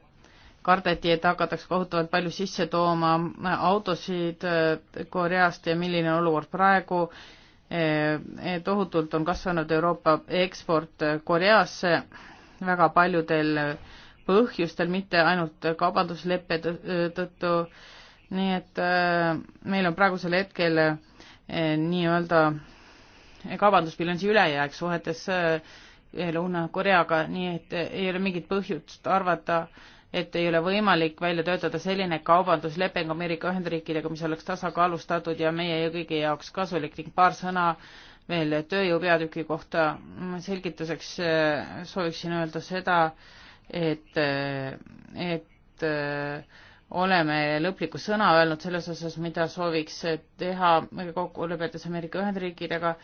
[SPEAKER 1] kardeti, et hakatakse kohutavalt palju sisse tooma autosid äh, Koreast ja milline on olukord praegu. Äh, eh, tohutult on kasvanud Euroopa eksport äh, Koreasse väga paljudel põhjustel, mitte ainult kaubandusleppe tõttu. nii et meil on praegusel hetkel nii-öelda kaubandusbilansi ülejääk suhetes Lõuna-Koreaga, nii et ei ole mingit põhjust arvata, et ei ole võimalik välja töötada selline kaubandusleping Ameerika Ühendriikidega, mis oleks tasakaalustatud ja meie ja kõigi jaoks kasulik ning paar sõna veel tööjõu peatüki kohta. selgituseks äh, sooviksin öelda seda, et, äh, et äh, oleme lõpliku sõna öelnud selles osas, mida sooviks teha kokkulepetes Ameerika Ühendriikidega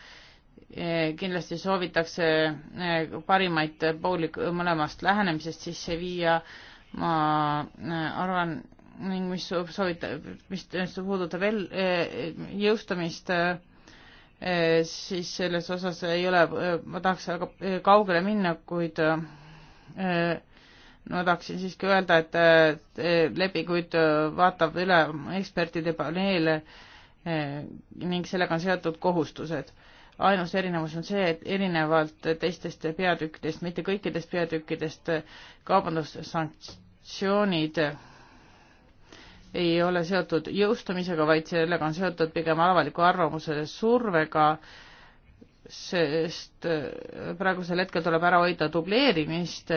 [SPEAKER 1] kindlasti soovitakse parimaid pooli mõlemast lähenemisest sisse viia ma äh, arvan ning mis soovitab, mis puudutab veel äh, jõustamist, äh, siis selles osas ei ole, ma tahaks väga kaugele minna, kuid ma tahaksin siiski öelda, et lepinguid vaatab üle ekspertide paneel ning sellega on seotud kohustused ainus erinevus on see, et erinevalt teistest peatükkidest, mitte kõikidest peatükkidest, kaubandussanktsioonid ei ole seotud jõustumisega, vaid sellega on seotud pigem avaliku arvamuse survega, sest praegusel hetkel tuleb ära hoida dubleerimist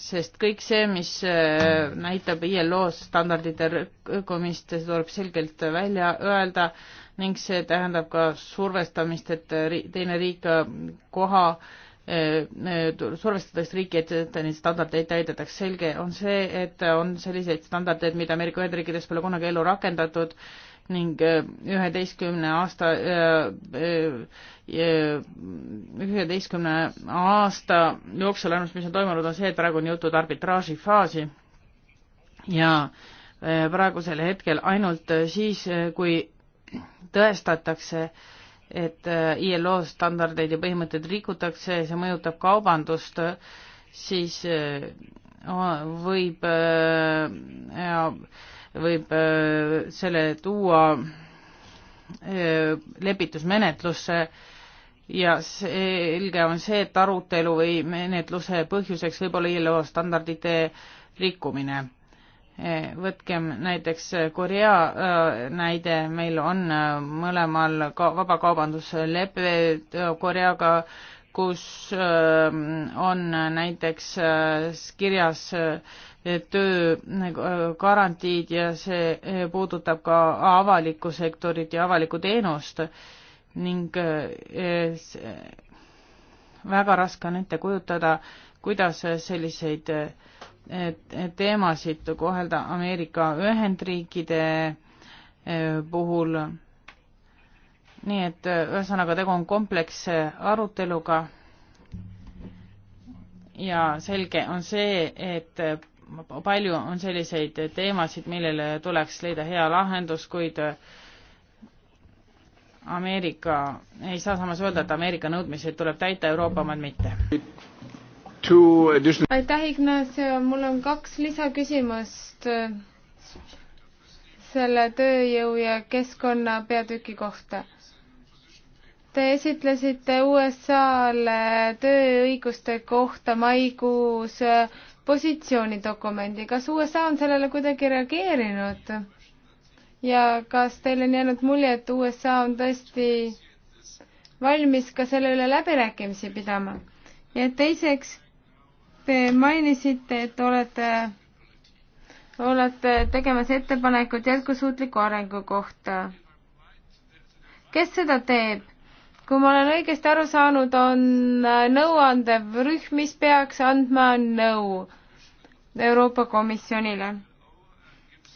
[SPEAKER 1] sest kõik see, mis äh, näitab ILO standardite rikkumist, see tuleb selgelt välja öelda ning see tähendab ka survestamist, et teine riik koha äh, äh, survestatakse riiki, et neid standardeid täidetaks. selge on see, et on selliseid standardeid, mida Ameerika Ühendriikides pole kunagi ellu rakendatud ning äh, üheteistkümne aasta, äh, äh, üheteistkümne aasta jooksul ainult, mis on toimunud, on see, et praegu on jõutud arbitraaži faasi ja praegusel hetkel ainult siis, kui tõestatakse, et ILO standardeid ja põhimõtteid rikutakse, see mõjutab kaubandust, siis võib ja, võib äh, selle tuua äh, lepitusmenetlusse ja selge on see, et arutelu või menetluse põhjuseks võib olla ILO standardite rikkumine. Äh, võtkem näiteks Korea näide, meil on mõlemal ka vabakaubanduslepe Koreaga kus ähm, on näiteks äh, kirjas äh, töögarantiid nagu, äh, ja see puudutab ka avalikku sektorit ja avalikku teenust ning väga raske on ette kujutada, kuidas selliseid teemasid kohelda Ameerika Ühendriikide puhul nii et äh, ühesõnaga tegu on kompleksse aruteluga ja selge on see, et äh, palju on selliseid teemasid, millele tuleks leida hea lahendus, kuid äh, Ameerika, ei saa samas öelda, et Ameerika nõudmised tuleb täita, Euroopa omad mitte.
[SPEAKER 3] aitäh, Ignacio, mul on kaks lisaküsimust selle tööjõu ja keskkonna peatüki kohta Te esitlesite USA-le tööõiguste kohta maikuus positsioonidokumendi. kas USA on sellele kuidagi reageerinud? ja kas teil on jäänud mulje, et USA on tõesti valmis ka selle üle läbirääkimisi pidama? ja teiseks, te mainisite, et olete, olete tegemas ettepanekut jätkusuutliku arengu kohta. kes seda teeb? kui ma olen õigesti aru saanud, on äh, nõuandev rühm, mis peaks andma nõu Euroopa Komisjonile.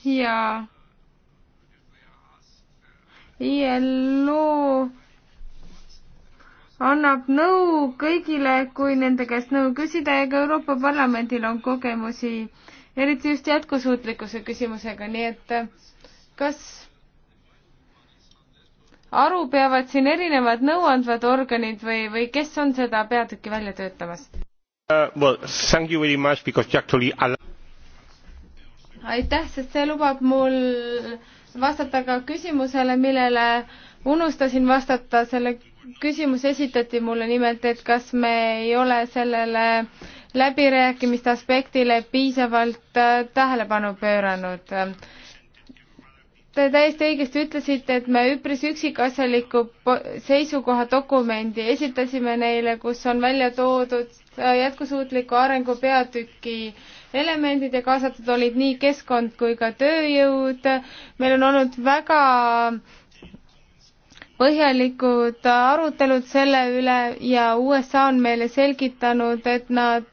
[SPEAKER 3] ja ILO annab nõu kõigile, kui nende käest nõu küsida ja ka Euroopa Parlamendil on kogemusi, eriti just jätkusuutlikkuse küsimusega, nii et äh, kas aru peavad siin erinevad nõuandvad organid või, või kes on seda peatükki välja töötamas uh,?
[SPEAKER 1] Well, actually...
[SPEAKER 3] aitäh, sest see lubab mul vastata ka küsimusele, millele unustasin vastata, selle küsimus esitati mulle nimelt, et kas me ei ole sellele läbirääkimiste aspektile piisavalt äh, tähelepanu pööranud Te täiesti õigesti ütlesite, et me üpris üksikasjaliku seisukoha dokumendi esitasime neile, kus on välja toodud äh, jätkusuutliku arengu peatüki elemendid ja kaasatud olid nii keskkond kui ka tööjõud. meil on olnud väga põhjalikud arutelud selle üle ja USA on meile selgitanud, et nad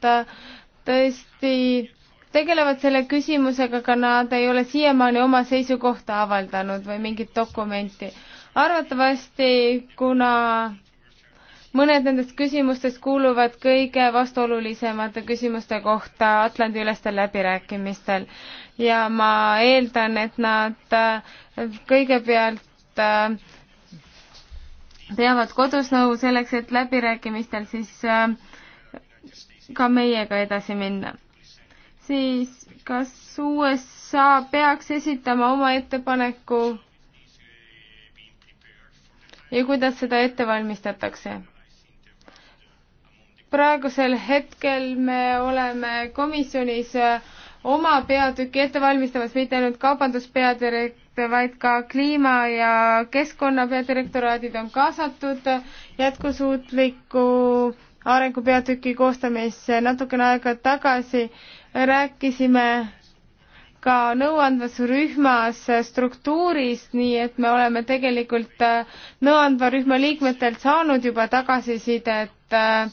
[SPEAKER 3] tõesti tegelevad selle küsimusega, aga nad ei ole siiamaani oma seisukohta avaldanud või mingit dokumenti. arvatavasti, kuna mõned nendest küsimustest kuuluvad kõige vastuolulisemate küsimuste kohta Atlandi-ülestel läbirääkimistel ja ma eeldan, et nad äh, kõigepealt äh, peavad kodus nõu selleks, et läbirääkimistel siis äh, ka meiega edasi minna siis kas USA peaks esitama oma ettepaneku ja kuidas seda ette valmistatakse? praegusel hetkel me oleme komisjonis oma peatüki ette valmistamas mitte ainult kaubanduspeadirektor, vaid ka kliima- ja keskkonnapeadirektoraadid on kaasatud jätkusuutliku arengu peatüki koostamisse natukene aega tagasi rääkisime ka nõuandvas rühmas struktuurist, nii et me oleme tegelikult äh, nõuandva rühma liikmetelt saanud juba tagasisidet äh,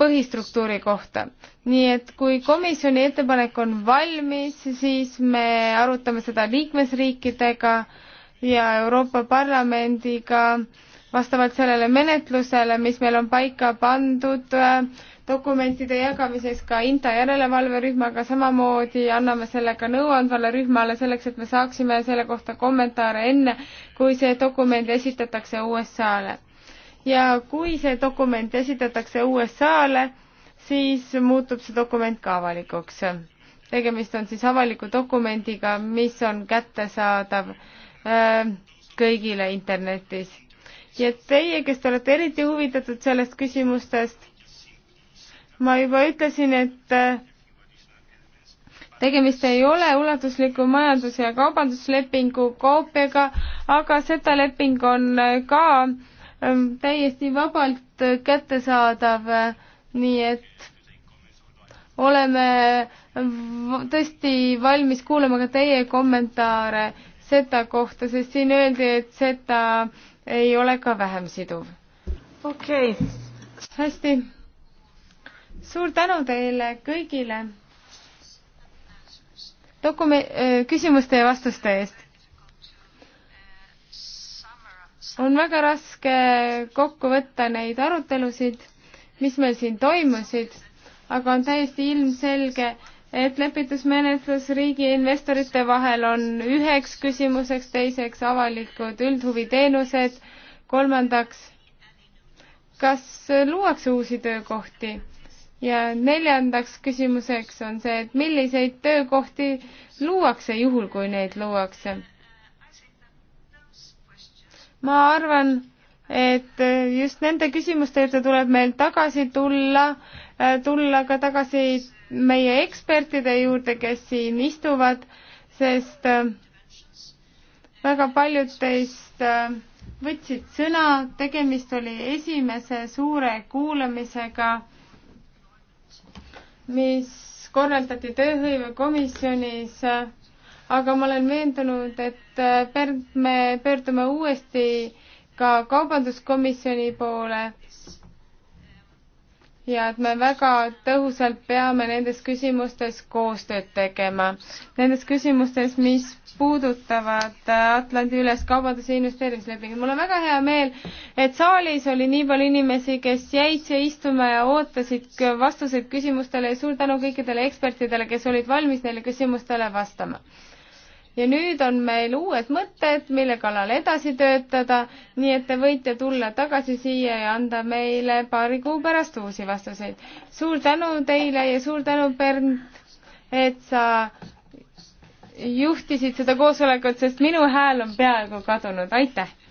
[SPEAKER 3] põhistruktuuri kohta. nii et kui komisjoni ettepanek on valmis, siis me arutame seda liikmesriikidega ja Euroopa Parlamendiga vastavalt sellele menetlusele, mis meil on paika pandud äh, dokumentide jagamiseks ka INTA järelevalverühmaga, samamoodi anname selle ka nõuandvale rühmale selleks, et me saaksime selle kohta kommentaare enne, kui see dokument esitatakse USA-le. ja kui see dokument esitatakse USA-le, siis muutub see dokument ka avalikuks. tegemist on siis avaliku dokumendiga, mis on kättesaadav äh, kõigile internetis. ja teie, kes te olete eriti huvitatud sellest küsimustest ma juba ütlesin, et äh, tegemist ei ole ulatusliku majandus- ja kaubanduslepingu koopiaga, aga seda leping on äh, ka ähm, täiesti vabalt kättesaadav, äh, nii et oleme tõesti valmis kuulama ka teie kommentaare SETA kohta, sest siin öeldi, et SETA ei ole ka vähem siduv. okei okay.. hästi suur tänu teile kõigile dokume-, küsimuste ja vastuste eest. on väga raske kokku võtta neid arutelusid, mis meil siin toimusid, aga on täiesti ilmselge, et lepitusmenetlus riigi investorite vahel on üheks küsimuseks, teiseks avalikud üldhuviteenused, kolmandaks, kas luuakse uusi töökohti ja neljandaks küsimuseks on see, et milliseid töökohti luuakse juhul, kui neid luuakse? ma arvan, et just nende küsimuste juurde tuleb meil tagasi tulla, tulla ka tagasi meie ekspertide juurde, kes siin istuvad, sest väga paljud teist võtsid sõna, tegemist oli esimese suure kuulamisega mis korraldati tööhõivekomisjonis, aga ma olen veendunud, et äh, me pöördume uuesti ka Kaubanduskomisjoni poole ja et me väga tõhusalt peame nendes küsimustes koostööd tegema. Nendes küsimustes, mis puudutavad äh, Atlandi üles kaubandus- ja investeerimislepingut. mul on väga hea meel, et saalis oli nii palju inimesi, kes jäid siia istuma ja ootasid vastuseid küsimustele ja suur tänu kõikidele ekspertidele, kes olid valmis neile küsimustele vastama ja nüüd on meil uued mõtted, mille kallal edasi töötada, nii et te võite tulla tagasi siia ja anda meile paari kuu pärast uusi vastuseid. suur tänu teile ja suur tänu, Bernd, et sa juhtisid seda koosolekut, sest minu hääl on peaaegu kadunud, aitäh!